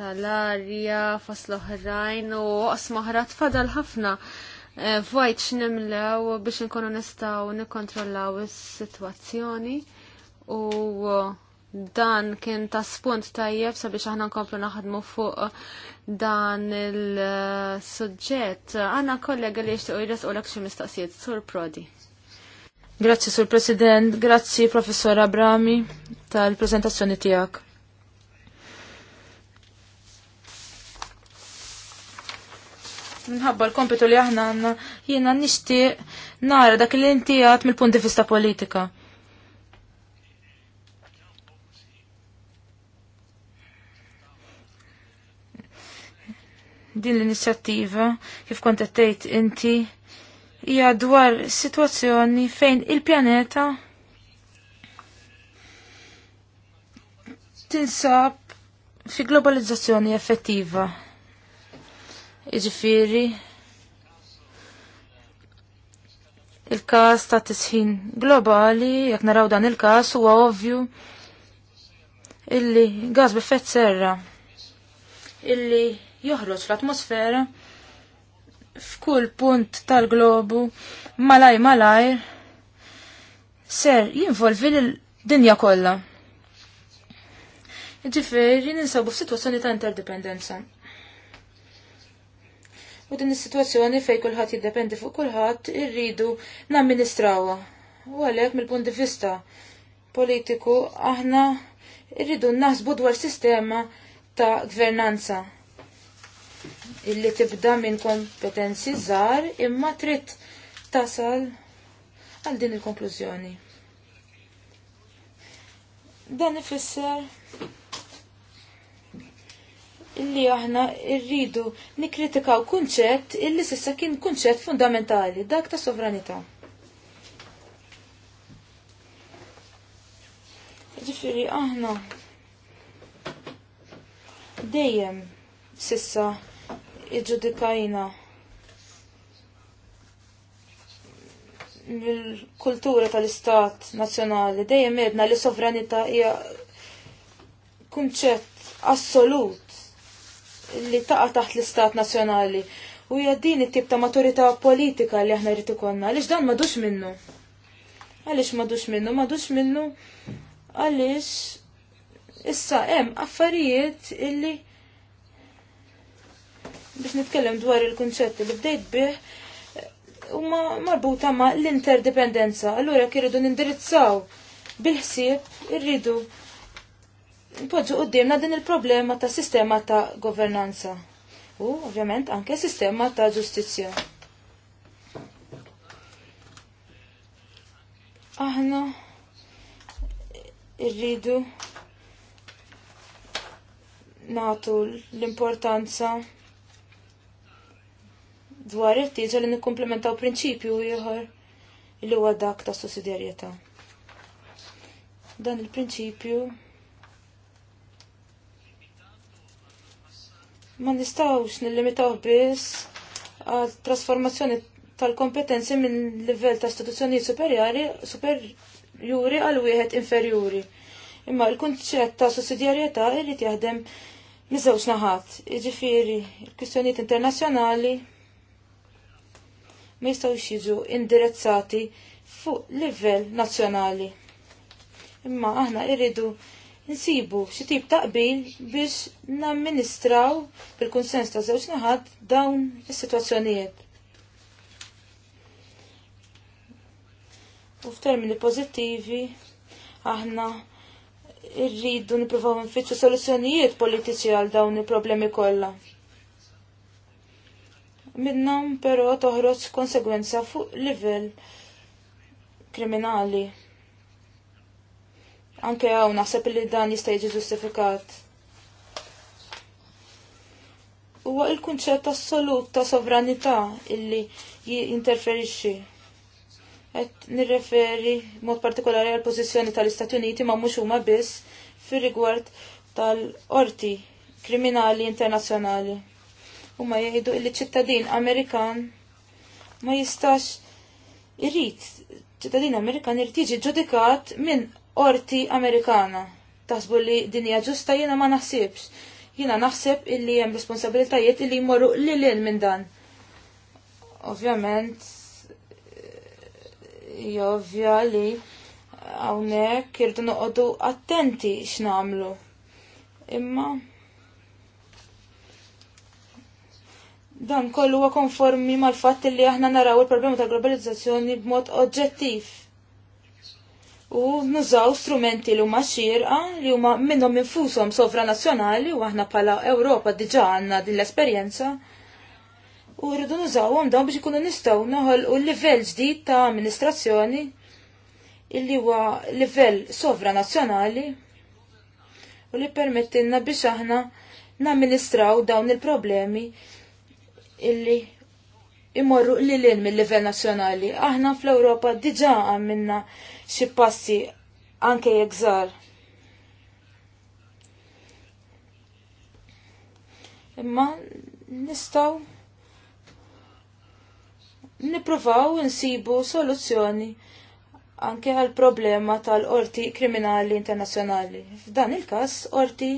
tal-arja, faslu l-oħrajn u osmaħra tfadal ħafna f'wajt eh, x'nimlew biex nkunu nistgħu nikkontrollaw is-sitwazzjoni u dan kien ta' spunt tajjeb sabiex aħna nkomplu naħdmu fuq dan il-suġġett. Għanna kollega li jishtiqu jresqu l xi mistoqsijiet, Sur Prodi. Grazzi, Sur President, grazzi, Professor Abrami, tal-prezentazzjoni tijak. minħabba l-kompetu li aħna għanna jiena nixtieq nara dak li inti għat mill punti vista politika. Din l-inizjattiva kif kont qed tgħid inti hija dwar sitwazzjoni fejn il-pjaneta tinsab fi globalizzazzjoni effettiva Iġifiri, il-kas ta' tisħin globali, jek naraw dan il-kas, huwa ovvju illi gaz b'effett serra illi joħroġ fl-atmosfera f'kull punt tal-globu malaj malaj ser jinvolvi l-dinja kollha. Ġifieri ninsabu f'sitwazzjoni ta' interdependenza. U din is-sitwazzjoni fej kulħadd jiddependi fuq kulħadd irridu namministrawha. U għalhekk mill-punt di vista politiku aħna irridu naħsbu dwar sistema ta' gvernanza illi tibda minn kompetenzi żgħar imma trid tasal għal din il-konklużjoni. Dan ifisser illi aħna rridu nikkritikaw kunċett illi sissa kien kunċett fundamentali, dak ta' sovranità. Ġifiri, aħna dejjem sissa iġudikajna mill-kultura tal-istat nazzjonali dejjem edna li sovranità hija kunċett assolut li taqa taħt l-istat nazjonali. U hija din it-tip ta' maturità politika li aħna rrid konna. Għaliex dan madux minnu. Għaliex madux minnu, madux minnu għaliex issa hemm affarijiet illi biex nitkellem dwar il-kunċetti li bdejt bih huma marbuta ma' l-interdependenza. Allura kiridu nindirizzaw bil-ħsieb irridu Npoġġu qoddimna din il-problema ta' sistema ta' governanza u ovvjament anke sistema ta' ġustizzja. Aħna irridu natu l-importanza dwar it-tieġa li nikkumplementaw prinċipju ieħor li huwa dak ta' sussidjarjetà. Dan il-prinċipju Ma nistawx nillimitaw biss għal trasformazzjoni tal-kompetenzi minn livell ta' istituzzjonijiet superjari superjuri għal wieħed inferjuri. Imma l-kunċett ta' sussidjarjetà irid jaħdem miżewġ naħat, jiġifieri l-kwistjonijiet internazzjonali ma jistgħux jiġu indirezzati fuq livell nazzjonali. Imma aħna irridu nsibu xi tip ta' qbil biex namministraw bil-kunsens ta' żewġ naħat dawn is-sitwazzjonijiet. U f'termini pożittivi aħna irridu nippruvaw nfittxu soluzzjonijiet politiċi għal dawn il-problemi kollha. Minnhom però toħroġ konsegwenza fuq livell kriminali. Anke hawn naħseb li dan jista' jiġi ġustifikat. Huwa il-kunċett assolut ta' sovranità illi jinterferixxi. Qed nirreferi mod partikolari għal pożizzjoni tal-Istati Uniti ma mhux huma biss fir-rigward tal-qorti kriminali internazzjonali. Huma jgħidu li ċittadin Amerikan ma jistax irid ċittadin Amerikan irtiġi ġudikat minn orti Amerikana. Taħsbu li dinja ġusta jiena ma naħsibx. Jiena naħseb illi hemm responsabilitajiet illi jmorru l minn dan. Ovvjament, jovja li hawnhekk irdu noqogħdu attenti x'namlu. Imma dan kollu huwa konformi mal-fatt li aħna naraw il-problema tal-globalizzazzjoni b'mod oġġettiv u nużaw strumenti li huma xirqa li huma minnhom infushom sovranazzjonali u aħna bħala Ewropa diġà għandna din l-esperjenza u rridu nużawhom dawn biex ikunu nistgħu noħolqu livell ġdid ta' amministrazzjoni illi huwa livell sovranazzjonali u li permettilna biex aħna namministraw dawn il-problemi illi imorru li mill-livell nazzjonali. Aħna fl-Ewropa diġà għamilna xi passi anke jekk żgħar. Imma nistgħu nippruvaw insibu soluzzjoni anke għal problema tal-orti kriminali internazzjonali. F'dan il-każ orti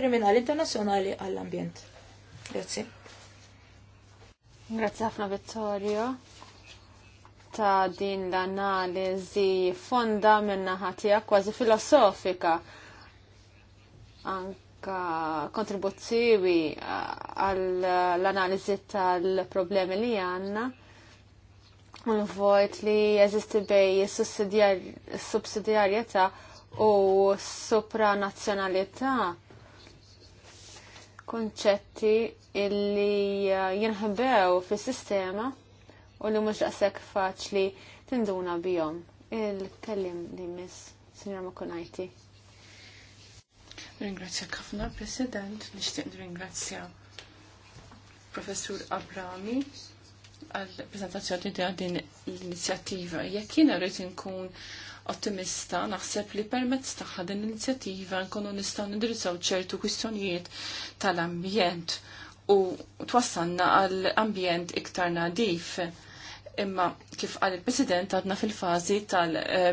kriminali internazzjonali għall-ambjent. Grazie. Grazie ħafna Vittorio ta' din l-analizi fonda minna ħatija kważi filosofika anka kontribuzzivi għall-analizi tal-problemi li għanna un-vojt li jeżisti bej s-subsidjarjeta u supranazzjonalità konċetti illi jinħbew fis-sistema u li mhux daqshekk faċli tinduna bihom. Il-kellim li miss Sinjor Mokonajti. Ringrazzja ħafna, President, nixtieq ringrazzja Professur Abrami għal-prezentazzjoni ta' din l-inizjattiva. Jekk jiena rrid inkun ottimista naħseb li permezz tagħha din l-inizjattiva nkunu nistgħu nindirizzaw ċertu kwistjonijiet tal-ambjent u twassalna għall ambjent iktar nadif imma kif għal il-President għadna fil-fazi tal- eh,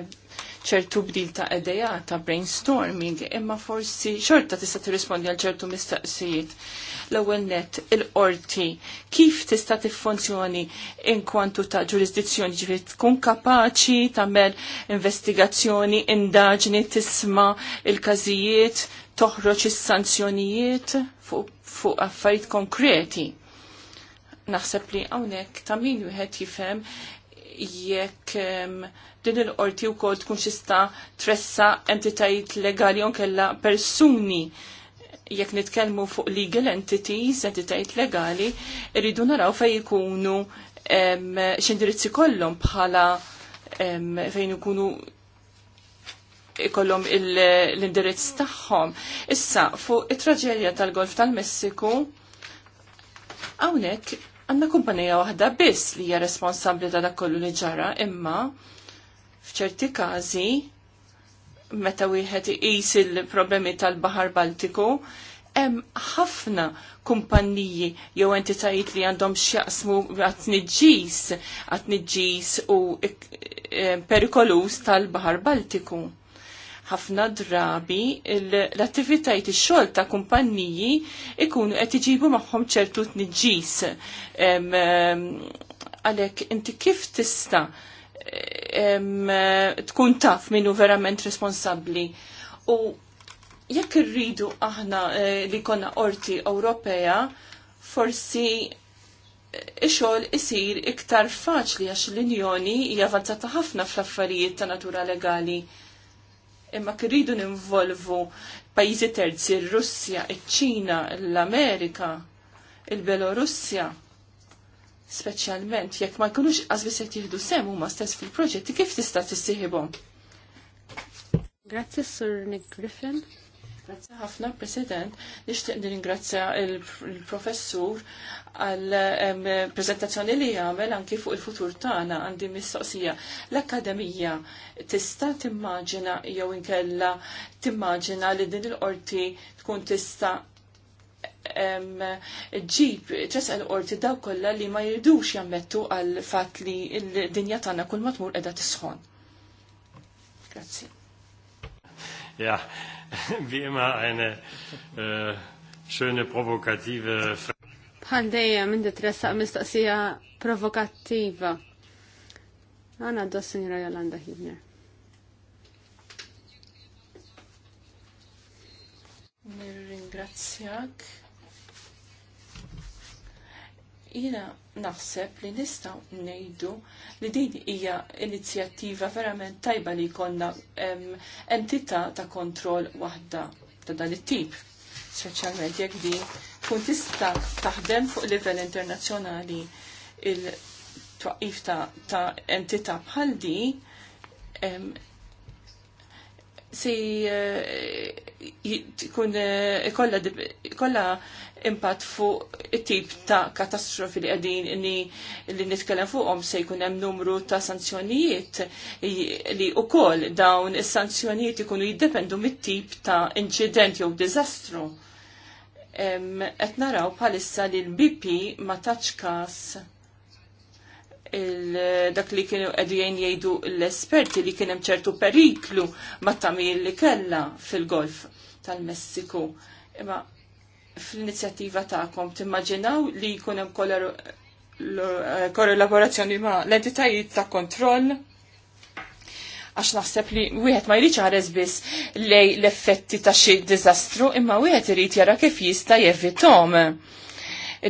ċertu bdil ta' edeja ta' brainstorming, imma forsi xorta tista' tirrispondi għal ċertu mistaqsijiet. L-ewwel net il-qorti, kif tista' tiffunzjoni kwantu ta' ġurisdizzjoni ġifieri tkun kapaċi tagħmel investigazzjoni, indaġni tisma' il-każijiet, toħroġ is-sanzjonijiet fuq affarijiet konkreti Naħseb li hawnhekk ta' min wieħed jifhem jekk ehm, din il-qorti u kol tkun xista tressa entitajiet legali kella persuni jekk nitkellmu fuq legal entities, entitajiet legali, rridu naraw fej ikunu ehm, xindirizzi kollhom bħala ehm, fejn ikunu ikollhom l-indirizz tagħhom. Issa fuq it traġerja tal-Golf tal-Messiku hawnhekk Għanna kumpanija waħda biss li hija responsabbli ta' dak kollu li ġara, imma f'ċerti każi meta wieħed iqis il-problemi tal-Baħar Baltiku, hemm ħafna kumpanniji jew entitajiet li għandhom x'jaqsmu għat niġġis għat niġġis u eh, perikolus tal-Baħar Baltiku ħafna drabi l-attivitajt il-xol ta' kumpanniji ikunu qed iġibu magħhom ċertu tniġġis. Għalhekk inti kif tista' tkun taf minnu verament responsabbli u jekk irridu aħna eh, li konna orti Ewropea forsi eh, ix-xogħol isir iktar faċli għax l-Unjoni jgħavanzata ħafna fl-affarijiet ta' natura legali imma kiridu ninvolvu pajjiżi terzi, il-Russja, il-ċina, l-Amerika, il-Belorussja, specialment, jekk ma jkunux għazbis jek jieħdu sem huma stess fil-proġetti kif tista' tissieħibhom. Grazie, Sur Nick Griffin. Grazie ħafna, President. Nixtieq ringrazzja il-professur għal prezentazzjoni li jagħmel anki fuq il-futur tagħna għandi mistoqsija. L-Akademija tista' timmaġina jew inkella timmaġina li din il-qorti tkun tista' ġib ċesqal qorti daw kollha li ma jirdux jammettu għal fatt li l-dinja tagħna kull ma tmur qiegħda tisħon. Grazzi. yeah. wie immer eine äh, schöne provokative Frage. Bħal dejjem inti tressaq mistaqsija provokattiva. Għana għaddu s Jolanda Hibner. Nirringrazzjak Jina naħseb li nistaw nejdu li din hija inizjattiva verament tajba li jkollna entità ta' kontroll waħda ta' dan it-tip. Speċjalment jekk din tkun tista' taħdem fuq livell internazzjonali il-twaqif ta', ta entità bħal di si jikun eh, eh, kolla impatt fuq it-tip ta' katastrofi li għedin li nitkellem fuqhom se jkun hemm numru ta' sanzjonijiet li wkoll dawn is-sanzjonijiet ikunu jiddependu mit-tip ta' inċident jew diżastru. Qed naraw bħalissa li l-BP ma taċkas każ dak li kienu għedin jgħidu l-esperti li kienem ċertu periklu ma' tamil li kella fil-golf tal-Messiku. Imma fl-inizjattiva ta'kom timmaġinaw li kunem eh, korrelaborazzjoni ma' l-entitajiet ta' kontroll għax naħseb li wieħed ma jridx ħares biss lej l-effetti ta' xi diżastru imma wieħed irid jara kif jista' jevitom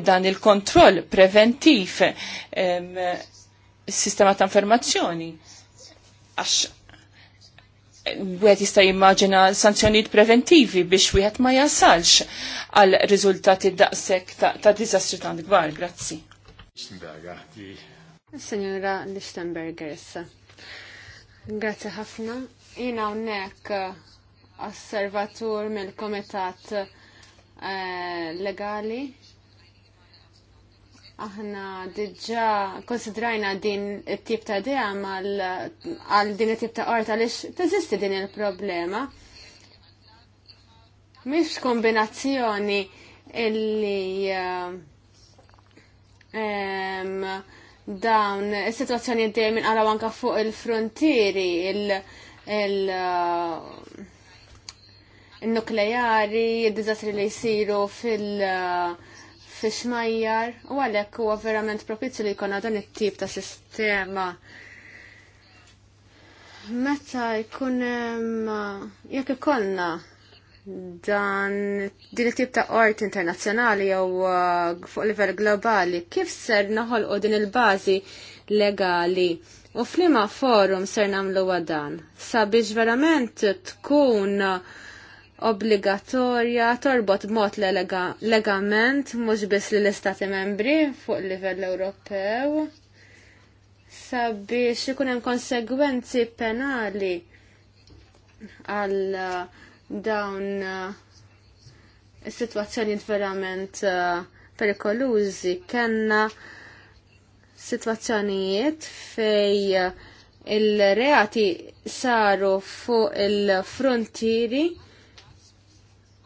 dan il-kontroll preventiv sistema ta' informazzjoni. Għax wieħed jista' jimmaġina sanzjonijiet preventivi biex wieħed ma jasalx għal riżultati daqshekk ta', ta diżastri kbar. Grazzi. Signora Lichtenberger Grazzi ħafna. Jina hawnhekk osservatur eh, mill-Komitat eh, legali Aħna diġa konsidrajna din it-tip ta' dea għal din it-tip ta' art għalix teżisti din il-problema. Mish kombinazzjoni illi um, dawn is-sitwazzjoni dejjem inqaraw anke fuq il-frontieri il, il, eh, il nukleari il-dizastri li jisiru fil- uh, fi smajjar u għalhekk huwa verament propizzu li jkollna dan it-tip ta' sistema. Meta jkun eh, jekk ikollna dan din it-tip ta' art internazzjonali jew eh, fuq livell globali, kif ser naħolqu din il-bażi legali u flima forum ser namlu dan sabiex verament tkun uh, obbligatorja torbot b'mod legament mhux biss lill istati membri fuq livell Ewropew sabiex ikun hemm konsegwenzi penali għal uh, dawn uh, is-sitwazzjoni verament uh, perikolużi kellna sitwazzjonijiet fej il-reati saru fuq il-frontieri il il frontieri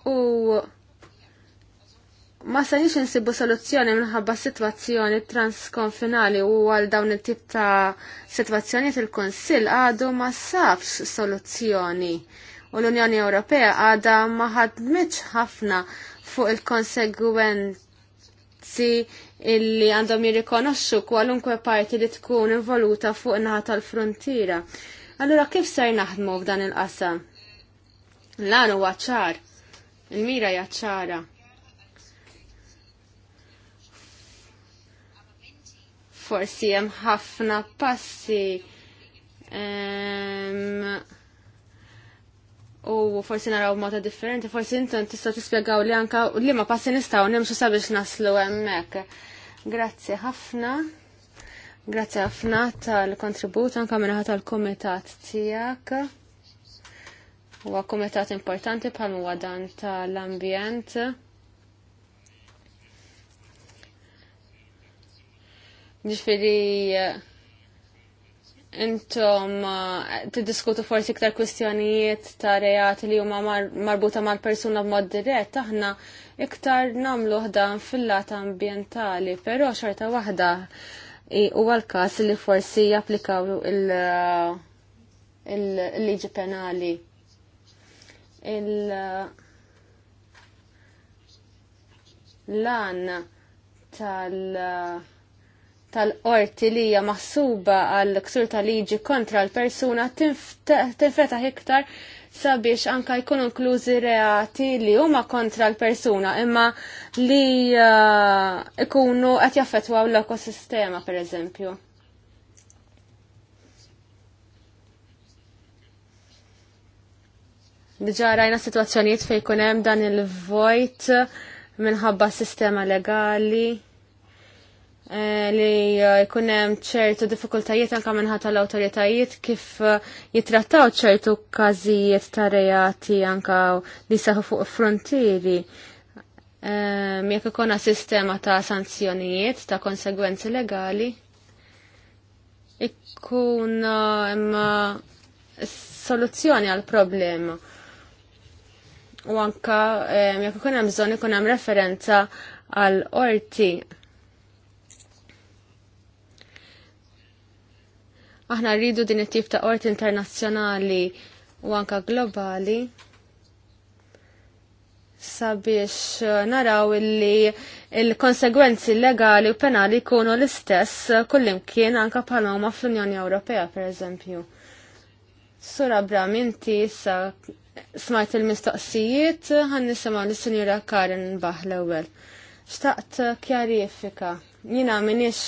u ma sanix insibu soluzzjoni minħabba situazzjoni transkonfinali u għal dawn it-tip ta' situazzjoni il-Konsil għadu ma safx soluzzjoni u l-Unjoni Ewropea għada ma ħadmitx ħafna fuq il-konsegwenzi illi għandhom jirrikonoxxu kwalunkwe parti li tkun involuta fuq naħa tal-frontiera. Allura kif ser naħdmu f'dan il-qasam? L-għanu għacċar Il-mira jaċċara. Forsi hemm ħafna passi u forsi naraw mota differenti, forsi intom tista' tispjegaw li anka li ma passi nistgħu nimxu sabiex naslu hemmhekk. Grazzi ħafna. Grazzi ħafna tal-kontribut anka minnaħat tal-komitat tiegħek huwa kumitat importanti bħal huwa dan tal-ambjent. Ġifieri intom eh, tiddiskutu forsi iktar kwistjonijiet ta' reati li huma marbuta mal-persuna b'mod dirett, aħna iktar namlu dan fil-lat ambientali, però xorta waħda huwa l-każ li forsi japplikaw eh, il-liġi penali il-lan tal- tal-qorti li hija maħsuba għal ksur tal-liġi kontra l-persuna tinfetaħ iktar sabiex anka jkunu inklużi reati li huma kontra l-persuna imma li uh, ikunu qed jaffettwaw l-ekosistema pereżempju. Diġa rajna situazzjoniet fej kunem dan il-vojt minħabba sistema legali eh, li jkunem eh, ċertu diffikultajiet anka minħata l-autoritajiet kif eh, jitrattaw ċertu kazijiet ta' rejati anka li saħu fuq frontieri. Jekk ikona sistema ta' sanzjonijiet ta' konsegwenzi legali, ikkun imma soluzzjoni għal problema u anka jekk ikun hemm bżonn ikun hemm referenza għal orti. Aħna rridu din it-tip ta' orti internazzjonali u anka globali sabiex eh, naraw illi il-konsegwenzi legali u penali jkunu l-istess kullimkien anka paloma fl-Unjoni Ewropea, per eżempju. Sura Bram, inti sa smajt il-mistoqsijiet għan nisimaw l-Sinjura Karen Baħ l-ewel. Xtaqt kjarifika, jina minix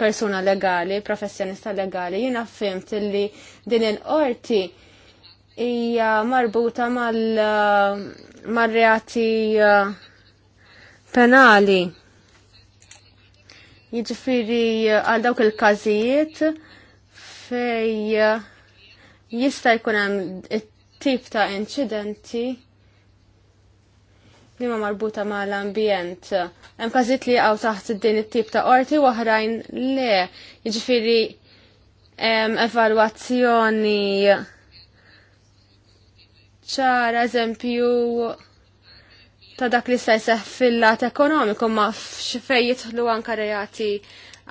persona legali, professjonista legali, jina fimt li din il-qorti hija marbuta mal-reati uh, penali. Jiġifiri uh, għal dawk il-każijiet fej uh, jista' jkun hemm tip ta' incidenti li ma marbuta ma' l-ambjent. Hemm każiet li għaw taħt din it-tip ta' qorti oħrajn le. Jiġifieri evalwazzjoni ċara eżempju ta' dak li se jseħ fil-lat ekonomiku ma' fej jitħlu anka reati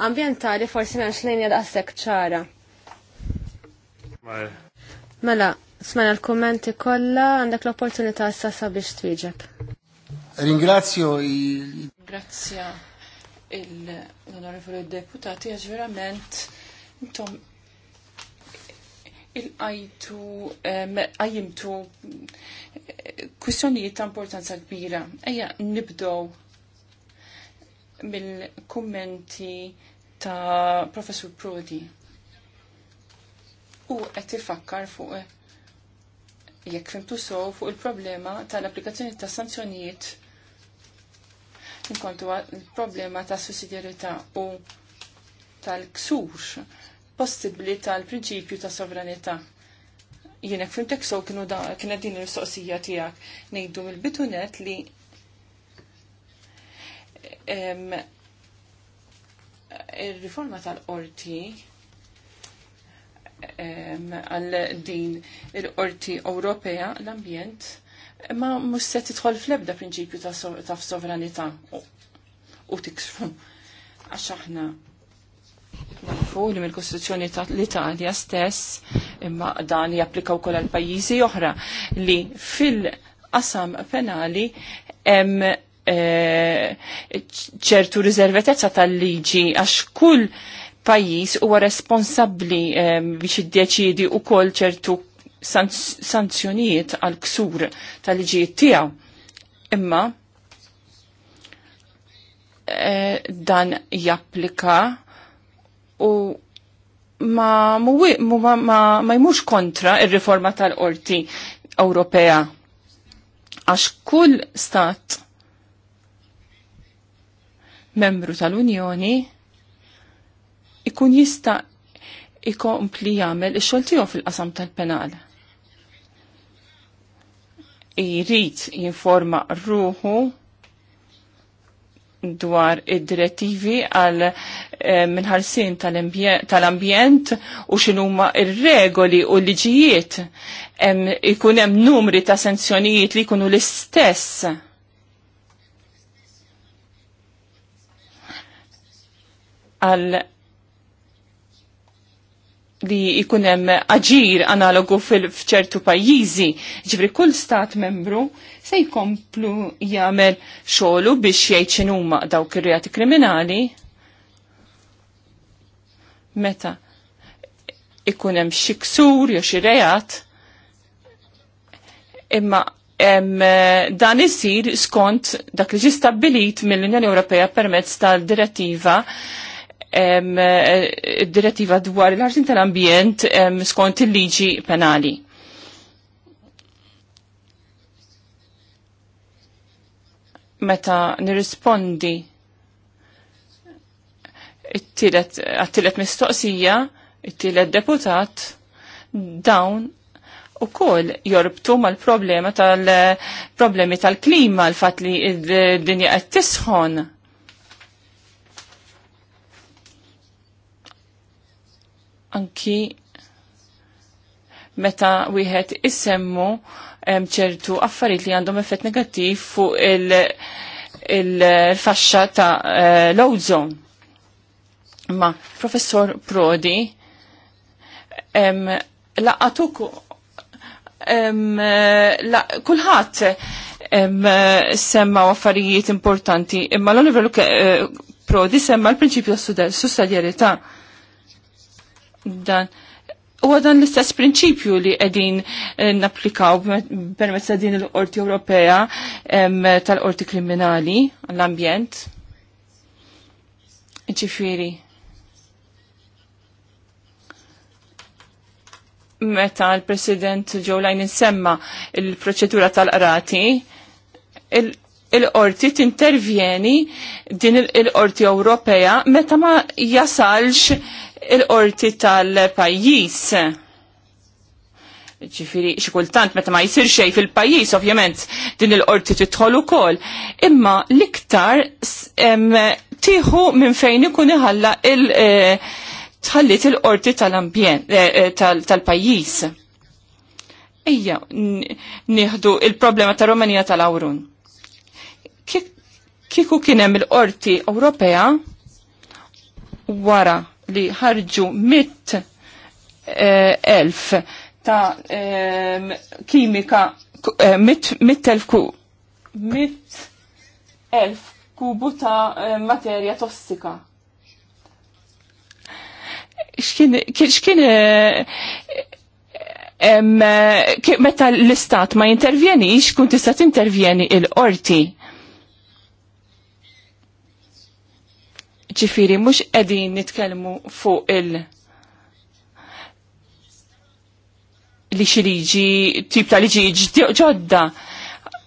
ambientali forsi m'hemmx linja daqshekk ċara. Mela, Smena l-kommenti kolla, għandek l-opportunità s-sassa biex twieġeb. Ringrazio il... Grazzja l-onorevoli deputati għax verament intom il-għajtu, għajimtu eh, kwistjonijiet ta' importanza kbira. Ejja, nibdow mill-kommenti ta' Professor Prodi. U għet ifakkar fuq jekk fimtu sow fuq il-problema tal-applikazzjoni ta' sanzjonijiet inkontu il-problema ta' sussidjarità u tal-ksur possibbli tal-prinċipju ta' sovranità. Jienek fimtek sow kienu da kienet din il-soqsija tiegħek ngħidu mill-bitunet li il riforma tal-qorti għal din il-qorti Ewropea l-ambjent ma mhux se tidħol fl-ebda prinċipju ta' sovranità u tiksru għax aħna nafu li mill-Kostituzzjoni l italja stess imma dan japplika wkoll għal pajjiżi oħra li fil-qasam penali hemm eh, ċertu riservetezza tal-liġi għax kull pajjiż huwa responsabbli ehm, biex iddeċidi wkoll ċertu sanzjonijiet għal ksur tal-liġijiet tiegħu. Imma eh, dan japplika u ma, ma, ma, ma jmux kontra il riforma tal-qorti Ewropea. Għax kull stat membru tal-Unjoni ikun jista' ikompli jagħmel ix-xogħol tiegħu fil-qasam tal-penal. Irid jinforma ruħu dwar id-direttivi għal eh, minħarsin tal-ambjent u x'inhuma ir-regoli u liġijiet ikun hemm numri ta' sanzjonijiet li jkunu l-istess. għal li jkunem aġir analogu fil-fċertu pajjiżi, ġivri kull stat membru se jkomplu jagħmel xogħlu biex jgħid x'inhuma dawk ir-reati kriminali meta ikun hemm xi ksur jew xi reat imma eh, dan isir skont dak li ġi stabbilit mill-Unjoni Ewropea permezz tal-direttiva Eh, direttiva dwar il-ħarsin tal-ambjent skont il-liġi penali. Meta nirrispondi għattilet mistoqsija, it-tielet deputat, dawn u koll jorbtu mal-problema tal-problemi tal-klima, l-fat li d-dinja għattisħon. tisħon anki meta wieħed issemmu ċertu affarijiet li għandhom effett negattiv fuq il-faxxa il ta' uh, l-ozone. Ma, professor Prodi, um, laqatuk um, eh, la, kulħadd um, semma affarijiet importanti, imma l-Oliver eh, Prodi semma l-prinċipju ta' sussidjarjetà dan u dan l-istess prinċipju li qegħdin eh, napplikaw permezz din il-Qorti Ewropea tal-Qorti Kriminali għall-ambjent. Ġifieri. Meta l-President Ġowlajn insemma il-proċedura tal-qrati, il proċedura tal qrati il qorti tintervjeni din il-qorti Ewropea meta ma jasalx il-qorti tal-pajjiż. Ġifiri, xikultant, meta ma jisir xej fil-pajis, ovvjament, din il-qorti titħol ukoll. Imma l-iktar tieħu minn fejn ikun iħalla il- e, tħallit il-qorti tal-ambjent, e, e, tal-pajis. Ejja, nieħdu il-problema ta' Romania tal-Awrun. Kiku kienem il-qorti Ewropea wara li ħarġu mit eh, elf ta' kimika eh, mit elf ku mit elf kubu ta' materja tossika. X'kien eh, meta l-istat ma jintervjenix kun tista' tintervjeni il-qorti Ġifiri, mux edin nitkelmu fuq il- li xiliġi, tip ta' liġi ġodda,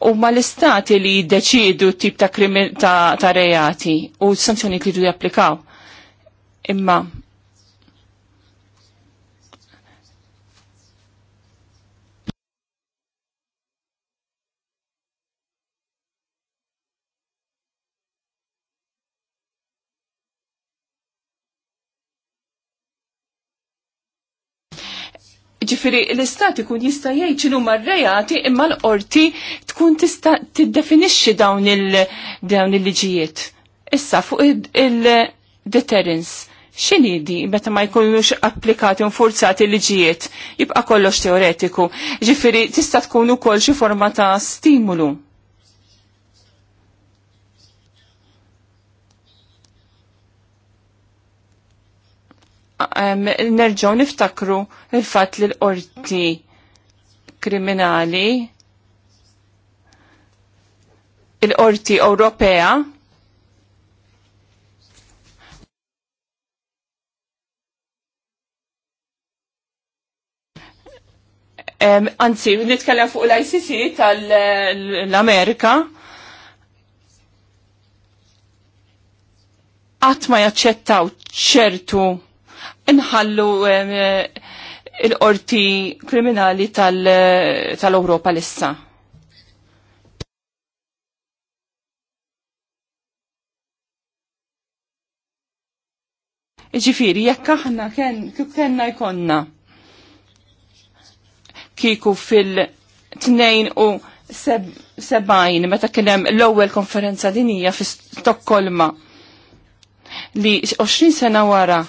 u ma l-istati li deċidu tip ta' krimin ta', ta reati u sanzjoni li du japplikaw. Imma Ġifiri, l-istat ikun jista' jgħid x'inhu marrejati imma l-qorti tkun tista' tiddefinixxi dawn il-dawn il-liġijiet. Issa fuq il-deterrence x'inhi di meta ma jkunux applikati l liġijiet, jibqa kollox teoretiku. Ġifiri, tista tkun ukoll xi forma ta' stimulu nerġaw niftakru il-fat li l-qorti kriminali il-qorti Ewropea Anzi, nitkellem fuq l-ICC tal-Amerika. Għatma jaċċettaw ċertu inħallu eh, il-qorti kriminali eh, tal-Europa tal lissa. Ġifiri, jekk aħna kienna jkonna kiku fil 72 u meta kien hemm l-ewwel konferenza dinija fi Stokkolma li 20 sena wara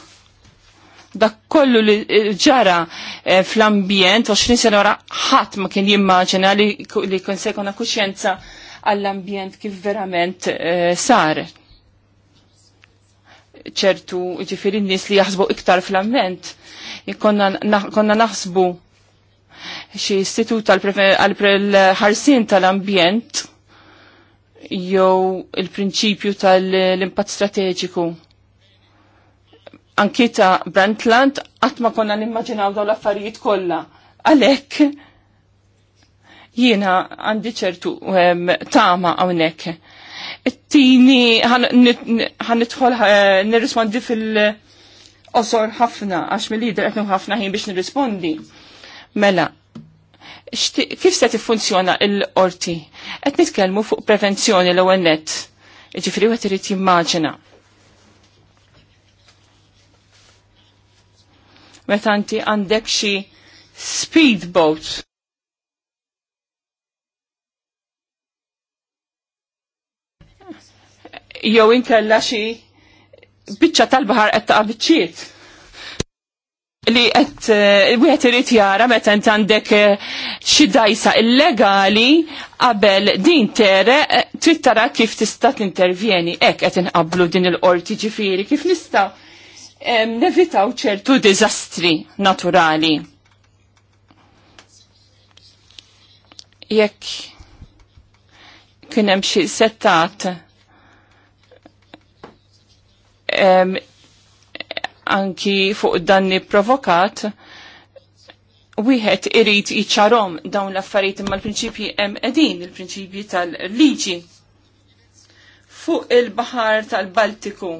dak kollu li ġara eh, fl-ambjent, 20 sena wara ħadd ma kien jimmaġina li, li kun sekona kuxjenza għall-ambjent kif verament e, sar. ċertu ġifiri nis li jaħsbu iktar fl-ambjent, konna naħsbu xi istitut għal-ħarsin tal-ambjent jew il-prinċipju tal-impatt strateġiku anki ta' Brantland għatma konna nimmaġinaw daw l-affarijiet kollha. Għalhekk jiena għandi ċertu tama hawnhekk. It-tini ħanidħol eh, nirrispondi fil-qosor ħafna għax mill-lider għetnu ħafna ħin biex nirrispondi. Mela, kif se tiffunzjona l-qorti? Qed nitkellmu fuq prevenzjoni l-ewwel nett. jiġifieri wieħed irid jimmaġina meta inti għandek xi speedboat. Jew inkella xi biċċa tal-baħar qed taqa' biċċiet li qed eh, wieħed irid jara meta int għandek eh, xi dajsa illegali qabel din tere eh, trid tara kif tista' tintervjeni hekk qed inqablu din il-qorti ġifieri kif nista' nevitaw ċertu dizastri naturali. Jekk kien hemm xi settat anki fuq danni provokat, wieħed irid iċarom dawn l-affarijiet imma l-prinċipji hemm qegħdin il-prinċipji tal-liġi fuq il-baħar tal-Baltiku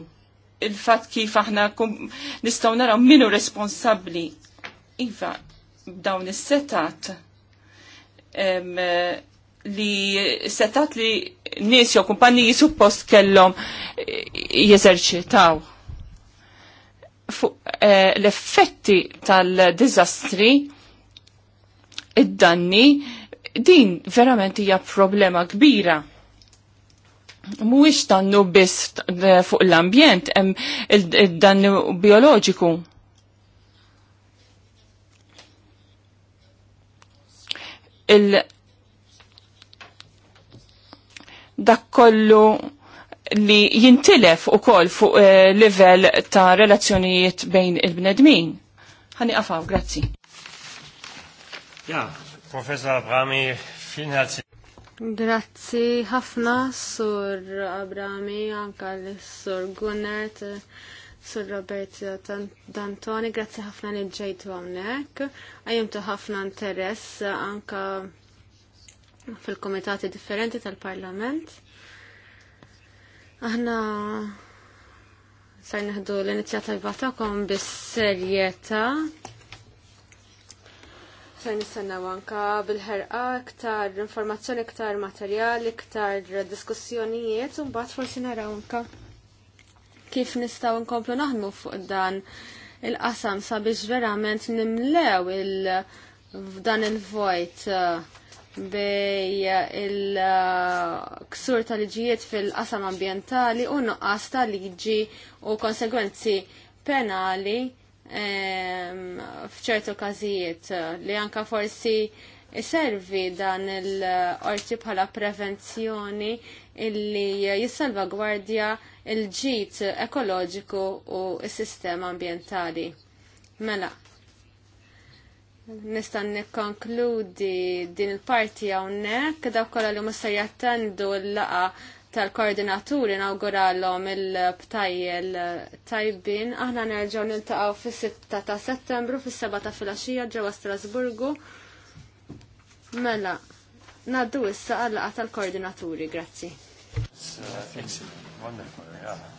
il-fat kif aħna nistaw naraw minu responsabli. Iva, dawn is-setat li setat li nies jew kumpanni suppost kellhom eh, jeżerċitaw fuq eh, l-effetti tal-dizastri id-danni din verament hija problema kbira mhuwiex tannu biss fuq l-ambjent, hemm il-dannu bioloġiku. Il dak kollu li jintilef u koll fuq eh, level ta' relazzjonijiet bejn il-bnedmin. Għani għafaw, grazzi. Ja, Professor Abrami, fin Grazzi ħafna sur Abrami, anka sur Gunnert, sur Robert Dantoni, grazzi ħafna li ġejtu għamnek. Għajimtu ħafna interess anka fil-komitati differenti tal-parlament. Aħna sar l-inizjativa tagħkom bis-serjetà Se nistennaw anka bil-ħerqa iktar informazzjoni iktar materjali, iktar diskussjonijiet u mbagħad forsi naraw anka kif nistgħu nkomplu naħdmu fuq dan il-qasam sabiex verament nimlew il- dan il-vojt uh, bej il-ksur uh, tal-liġijiet fil-qasam ambientali u nuqqas tal-liġi u konsegwenzi penali Ehm, fċertu każijiet eh, li anka forsi iservi dan il-orti bħala prevenzjoni illi gwardja il-ġit ekoloġiku u s-sistema ambientali. Mela, nistan nikkonkludi din il-parti għawnek, daw kolla li musa jattendu l-laqa tal-koordinaturi nawgurallhom il-btajjel tajbin. Aħna nerġgħu niltaqgħu fis-6 ta' Settembru fis-7 ta' filgħaxija ġewwa Strasburgu. Mela, naddu issa għallaqa tal-koordinaturi, grazzi. Uh, wonderful, yeah.